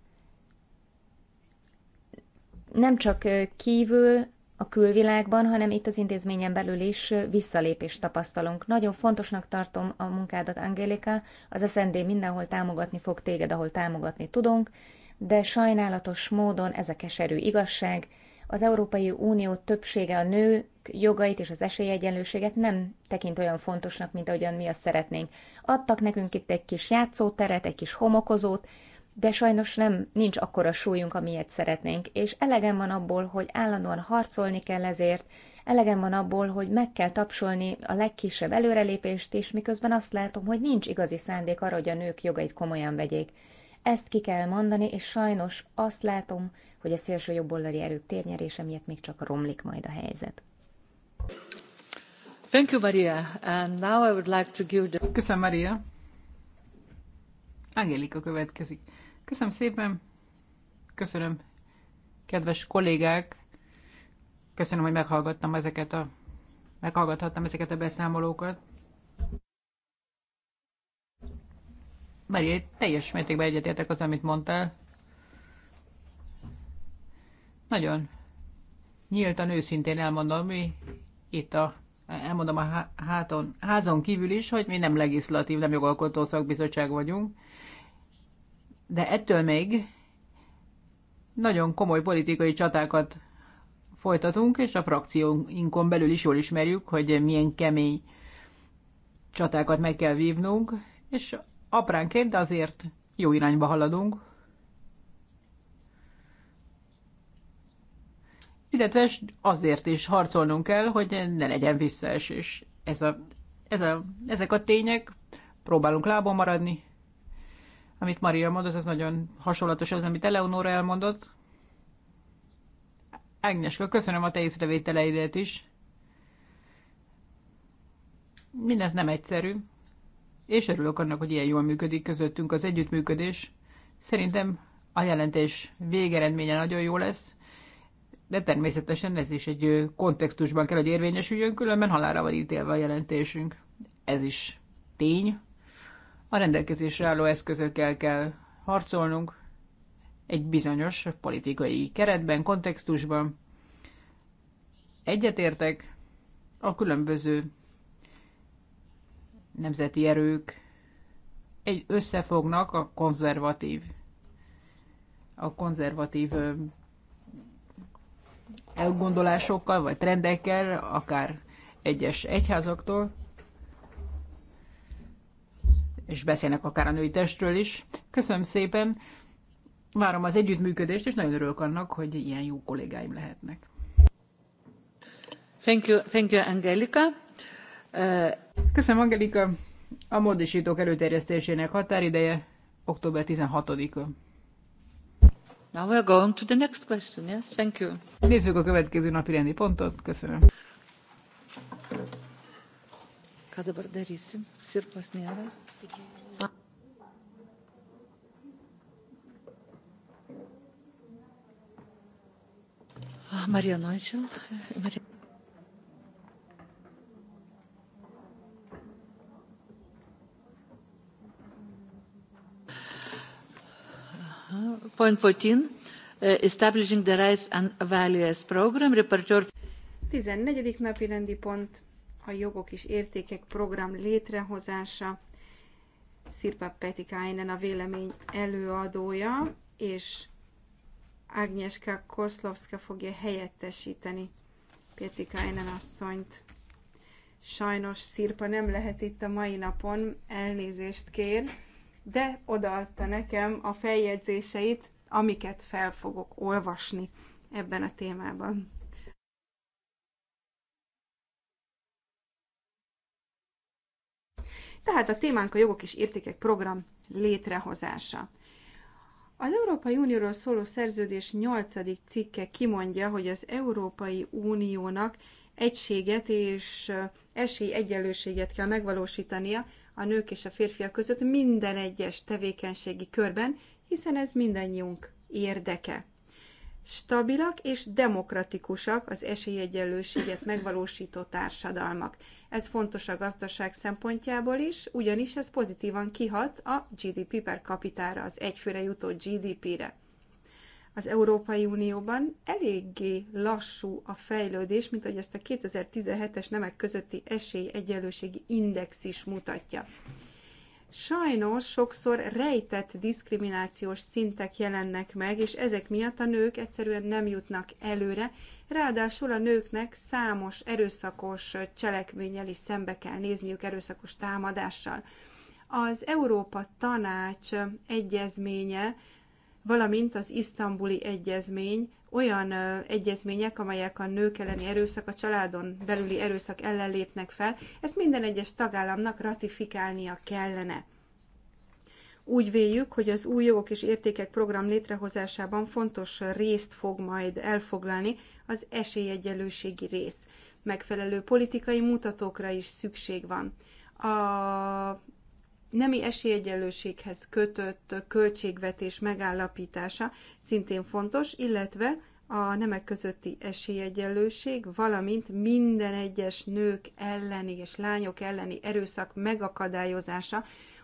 S1: nem csak kívül, a külvilágban, hanem itt az intézményen belül is visszalépést tapasztalunk. Nagyon fontosnak tartom a munkádat, Angélika, az SND mindenhol támogatni fog téged, ahol támogatni tudunk, de sajnálatos módon ez a keserű igazság, az Európai Unió többsége a nők jogait és az esélyegyenlőséget nem tekint olyan fontosnak, mint ahogyan mi azt szeretnénk. Adtak nekünk itt egy kis játszóteret, egy kis homokozót, de sajnos nem nincs akkora súlyunk, amilyet szeretnénk, és elegem van abból, hogy állandóan harcolni kell ezért, elegem van abból, hogy meg kell tapsolni a legkisebb előrelépést és miközben azt látom, hogy nincs igazi szándék arra, hogy a nők jogait komolyan vegyék. Ezt ki kell mondani, és sajnos azt látom, hogy a szélső jobboldali erők térnyerése miatt még csak romlik majd a helyzet. Thank you, Maria. And now I would like to give the... Köszönöm, Maria.
S2: Angélika következik. Köszönöm szépen, köszönöm, kedves kollégák, köszönöm, hogy meghallgattam ezeket a, meghallgathattam ezeket a beszámolókat. Maria, teljes mértékben egyetértek az, amit mondtál. Nagyon nyíltan, őszintén elmondom, mi itt a, elmondom a háton, házon kívül is, hogy mi nem legislatív, nem jogalkotó szakbizottság vagyunk de ettől még nagyon komoly politikai csatákat folytatunk, és a frakcióinkon belül is jól ismerjük, hogy milyen kemény csatákat meg kell vívnunk, és apránként azért jó irányba haladunk. Illetve azért is harcolnunk kell, hogy ne legyen visszaesés. Ez a, ez a, ezek a tények, próbálunk lábon maradni, amit Maria mondott, ez nagyon hasonlatos az, amit Eleonora elmondott. Ágnes, köszönöm a te észrevételeidet is. Mindez nem egyszerű, és örülök annak, hogy ilyen jól működik közöttünk az együttműködés. Szerintem a jelentés végeredménye nagyon jó lesz, de természetesen ez is egy kontextusban kell, hogy érvényesüljön, különben halára van ítélve a jelentésünk. Ez is tény. A rendelkezésre álló eszközökkel kell harcolnunk egy bizonyos politikai keretben, kontextusban. Egyetértek a különböző nemzeti erők egy összefognak a konzervatív a konzervatív elgondolásokkal, vagy trendekkel, akár egyes egyházaktól és beszélnek akár a női testről is. Köszönöm szépen, várom az együttműködést, és nagyon örülök annak, hogy ilyen jó kollégáim lehetnek. Thank you, thank you Angelika. Uh... Köszönöm, Angelika. A módosítók előterjesztésének határideje október 16-a. Now we're going to the next question, yes? Thank you. Nézzük a következő napi rendi pontot. Köszönöm.
S3: Ką dabar darysim? Sirpas nėra. Ah, Maria Neuschel. Maria
S2: Point 14, eh, establishing the rights and values program, reporter.
S4: 14. napi rendi pont a jogok és értékek program létrehozása. Szirpa Petikainen a vélemény előadója, és Agnieszka Koszlovska fogja helyettesíteni Petikainen asszonyt. Sajnos Szirpa nem lehet itt a mai napon, elnézést kér, de odaadta nekem a feljegyzéseit, amiket fel fogok olvasni ebben a témában. tehát a témánk a jogok és értékek program létrehozása. Az Európai Unióról szóló szerződés 8. cikke kimondja, hogy az Európai Uniónak egységet és esélyegyenlőséget kell megvalósítania a nők és a férfiak között minden egyes tevékenységi körben, hiszen ez mindannyiunk érdeke stabilak és demokratikusak az esélyegyenlőséget megvalósító társadalmak. Ez fontos a gazdaság szempontjából is, ugyanis ez pozitívan kihat a GDP per kapitára, az egyfőre jutó GDP-re. Az Európai Unióban eléggé lassú a fejlődés, mint ahogy ezt a 2017-es nemek közötti esélyegyenlőségi index is mutatja. Sajnos sokszor rejtett diszkriminációs szintek jelennek meg, és ezek miatt a nők egyszerűen nem jutnak előre, ráadásul a nőknek számos erőszakos cselekménnyel is szembe kell nézniük, erőszakos támadással. Az Európa Tanács egyezménye, valamint az isztambuli egyezmény olyan egyezmények, amelyek a nők elleni erőszak, a családon belüli erőszak ellen lépnek fel, ezt minden egyes tagállamnak ratifikálnia kellene. Úgy véljük, hogy az új jogok és értékek program létrehozásában fontos részt fog majd elfoglalni az esélyegyenlőségi rész. Megfelelő politikai mutatókra is szükség van. A nemi esélyegyenlőséghez kötött költségvetés megállapítása szintén fontos, illetve a nemek közötti esélyegyenlőség, valamint minden egyes nők elleni és lányok elleni erőszak megakadályozása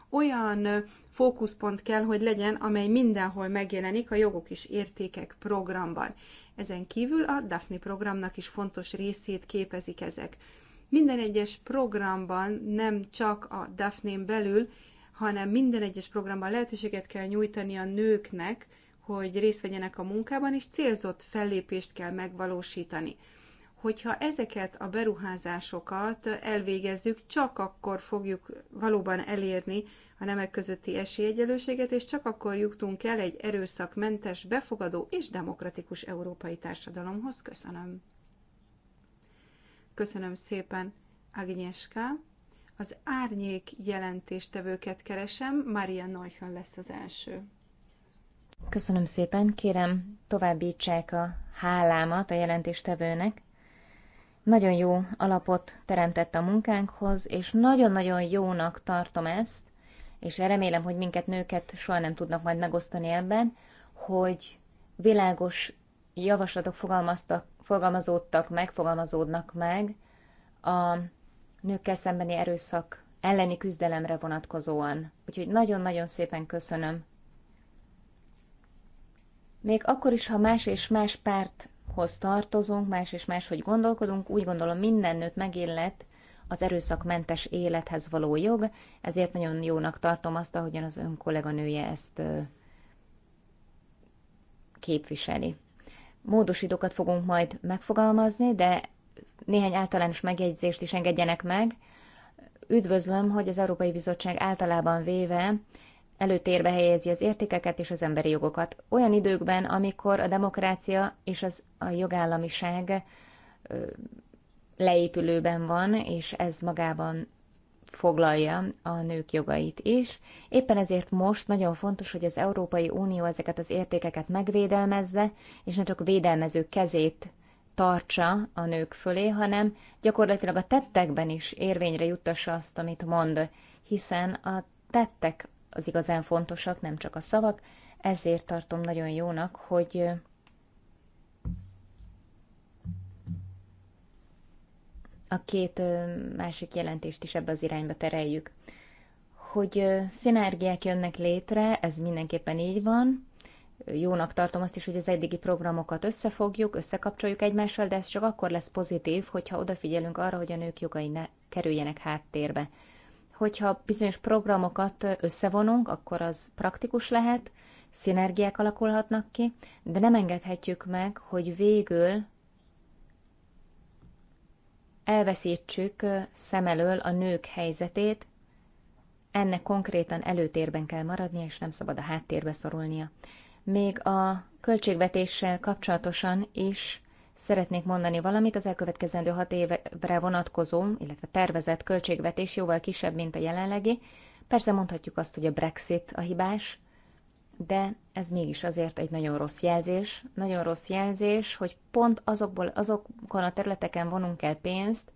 S4: olyan fókuszpont kell, hogy legyen, amely mindenhol megjelenik a jogok és értékek programban. Ezen kívül a Daphne programnak is fontos részét képezik ezek. Minden egyes programban, nem csak a Daphnén belül, hanem minden egyes programban lehetőséget kell nyújtani a nőknek, hogy részt vegyenek a munkában, és célzott fellépést kell megvalósítani. Hogyha ezeket a beruházásokat elvégezzük, csak akkor fogjuk valóban elérni a nemek közötti esélyegyelőséget, és csak akkor jutunk el egy erőszakmentes, befogadó és demokratikus európai társadalomhoz. Köszönöm. Köszönöm szépen, Agnieszka. Az árnyék jelentéstevőket keresem, Maria Neuchan
S1: lesz az első. Köszönöm szépen, kérem továbbítsák a hálámat a jelentéstevőnek. Nagyon jó alapot teremtett a munkánkhoz, és nagyon-nagyon jónak tartom ezt, és remélem, hogy minket nőket soha nem tudnak majd megosztani ebben, hogy világos javaslatok fogalmaztak fogalmazódtak meg, fogalmazódnak meg a nőkkel szembeni erőszak elleni küzdelemre vonatkozóan. Úgyhogy nagyon-nagyon szépen köszönöm. Még akkor is, ha más és más párthoz tartozunk, más és más, hogy gondolkodunk, úgy gondolom minden nőt megillet az erőszakmentes élethez való jog, ezért nagyon jónak tartom azt, ahogyan az ön kolléganője ezt képviseli. Módosítókat fogunk majd megfogalmazni, de néhány általános megjegyzést is engedjenek meg. Üdvözlöm, hogy az Európai Bizottság általában véve előtérbe helyezi az értékeket és az emberi jogokat. Olyan időkben, amikor a demokrácia és az, a jogállamiság leépülőben van, és ez magában foglalja a nők jogait is. Éppen ezért most nagyon fontos, hogy az Európai Unió ezeket az értékeket megvédelmezze, és ne csak védelmező kezét tartsa a nők fölé, hanem gyakorlatilag a tettekben is érvényre juttassa azt, amit mond, hiszen a tettek az igazán fontosak, nem csak a szavak, ezért tartom nagyon jónak, hogy a két másik jelentést is ebbe az irányba tereljük. Hogy szinergiák jönnek létre, ez mindenképpen így van. Jónak tartom azt is, hogy az eddigi programokat összefogjuk, összekapcsoljuk egymással, de ez csak akkor lesz pozitív, hogyha odafigyelünk arra, hogy a nők jogai ne kerüljenek háttérbe. Hogyha bizonyos programokat összevonunk, akkor az praktikus lehet, szinergiák alakulhatnak ki, de nem engedhetjük meg, hogy végül elveszítsük szem elől a nők helyzetét, ennek konkrétan előtérben kell maradnia, és nem szabad a háttérbe szorulnia. Még a költségvetéssel kapcsolatosan is szeretnék mondani valamit, az elkövetkezendő hat évre vonatkozó, illetve tervezett költségvetés jóval kisebb, mint a jelenlegi. Persze mondhatjuk azt, hogy a Brexit a hibás, de ez mégis azért egy nagyon rossz jelzés. Nagyon rossz jelzés, hogy pont azokból, azokon a területeken vonunk el pénzt,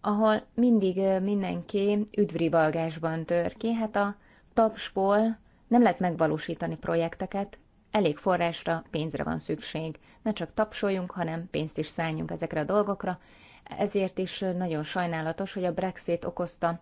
S1: ahol mindig mindenki üdvrivalgásban tör ki. Hát a tapsból nem lehet megvalósítani projekteket, elég forrásra, pénzre van szükség. Ne csak tapsoljunk, hanem pénzt is szálljunk ezekre a dolgokra. Ezért is nagyon sajnálatos, hogy a Brexit okozta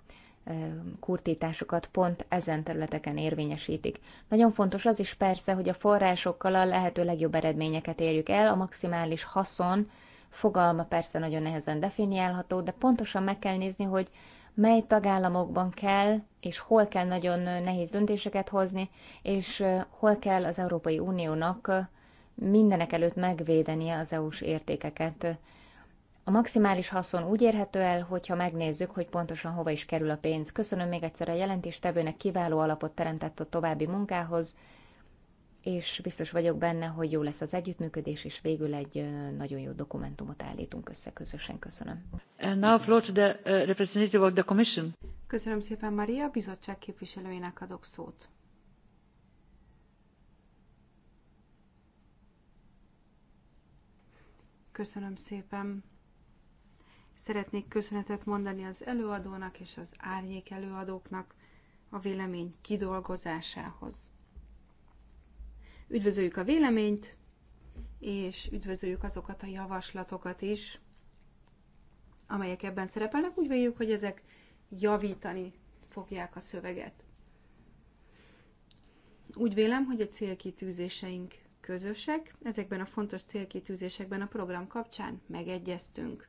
S1: kurtításukat pont ezen területeken érvényesítik. Nagyon fontos az is persze, hogy a forrásokkal a lehető legjobb eredményeket érjük el, a maximális haszon fogalma persze nagyon nehezen definiálható, de pontosan meg kell nézni, hogy mely tagállamokban kell, és hol kell nagyon nehéz döntéseket hozni, és hol kell az Európai Uniónak mindenek előtt megvédenie az EU-s értékeket. A maximális haszon úgy érhető el, hogyha megnézzük, hogy pontosan hova is kerül a pénz. Köszönöm még egyszer a jelentéstevőnek, kiváló alapot teremtett a további munkához, és biztos vagyok benne, hogy jó lesz az együttműködés, és végül egy nagyon jó dokumentumot állítunk össze közösen. Köszönöm. And now floor to the uh, representative of the commission.
S4: Köszönöm szépen, Maria. bizottság képviselőjének adok szót. Köszönöm szépen. Szeretnék köszönetet mondani az előadónak és az árnyék előadóknak a vélemény kidolgozásához. Üdvözöljük a véleményt, és üdvözöljük azokat a javaslatokat is, amelyek ebben szerepelnek. Úgy véljük, hogy ezek javítani fogják a szöveget. Úgy vélem, hogy a célkitűzéseink közösek, ezekben a fontos célkitűzésekben a program kapcsán megegyeztünk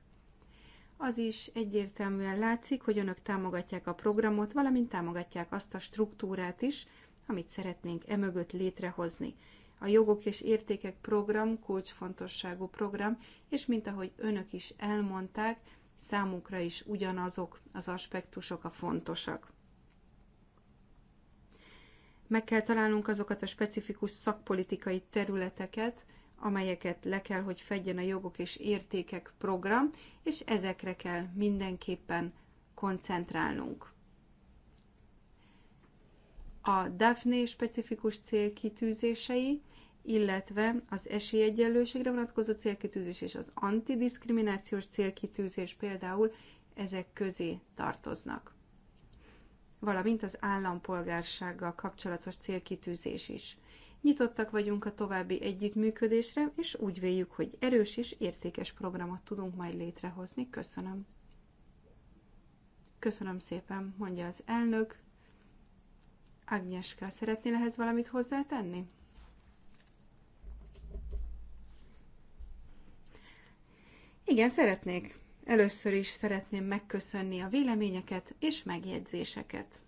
S4: az is egyértelműen látszik, hogy önök támogatják a programot, valamint támogatják azt a struktúrát is, amit szeretnénk emögött létrehozni. A jogok és értékek program kulcsfontosságú program, és mint ahogy önök is elmondták, számukra is ugyanazok az aspektusok a fontosak. Meg kell találnunk azokat a specifikus szakpolitikai területeket, amelyeket le kell, hogy fedjen a jogok és értékek program, és ezekre kell mindenképpen koncentrálnunk. A DAFNE specifikus célkitűzései, illetve az esélyegyenlőségre vonatkozó célkitűzés és az antidiszkriminációs célkitűzés például ezek közé tartoznak. Valamint az állampolgársággal kapcsolatos célkitűzés is. Nyitottak vagyunk a további együttműködésre, és úgy véljük, hogy erős és értékes programot tudunk majd létrehozni. Köszönöm. Köszönöm szépen, mondja az elnök. Agnieszka szeretnél ehhez valamit hozzátenni? Igen, szeretnék. Először is szeretném megköszönni a véleményeket és megjegyzéseket.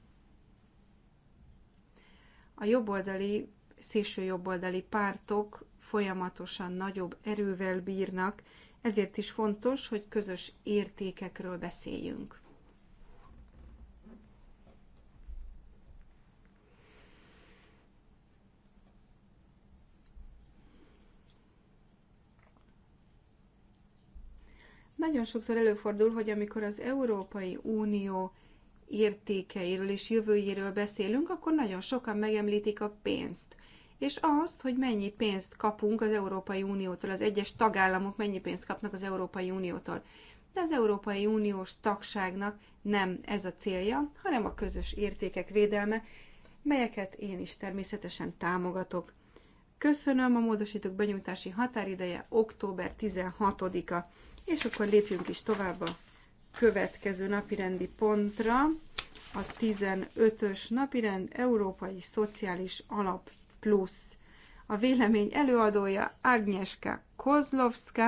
S4: A jobboldali szélső jobboldali pártok folyamatosan nagyobb erővel bírnak, ezért is fontos, hogy közös értékekről beszéljünk. Nagyon sokszor előfordul, hogy amikor az Európai Unió értékeiről és jövőjéről beszélünk, akkor nagyon sokan megemlítik a pénzt és azt, hogy mennyi pénzt kapunk az Európai Uniótól, az egyes tagállamok mennyi pénzt kapnak az Európai Uniótól. De az Európai Uniós tagságnak nem ez a célja, hanem a közös értékek védelme, melyeket én is természetesen támogatok. Köszönöm, a módosítók benyújtási határideje október 16-a. És akkor lépjünk is tovább a következő napirendi pontra, a 15-ös napirend Európai Szociális Alap plusz. A vélemény előadója Agnieszka Kozlovska,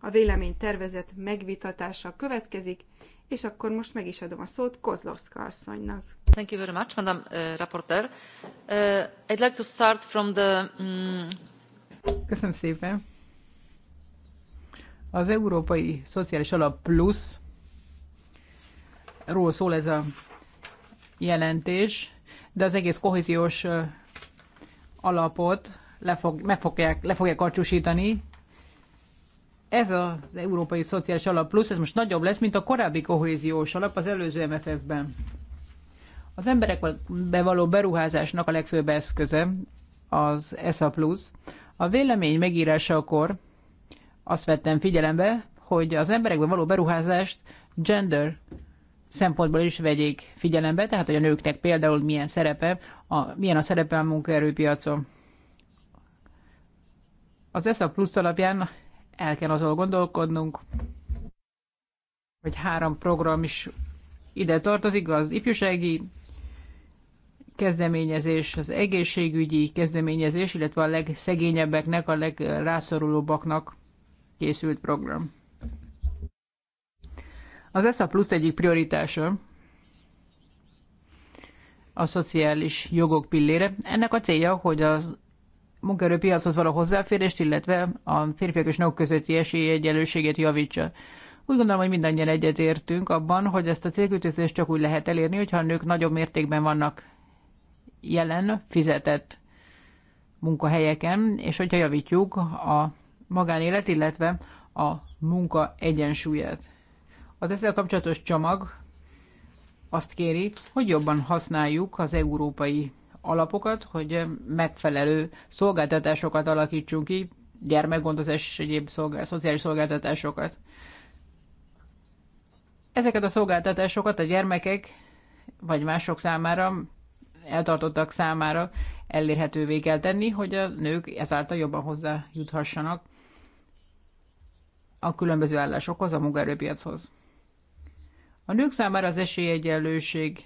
S4: a vélemény tervezett megvitatása következik, és akkor most meg is adom a szót Kozlovska asszonynak.
S1: Thank you very much, Madam uh, Rapporteur.
S2: Uh, I'd like to start from the... Um... Köszönöm szépen. Az Európai Szociális Alap Plusz ról szól ez a jelentés, de az egész kohéziós eh, alapot le, fog, meg fogják, le fogják karcsúsítani. Ez az Európai Szociális Alap Plusz, ez most nagyobb lesz, mint a korábbi kohéziós alap az előző MFF-ben. Az emberekbe való beruházásnak a legfőbb eszköze az ESA Plusz. A vélemény megírása akkor azt vettem figyelembe, hogy az emberekbe való beruházást gender szempontból is vegyék figyelembe, tehát hogy a nőknek például milyen szerepe, a, milyen a szerepe a munkaerőpiacon. Az ESZA plusz alapján el kell azon gondolkodnunk, hogy három program is ide tartozik, az ifjúsági kezdeményezés, az egészségügyi kezdeményezés, illetve a legszegényebbeknek, a legrászorulóbbaknak készült program. Az ESZA plusz egyik prioritása a szociális jogok pillére. Ennek a célja, hogy az munkaerőpiachoz való hozzáférést, illetve a férfiak és nők közötti esélyegyenlőséget javítsa. Úgy gondolom, hogy mindannyian egyetértünk abban, hogy ezt a célkütőzést csak úgy lehet elérni, hogyha a nők nagyobb mértékben vannak jelen, fizetett munkahelyeken, és hogyha javítjuk a magánélet, illetve a munka egyensúlyát. Az ezzel kapcsolatos csomag azt kéri, hogy jobban használjuk az európai alapokat, hogy megfelelő szolgáltatásokat alakítsunk ki, gyermekgondozás és egyéb szolgál, szociális szolgáltatásokat. Ezeket a szolgáltatásokat a gyermekek vagy mások számára, eltartottak számára elérhetővé kell tenni, hogy a nők ezáltal jobban hozzájuthassanak a különböző állásokhoz, a munkaerőpiachoz. A nők számára az esélyegyenlőség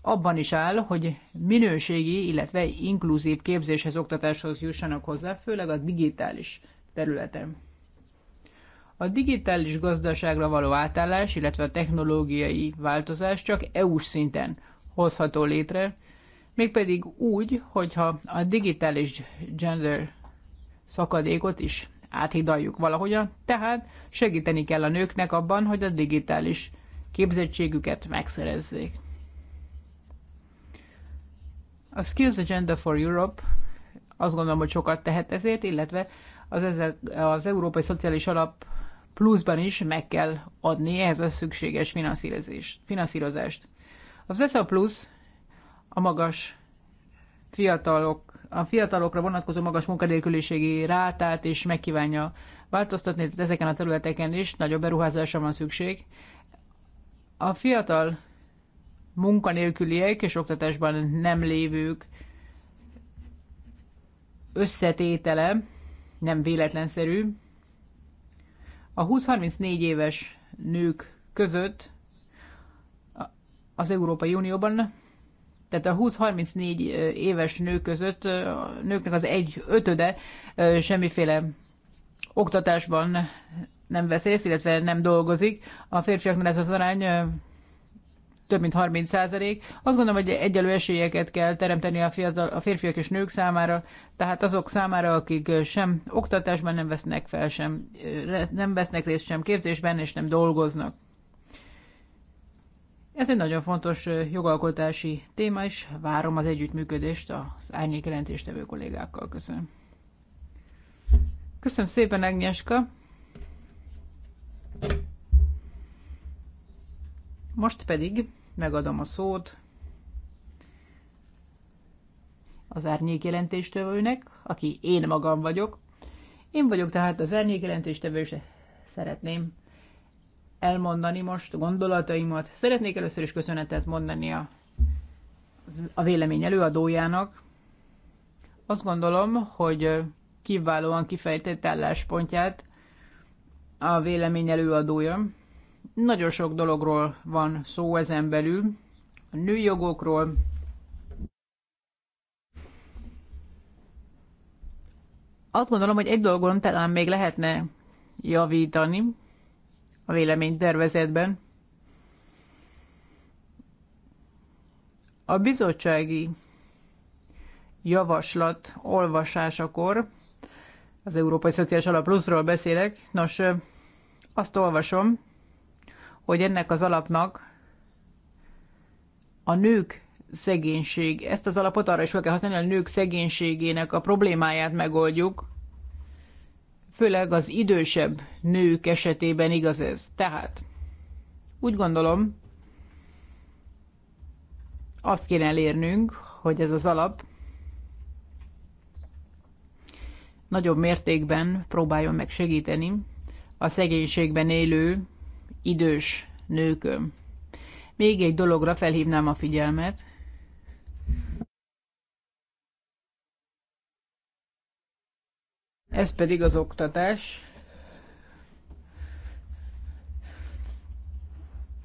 S2: abban is áll, hogy minőségi, illetve inkluzív képzéshez, oktatáshoz jussanak hozzá, főleg a digitális területen. A digitális gazdaságra való átállás, illetve a technológiai változás csak EU-s szinten hozható létre, mégpedig úgy, hogyha a digitális gender szakadékot is áthidaljuk valahogyan, tehát segíteni kell a nőknek abban, hogy a digitális képzettségüket megszerezzék. A Skills Agenda for Europe azt gondolom, hogy sokat tehet ezért, illetve az, ezek, az Európai Szociális Alap pluszban is meg kell adni ehhez a szükséges finanszírozást. Az ESA plusz a magas fiatalok a fiatalokra vonatkozó magas munkanélküliségi rátát és megkívánja változtatni, tehát ezeken a területeken is nagyobb beruházásra van szükség. A fiatal munkanélküliek és oktatásban nem lévők összetétele nem véletlenszerű. A 20-34 éves nők között az Európai Unióban tehát a 20-34 éves nők között a nőknek az egy ötöde semmiféle oktatásban nem vesz részt, illetve nem dolgozik. A férfiaknál ez az arány több mint 30 százalék. Azt gondolom, hogy egyelő esélyeket kell teremteni a, fiatal, a férfiak és nők számára, tehát azok számára, akik sem oktatásban nem vesznek fel, sem, nem vesznek részt sem képzésben, és nem dolgoznak. Ez egy nagyon fontos jogalkotási téma, és várom az együttműködést az árnyék jelentéstevő kollégákkal. Köszönöm. Köszönöm szépen, Agnieszka. Most pedig megadom a szót az árnyék jelentéstevőnek, aki én magam vagyok. Én vagyok tehát az árnyék jelentéstevő, és szeretném elmondani most gondolataimat. Szeretnék először is köszönetet mondani a, a vélemény előadójának. Azt gondolom, hogy kiválóan kifejtett álláspontját a vélemény előadója. Nagyon sok dologról van szó ezen belül, a nőjogokról, azt gondolom, hogy egy dolgon talán még lehetne javítani, a véleménytervezetben. A bizottsági javaslat olvasásakor, az Európai Szociális Alap Pluszról beszélek, nos, azt olvasom, hogy ennek az alapnak a nők szegénység, ezt az alapot arra is fel kell használni, hogy a nők szegénységének a problémáját megoldjuk, főleg az idősebb nők esetében igaz ez. Tehát úgy gondolom, azt kéne elérnünk, hogy ez az alap nagyobb mértékben próbáljon meg segíteni a szegénységben élő idős nőkön. Még egy dologra felhívnám a figyelmet, Ez pedig az oktatás.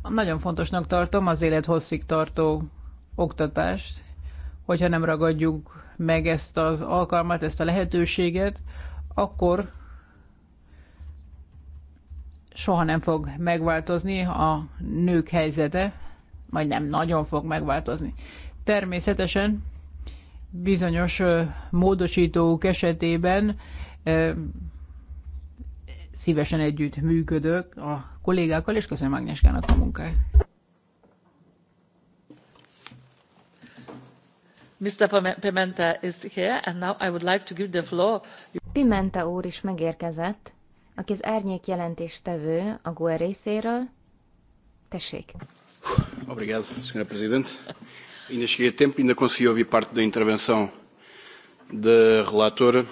S2: Nagyon fontosnak tartom az élet hosszig tartó oktatást, hogyha nem ragadjuk meg ezt az alkalmat, ezt a lehetőséget, akkor soha nem fog megváltozni a nők helyzete, vagy nem nagyon fog megváltozni. Természetesen bizonyos módosítók esetében Szívesen együtt működök a kollégákkal, és köszönöm Ágneskának a munkáját.
S1: Mr. Pimenta is here, and now I would like to give the floor. Pimenta úr is megérkezett, aki az árnyék jelentés tevő a GUE részéről. Tessék.
S2: Obrigado, Sra. Presidente.
S4: Ainda cheguei a tempo, ainda consegui ouvir parte da intervenção da relatora.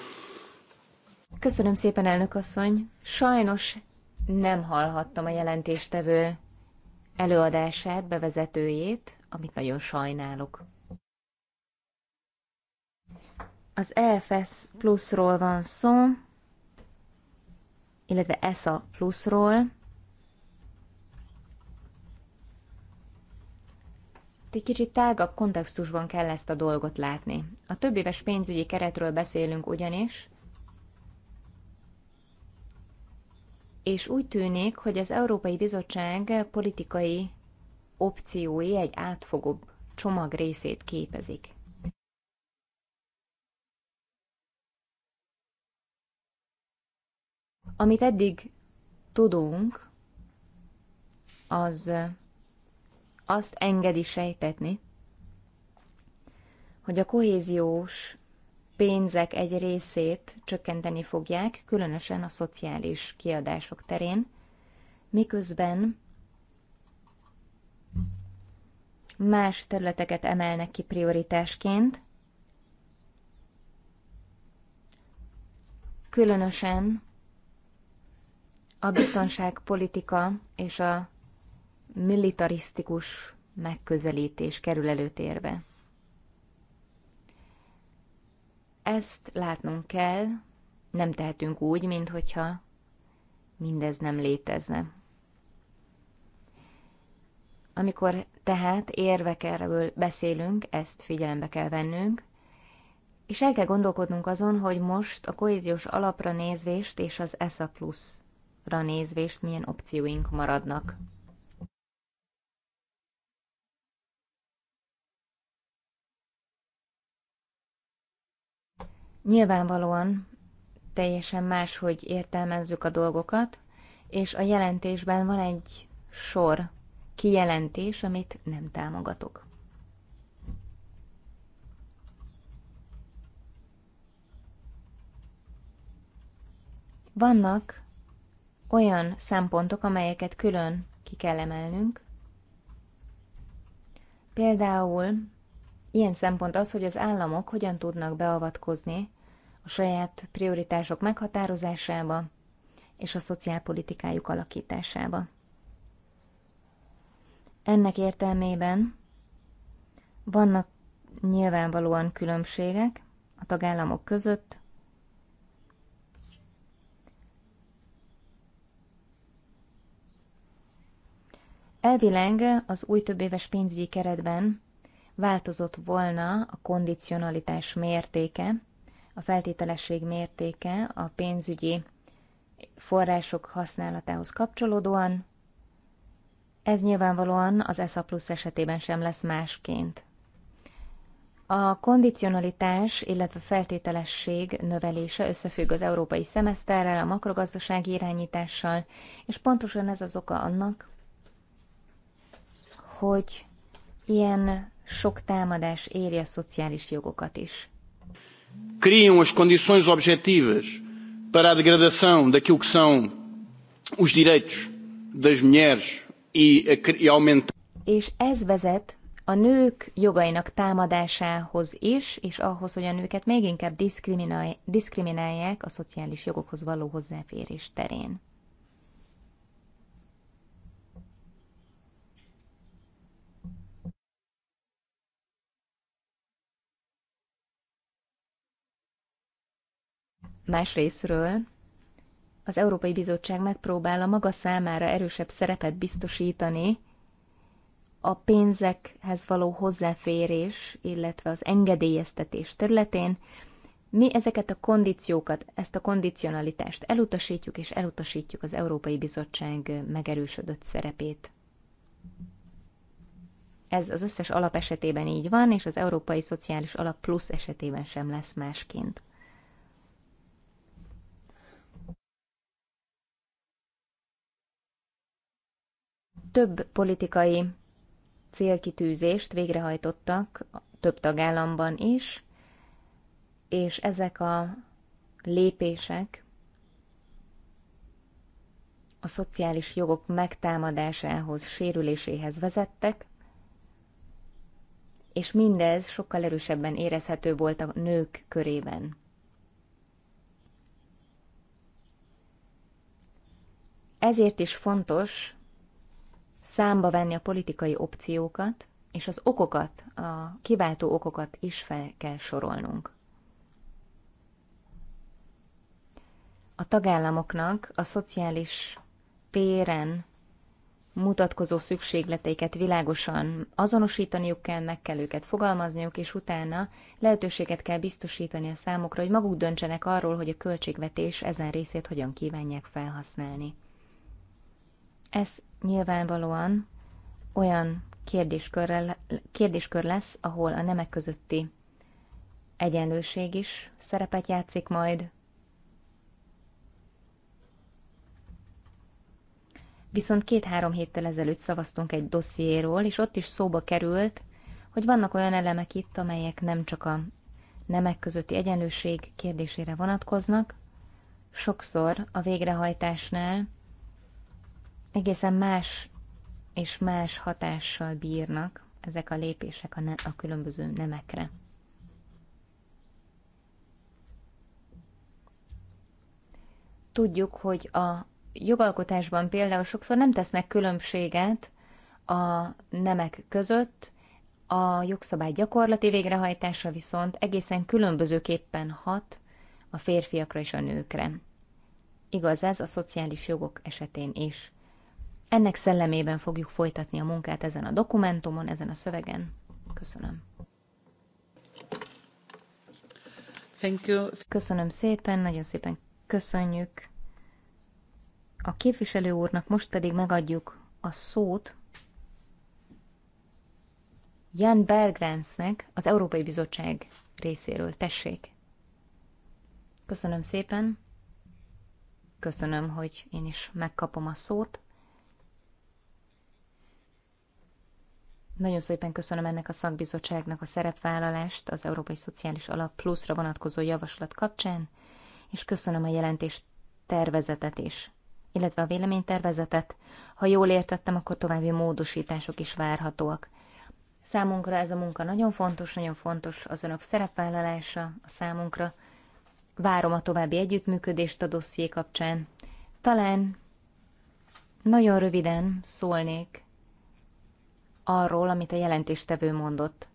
S1: Köszönöm szépen, elnök asszony. Sajnos nem hallhattam a jelentéstevő előadását, bevezetőjét, amit nagyon sajnálok. Az EFS pluszról van szó, illetve ESA pluszról. Egy kicsit tágabb kontextusban kell ezt a dolgot látni. A többéves pénzügyi keretről beszélünk ugyanis, és úgy tűnik, hogy az Európai Bizottság politikai opciói egy átfogóbb csomag részét képezik. Amit eddig tudunk, az azt engedi sejtetni, hogy a kohéziós pénzek egy részét csökkenteni fogják, különösen a szociális kiadások terén, miközben más területeket emelnek ki prioritásként, különösen a biztonságpolitika és a militarisztikus megközelítés kerül előtérbe. Ezt látnunk kell, nem tehetünk úgy, mint hogyha mindez nem létezne. Amikor tehát érvekről beszélünk, ezt figyelembe kell vennünk, és el kell gondolkodnunk azon, hogy most a kohéziós alapra nézvést és az ESA pluszra nézvést milyen opcióink maradnak. Nyilvánvalóan teljesen más, hogy értelmezzük a dolgokat, és a jelentésben van egy sor kijelentés, amit nem támogatok. Vannak olyan szempontok, amelyeket külön ki kell emelnünk. Például ilyen szempont az, hogy az államok hogyan tudnak beavatkozni saját prioritások meghatározásába és a szociálpolitikájuk alakításába. Ennek értelmében vannak nyilvánvalóan különbségek a tagállamok között, Elvileg az új többéves pénzügyi keretben változott volna a kondicionalitás mértéke, a feltételesség mértéke a pénzügyi források használatához kapcsolódóan, ez nyilvánvalóan az ESA plusz esetében sem lesz másként. A kondicionalitás, illetve feltételesség növelése összefügg az európai szemeszterrel, a makrogazdasági irányítással, és pontosan ez az oka annak, hogy ilyen sok támadás éri a szociális jogokat is
S3: criam as condições
S4: objetivas para a degradação daquilo que são os direitos das mulheres e, a, e aumentar.
S1: És ez vezet a nők jogainak támadásához is, és ahhoz, hogy a nőket még inkább diszkriminálják a szociális jogokhoz való hozzáférés terén. Másrésztről az Európai Bizottság megpróbál a maga számára erősebb szerepet biztosítani a pénzekhez való hozzáférés, illetve az engedélyeztetés területén. Mi ezeket a kondíciókat, ezt a kondicionalitást elutasítjuk, és elutasítjuk az Európai Bizottság megerősödött szerepét. Ez az összes alap esetében így van, és az Európai Szociális Alap Plusz esetében sem lesz másként. több politikai célkitűzést végrehajtottak több tagállamban is, és ezek a lépések a szociális jogok megtámadásához, sérüléséhez vezettek, és mindez sokkal erősebben érezhető volt a nők körében. Ezért is fontos számba venni a politikai opciókat, és az okokat, a kiváltó okokat is fel kell sorolnunk. A tagállamoknak a szociális téren mutatkozó szükségleteiket világosan azonosítaniuk kell, meg kell őket fogalmazniuk, és utána lehetőséget kell biztosítani a számokra, hogy maguk döntsenek arról, hogy a költségvetés ezen részét hogyan kívánják felhasználni. Ez nyilvánvalóan olyan kérdéskörrel, kérdéskör lesz, ahol a nemek közötti egyenlőség is szerepet játszik majd. Viszont két-három héttel ezelőtt szavaztunk egy dossziéról, és ott is szóba került, hogy vannak olyan elemek itt, amelyek nem csak a nemek közötti egyenlőség kérdésére vonatkoznak, sokszor a végrehajtásnál egészen más és más hatással bírnak ezek a lépések a, ne- a különböző nemekre. Tudjuk, hogy a jogalkotásban például sokszor nem tesznek különbséget a nemek között, a jogszabály gyakorlati végrehajtása viszont egészen különbözőképpen hat a férfiakra és a nőkre. Igaz ez a szociális jogok esetén is. Ennek szellemében fogjuk folytatni a munkát ezen a dokumentumon, ezen a szövegen. Köszönöm. Thank you. Köszönöm szépen, nagyon szépen köszönjük. A képviselő úrnak most pedig megadjuk a szót Jan Bergrensnek, az Európai Bizottság részéről. Tessék! Köszönöm szépen. Köszönöm, hogy én is megkapom a szót. Nagyon szépen köszönöm ennek a szakbizottságnak a szerepvállalást az Európai Szociális Alap Pluszra vonatkozó javaslat kapcsán, és köszönöm a jelentés tervezetet is, illetve a véleménytervezetet. Ha jól értettem, akkor további módosítások is várhatóak. Számunkra ez a munka nagyon fontos, nagyon fontos az önök szerepvállalása a számunkra. Várom a további együttműködést a dosszié kapcsán. Talán nagyon röviden szólnék arról, amit a jelentéstevő mondott.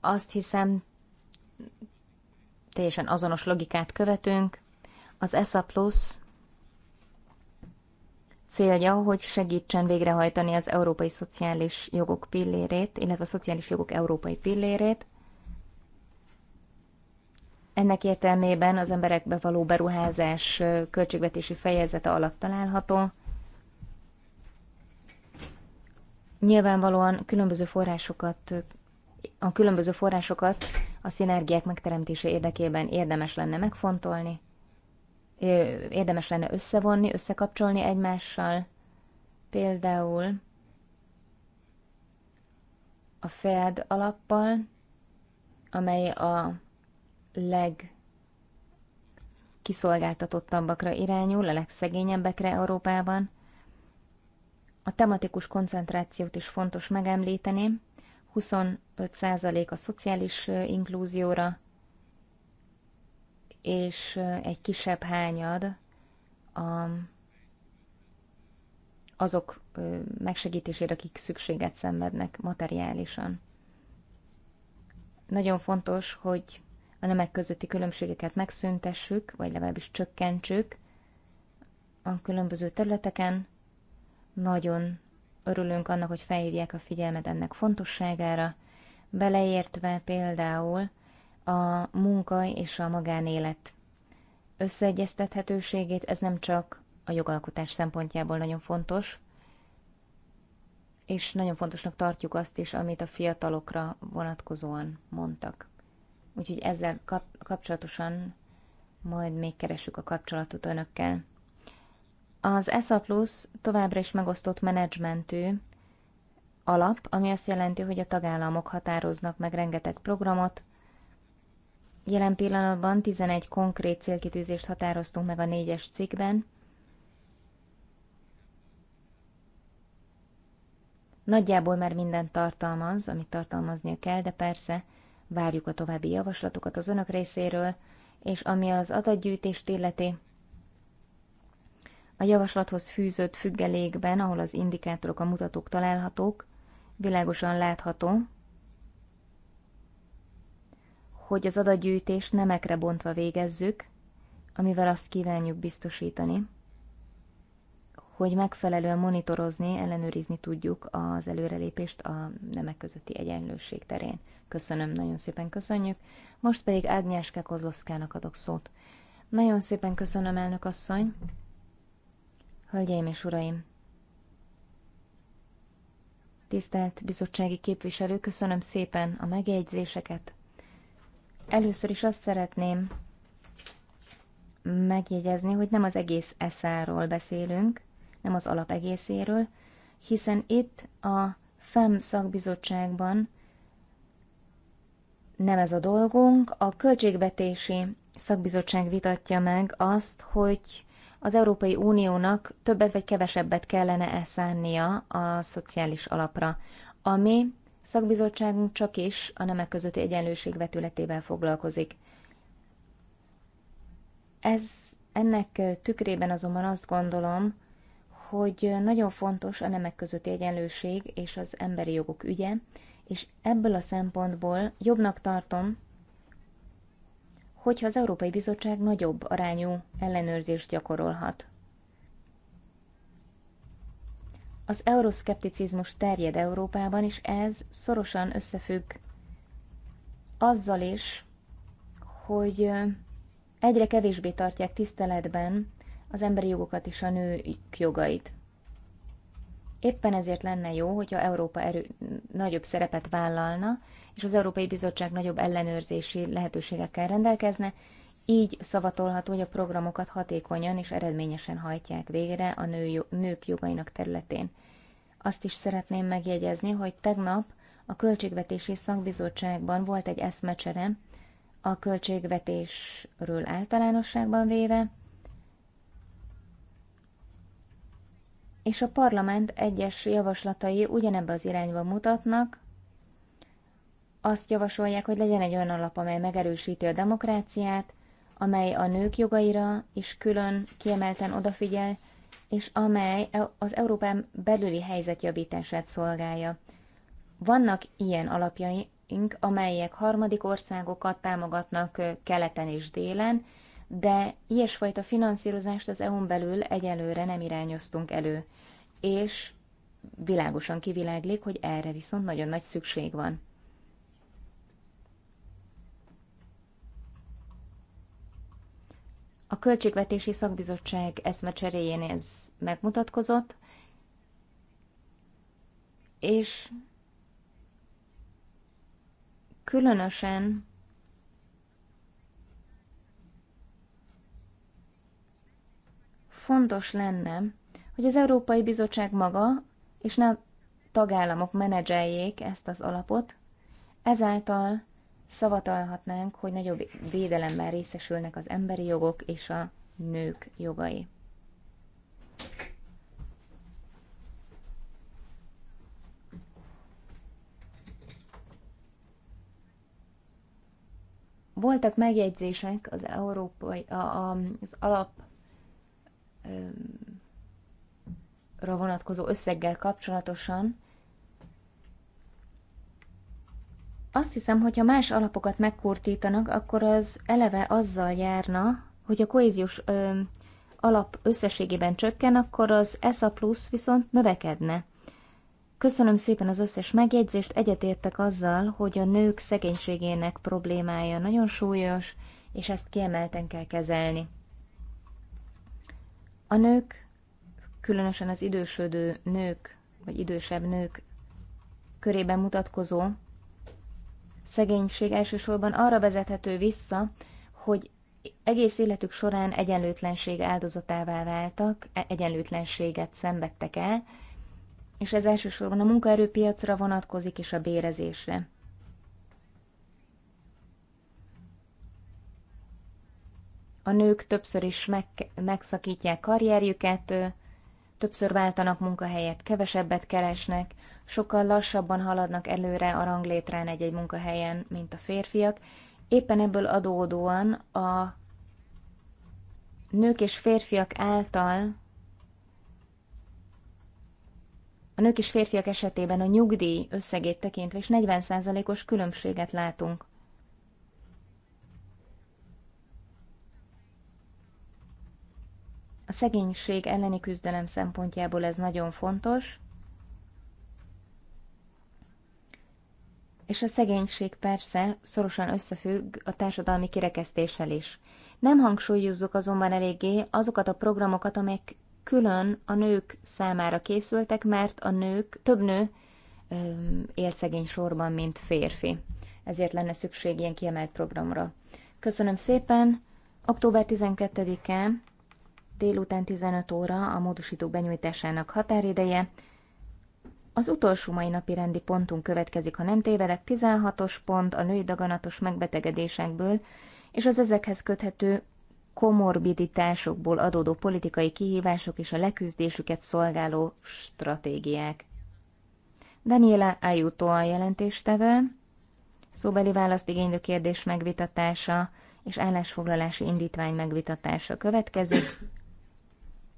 S1: Azt hiszem, teljesen azonos logikát követünk. Az ESA Plus célja, hogy segítsen végrehajtani az európai szociális jogok pillérét, illetve a szociális jogok európai pillérét. Ennek értelmében az emberekbe való beruházás költségvetési fejezete alatt található, Nyilvánvalóan különböző forrásokat, a különböző forrásokat a szinergiák megteremtése érdekében érdemes lenne megfontolni, érdemes lenne összevonni, összekapcsolni egymással. Például a FED alappal, amely a leg kiszolgáltatottabbakra irányul, a legszegényebbekre Európában, a tematikus koncentrációt is fontos megemlíteni. 25% a szociális inklúzióra, és egy kisebb hányad a, azok megsegítésére, akik szükséget szenvednek materiálisan. Nagyon fontos, hogy a nemek közötti különbségeket megszüntessük, vagy legalábbis csökkentsük a különböző területeken, nagyon örülünk annak, hogy felhívják a figyelmet ennek fontosságára, beleértve például a munka és a magánélet összeegyeztethetőségét, ez nem csak a jogalkotás szempontjából nagyon fontos, és nagyon fontosnak tartjuk azt is, amit a fiatalokra vonatkozóan mondtak. Úgyhogy ezzel kap- kapcsolatosan majd még keressük a kapcsolatot önökkel. Az ESA Plus továbbra is megosztott menedzsmentű alap, ami azt jelenti, hogy a tagállamok határoznak meg rengeteg programot. Jelen pillanatban 11 konkrét célkitűzést határoztunk meg a négyes cikkben. Nagyjából már mindent tartalmaz, amit tartalmaznia kell, de persze várjuk a további javaslatokat az önök részéről, és ami az adatgyűjtést illeti, a javaslathoz fűzött függelékben, ahol az indikátorok, a mutatók találhatók, világosan látható, hogy az adatgyűjtést nemekre bontva végezzük, amivel azt kívánjuk biztosítani, hogy megfelelően monitorozni, ellenőrizni tudjuk az előrelépést a nemek közötti egyenlőség terén. Köszönöm, nagyon szépen köszönjük. Most pedig Ágnyáske Kozlovszkának adok szót. Nagyon szépen köszönöm, elnök asszony. Hölgyeim és uraim! Tisztelt bizottsági képviselő, köszönöm szépen a megjegyzéseket. Először is azt szeretném megjegyezni, hogy nem az egész eszáról beszélünk, nem az alap egészéről, hiszen itt a FEM szakbizottságban nem ez a dolgunk. A költségvetési szakbizottság vitatja meg azt, hogy az Európai Uniónak többet vagy kevesebbet kellene elszánnia a szociális alapra, ami szakbizottságunk csak is a nemek közötti egyenlőség vetületével foglalkozik. Ez ennek tükrében azonban azt gondolom, hogy nagyon fontos a nemek közötti egyenlőség és az emberi jogok ügye, és ebből a szempontból jobbnak tartom, hogyha az Európai Bizottság nagyobb arányú ellenőrzést gyakorolhat. Az euroszkepticizmus terjed Európában, és ez szorosan összefügg azzal is, hogy egyre kevésbé tartják tiszteletben az emberi jogokat és a nők jogait. Éppen ezért lenne jó, hogyha Európa erő, nagyobb szerepet vállalna, és az Európai Bizottság nagyobb ellenőrzési lehetőségekkel rendelkezne, így szavatolható, hogy a programokat hatékonyan és eredményesen hajtják végre a nő, nők jogainak területén. Azt is szeretném megjegyezni, hogy tegnap a Költségvetési Szakbizottságban volt egy eszmecsere a költségvetésről általánosságban véve, és a parlament egyes javaslatai ugyanebbe az irányba mutatnak, azt javasolják, hogy legyen egy olyan alap, amely megerősíti a demokráciát, amely a nők jogaira is külön kiemelten odafigyel, és amely e- az Európán belüli helyzet javítását szolgálja. Vannak ilyen alapjaink, amelyek harmadik országokat támogatnak keleten és délen, de ilyesfajta finanszírozást az EU-n belül egyelőre nem irányoztunk elő, és világosan kiviláglik, hogy erre viszont nagyon nagy szükség van. A Költségvetési Szakbizottság eszmecseréjén ez megmutatkozott, és különösen fontos lenne, hogy az Európai Bizottság maga, és ne a tagállamok menedzseljék ezt az alapot, ezáltal szavatalhatnánk, hogy nagyobb védelemben részesülnek az emberi jogok és a nők jogai. Voltak megjegyzések az európai, a, a, az alap vonatkozó összeggel kapcsolatosan, azt hiszem, hogy ha más alapokat megkurtítanak, akkor az eleve azzal járna, hogy a kohéziós ö, alap összességében csökken, akkor az ESA plusz viszont növekedne. Köszönöm szépen az összes megjegyzést, egyetértek azzal, hogy a nők szegénységének problémája nagyon súlyos, és ezt kiemelten kell kezelni. A nők, különösen az idősödő nők, vagy idősebb nők körében mutatkozó szegénység elsősorban arra vezethető vissza, hogy egész életük során egyenlőtlenség áldozatává váltak, e- egyenlőtlenséget szenvedtek el, és ez elsősorban a munkaerőpiacra vonatkozik és a bérezésre. a nők többször is meg, megszakítják karrierjüket, többször váltanak munkahelyet, kevesebbet keresnek, sokkal lassabban haladnak előre a ranglétrán egy-egy munkahelyen, mint a férfiak. Éppen ebből adódóan a nők és férfiak által a nők és férfiak esetében a nyugdíj összegét tekintve is 40%-os különbséget látunk. A szegénység elleni küzdelem szempontjából ez nagyon fontos, és a szegénység persze szorosan összefügg a társadalmi kirekesztéssel is. Nem hangsúlyozzuk azonban eléggé azokat a programokat, amelyek külön a nők számára készültek, mert a nők, több nő él szegény sorban, mint férfi. Ezért lenne szükség ilyen kiemelt programra. Köszönöm szépen! Október 12-e délután 15 óra a módosító benyújtásának határideje. Az utolsó mai napi rendi pontunk következik, ha nem tévedek, 16-os pont a női daganatos megbetegedésekből és az ezekhez köthető komorbiditásokból adódó politikai kihívások és a leküzdésüket szolgáló stratégiák. Daniela Ayuto a jelentéstevő, szóbeli választ igénylő kérdés megvitatása és állásfoglalási indítvány megvitatása következik.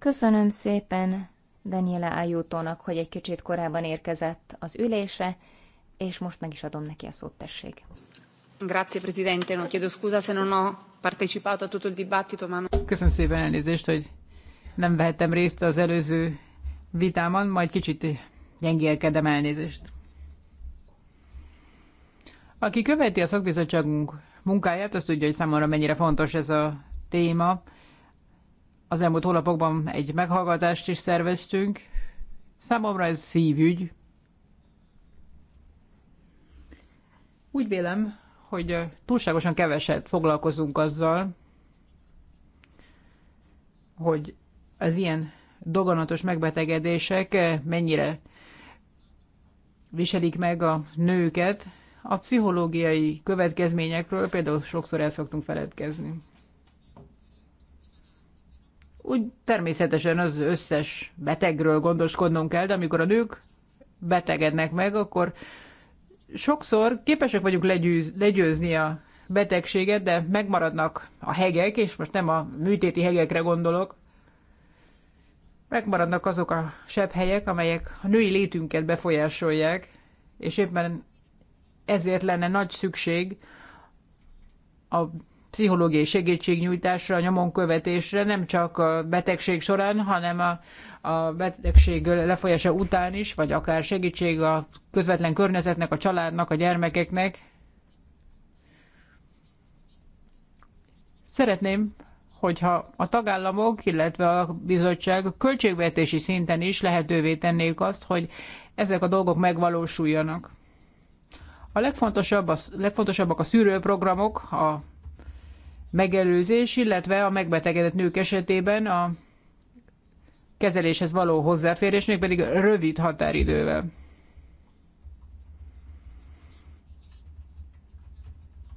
S1: Köszönöm szépen Daniela Ájútónak, hogy egy kicsit korábban érkezett az ülésre, és most meg is adom neki a szót, tessék.
S4: Grazie, Presidente. Non chiedo scusa se non ho partecipato a tutto il
S2: dibattito, ma... Köszönöm szépen elnézést, hogy nem vehettem részt az előző vitámon, majd kicsit gyengélkedem elnézést. Aki követi a szakbizottságunk munkáját, azt tudja, hogy számomra mennyire fontos ez a téma. Az elmúlt hónapokban egy meghallgatást is szerveztünk. Számomra ez szívügy. Úgy vélem, hogy túlságosan keveset foglalkozunk azzal, hogy az ilyen doganatos megbetegedések mennyire viselik meg a nőket. A pszichológiai következményekről például sokszor el szoktunk feledkezni. Úgy természetesen az összes betegről gondoskodnunk kell, de amikor a nők betegednek meg, akkor sokszor képesek vagyunk legyőz, legyőzni a betegséget, de megmaradnak a hegek, és most nem a műtéti hegekre gondolok, megmaradnak azok a helyek, amelyek a női létünket befolyásolják, és éppen ezért lenne nagy szükség a pszichológiai segítségnyújtásra, nyomon követésre, nem csak a betegség során, hanem a, a betegség lefolyása után is, vagy akár segítség a közvetlen környezetnek, a családnak, a gyermekeknek. Szeretném, hogyha a tagállamok, illetve a bizottság költségvetési szinten is lehetővé tennék azt, hogy ezek a dolgok megvalósuljanak. A legfontosabb, a legfontosabbak a szűrőprogramok, a megelőzés, illetve a megbetegedett nők esetében a kezeléshez való hozzáférés, még pedig rövid határidővel.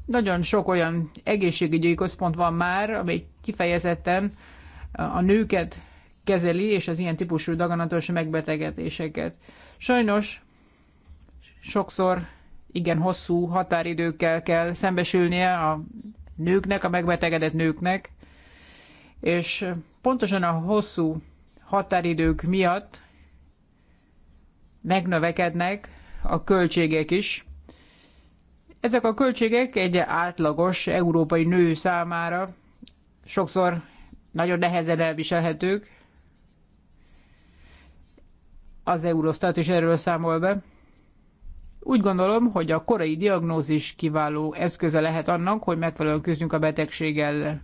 S2: Nagyon sok olyan egészségügyi központ van már, amely kifejezetten a nőket kezeli, és az ilyen típusú daganatos megbetegedéseket. Sajnos sokszor igen hosszú határidőkkel kell szembesülnie a nőknek, a megbetegedett nőknek, és pontosan a hosszú határidők miatt megnövekednek a költségek is. Ezek a költségek egy átlagos európai nő számára sokszor nagyon nehezen elviselhetők. Az Eurostat is erről számol be. Úgy gondolom, hogy a korai diagnózis kiváló eszköze lehet annak, hogy megfelelően küzdjünk a betegség ellen.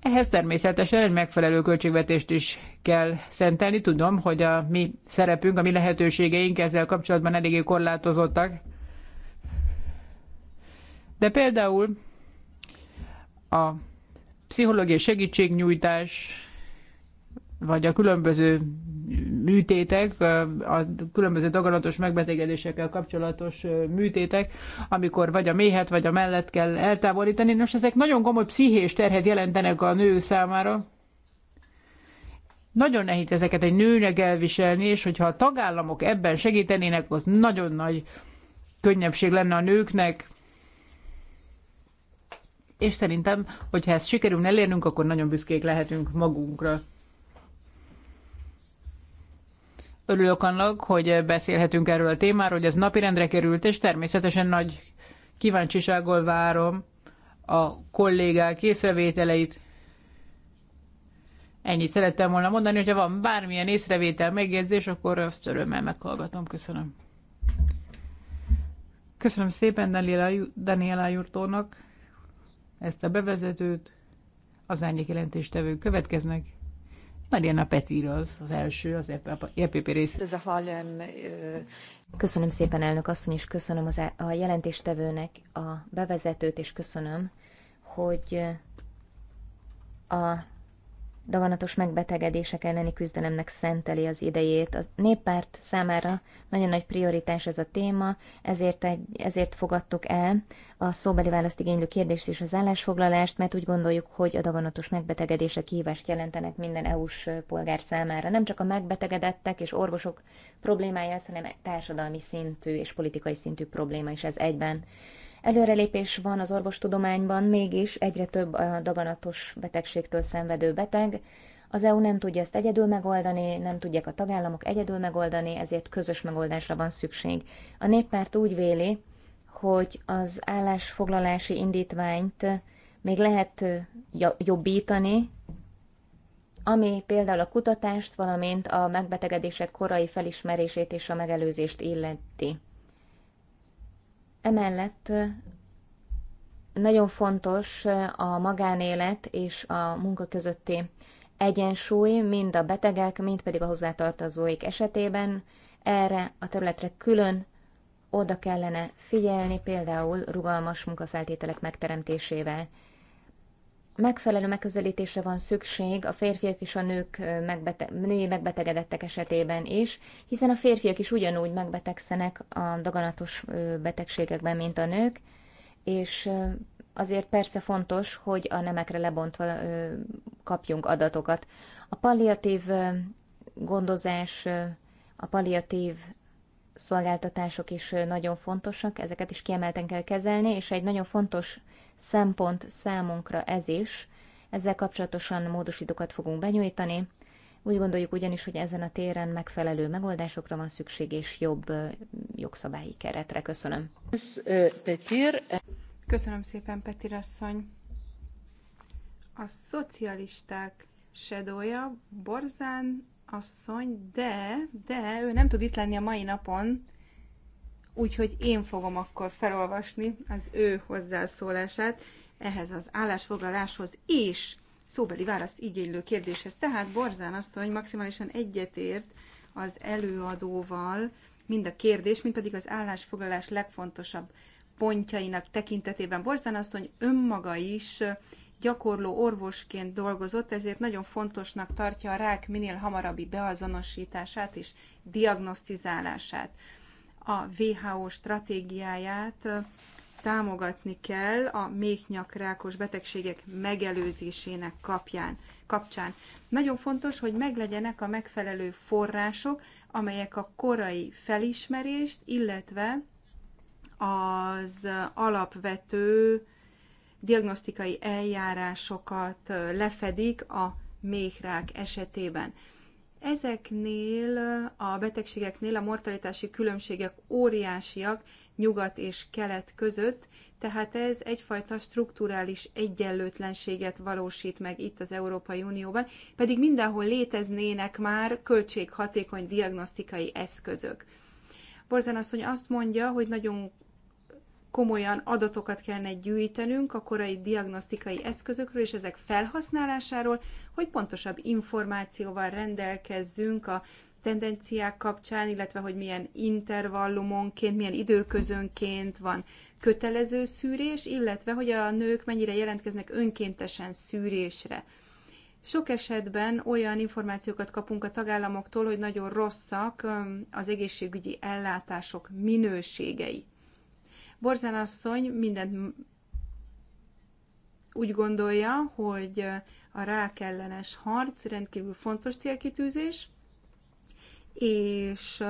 S2: Ehhez természetesen egy megfelelő költségvetést is kell szentelni. Tudom, hogy a mi szerepünk, a mi lehetőségeink ezzel kapcsolatban eléggé korlátozottak. De például a pszichológiai segítségnyújtás, vagy a különböző műtétek, a különböző daganatos megbetegedésekkel kapcsolatos műtétek, amikor vagy a méhet, vagy a mellett kell eltávolítani. Nos, ezek nagyon komoly pszichés terhet jelentenek a nő számára. Nagyon nehéz ezeket egy nőnek elviselni, és hogyha a tagállamok ebben segítenének, az nagyon nagy könnyebbség lenne a nőknek. És szerintem, hogyha ezt sikerülne elérnünk, akkor nagyon büszkék lehetünk magunkra. Örülök annak, hogy beszélhetünk erről a témáról, hogy ez napirendre került, és természetesen nagy kíváncsisággal várom a kollégák észrevételeit. Ennyit szerettem volna mondani, hogyha van bármilyen észrevétel, megjegyzés, akkor azt örömmel meghallgatom. Köszönöm. Köszönöm szépen Daniela, Daniela Jurtónak ezt a bevezetőt. Az árnyék jelentéstevők következnek. Mariana Petir az, az első, az EPP e rész. Ez a eh,
S1: Köszönöm szépen, elnök asszony, és köszönöm az, e- a jelentéstevőnek a bevezetőt, és köszönöm, hogy eh, a daganatos megbetegedések elleni küzdelemnek szenteli az idejét. A néppárt számára nagyon nagy prioritás ez a téma, ezért, egy, ezért fogadtuk el a szóbeli választ igénylő kérdést és az állásfoglalást, mert úgy gondoljuk, hogy a daganatos megbetegedések kihívást jelentenek minden EU-s polgár számára. Nem csak a megbetegedettek és orvosok problémája hanem társadalmi szintű és politikai szintű probléma is ez egyben. Előrelépés van az orvostudományban, mégis egyre több a daganatos betegségtől szenvedő beteg. Az EU nem tudja ezt egyedül megoldani, nem tudják a tagállamok egyedül megoldani, ezért közös megoldásra van szükség. A néppárt úgy véli, hogy az állásfoglalási indítványt még lehet jobbítani, ami például a kutatást, valamint a megbetegedések korai felismerését és a megelőzést illeti. Emellett nagyon fontos a magánélet és a munka közötti egyensúly, mind a betegek, mind pedig a hozzátartozóik esetében. Erre a területre külön oda kellene figyelni, például rugalmas munkafeltételek megteremtésével megfelelő megközelítésre van szükség a férfiak és a nők megbete- női megbetegedettek esetében is, hiszen a férfiak is ugyanúgy megbetegszenek a daganatos betegségekben, mint a nők, és azért persze fontos, hogy a nemekre lebontva kapjunk adatokat. A palliatív gondozás, a palliatív szolgáltatások is nagyon fontosak, ezeket is kiemelten kell kezelni, és egy nagyon fontos szempont számunkra ez is. Ezzel kapcsolatosan módosítókat fogunk benyújtani. Úgy gondoljuk ugyanis, hogy ezen a téren megfelelő megoldásokra van szükség, és jobb jogszabályi keretre. Köszönöm. Köszönöm szépen, Petir asszony.
S4: A szocialisták sedója Borzán asszony, de, de ő nem tud itt lenni a mai napon, úgyhogy én fogom akkor felolvasni az ő hozzászólását ehhez az állásfoglaláshoz és szóbeli választ igénylő kérdéshez. Tehát Borzán azt, hogy maximálisan egyetért az előadóval mind a kérdés, mind pedig az állásfoglalás legfontosabb pontjainak tekintetében. Borzán hogy önmaga is gyakorló orvosként dolgozott, ezért nagyon fontosnak tartja a rák minél hamarabbi beazonosítását és diagnosztizálását a WHO stratégiáját támogatni kell a méhnyakrákos betegségek megelőzésének kapján, kapcsán. Nagyon fontos, hogy meglegyenek a megfelelő források, amelyek a korai felismerést, illetve az alapvető diagnosztikai eljárásokat lefedik a méhrák esetében. Ezeknél a betegségeknél a mortalitási különbségek óriásiak nyugat és kelet között, tehát ez egyfajta strukturális egyenlőtlenséget valósít meg itt az Európai Unióban, pedig mindenhol léteznének már költséghatékony diagnosztikai eszközök. Borzán asszony azt mondja, hogy nagyon komolyan adatokat kellene gyűjtenünk a korai diagnosztikai eszközökről és ezek felhasználásáról, hogy pontosabb információval rendelkezzünk a tendenciák kapcsán, illetve hogy milyen intervallumonként, milyen időközönként van kötelező szűrés, illetve hogy a nők mennyire jelentkeznek önkéntesen szűrésre. Sok esetben olyan információkat kapunk a tagállamoktól, hogy nagyon rosszak az egészségügyi ellátások minőségei. Borzán asszony mindent úgy gondolja, hogy a rákellenes harc rendkívül fontos célkitűzés, és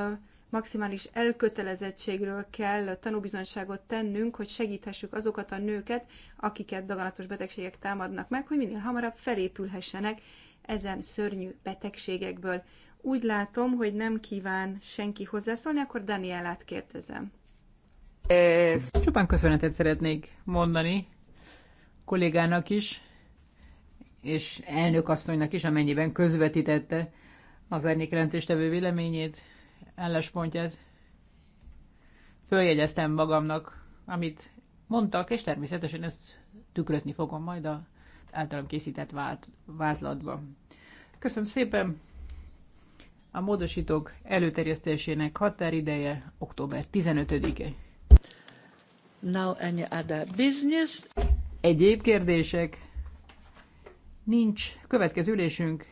S4: maximális elkötelezettségről kell tanúbizonyságot tennünk, hogy segíthessük azokat a nőket, akiket daganatos betegségek támadnak meg, hogy minél hamarabb felépülhessenek ezen szörnyű betegségekből. Úgy látom, hogy nem kíván senki hozzászólni, akkor Danielát kérdezem.
S2: Csupán köszönetet szeretnék mondani kollégának is, és elnökasszonynak is, amennyiben közvetítette az árnyék jelentéstevő véleményét, álláspontját. Följegyeztem magamnak, amit mondtak, és természetesen ezt tükrözni fogom majd az általam készített vált, vázlatba. Köszönöm szépen! A módosítók előterjesztésének határideje október 15-e. Now any other business? Egyéb kérdések? Nincs. Következő ülésünk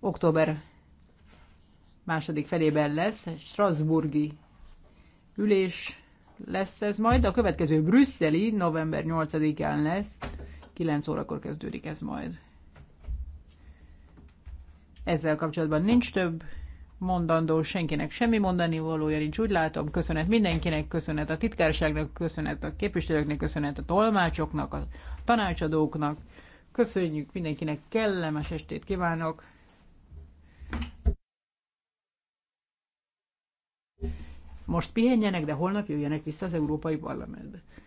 S2: október második felében lesz, Strasburgi ülés lesz ez majd, a következő brüsszeli november 8-án lesz, 9 órakor kezdődik ez majd. Ezzel kapcsolatban nincs több mondandó, senkinek semmi mondani valója nincs, úgy látom. Köszönet mindenkinek, köszönet a titkárságnak, köszönet a képviselőknek, köszönet a tolmácsoknak, a tanácsadóknak. Köszönjük mindenkinek, kellemes estét kívánok! Most pihenjenek, de holnap jöjjenek vissza az Európai Parlamentbe.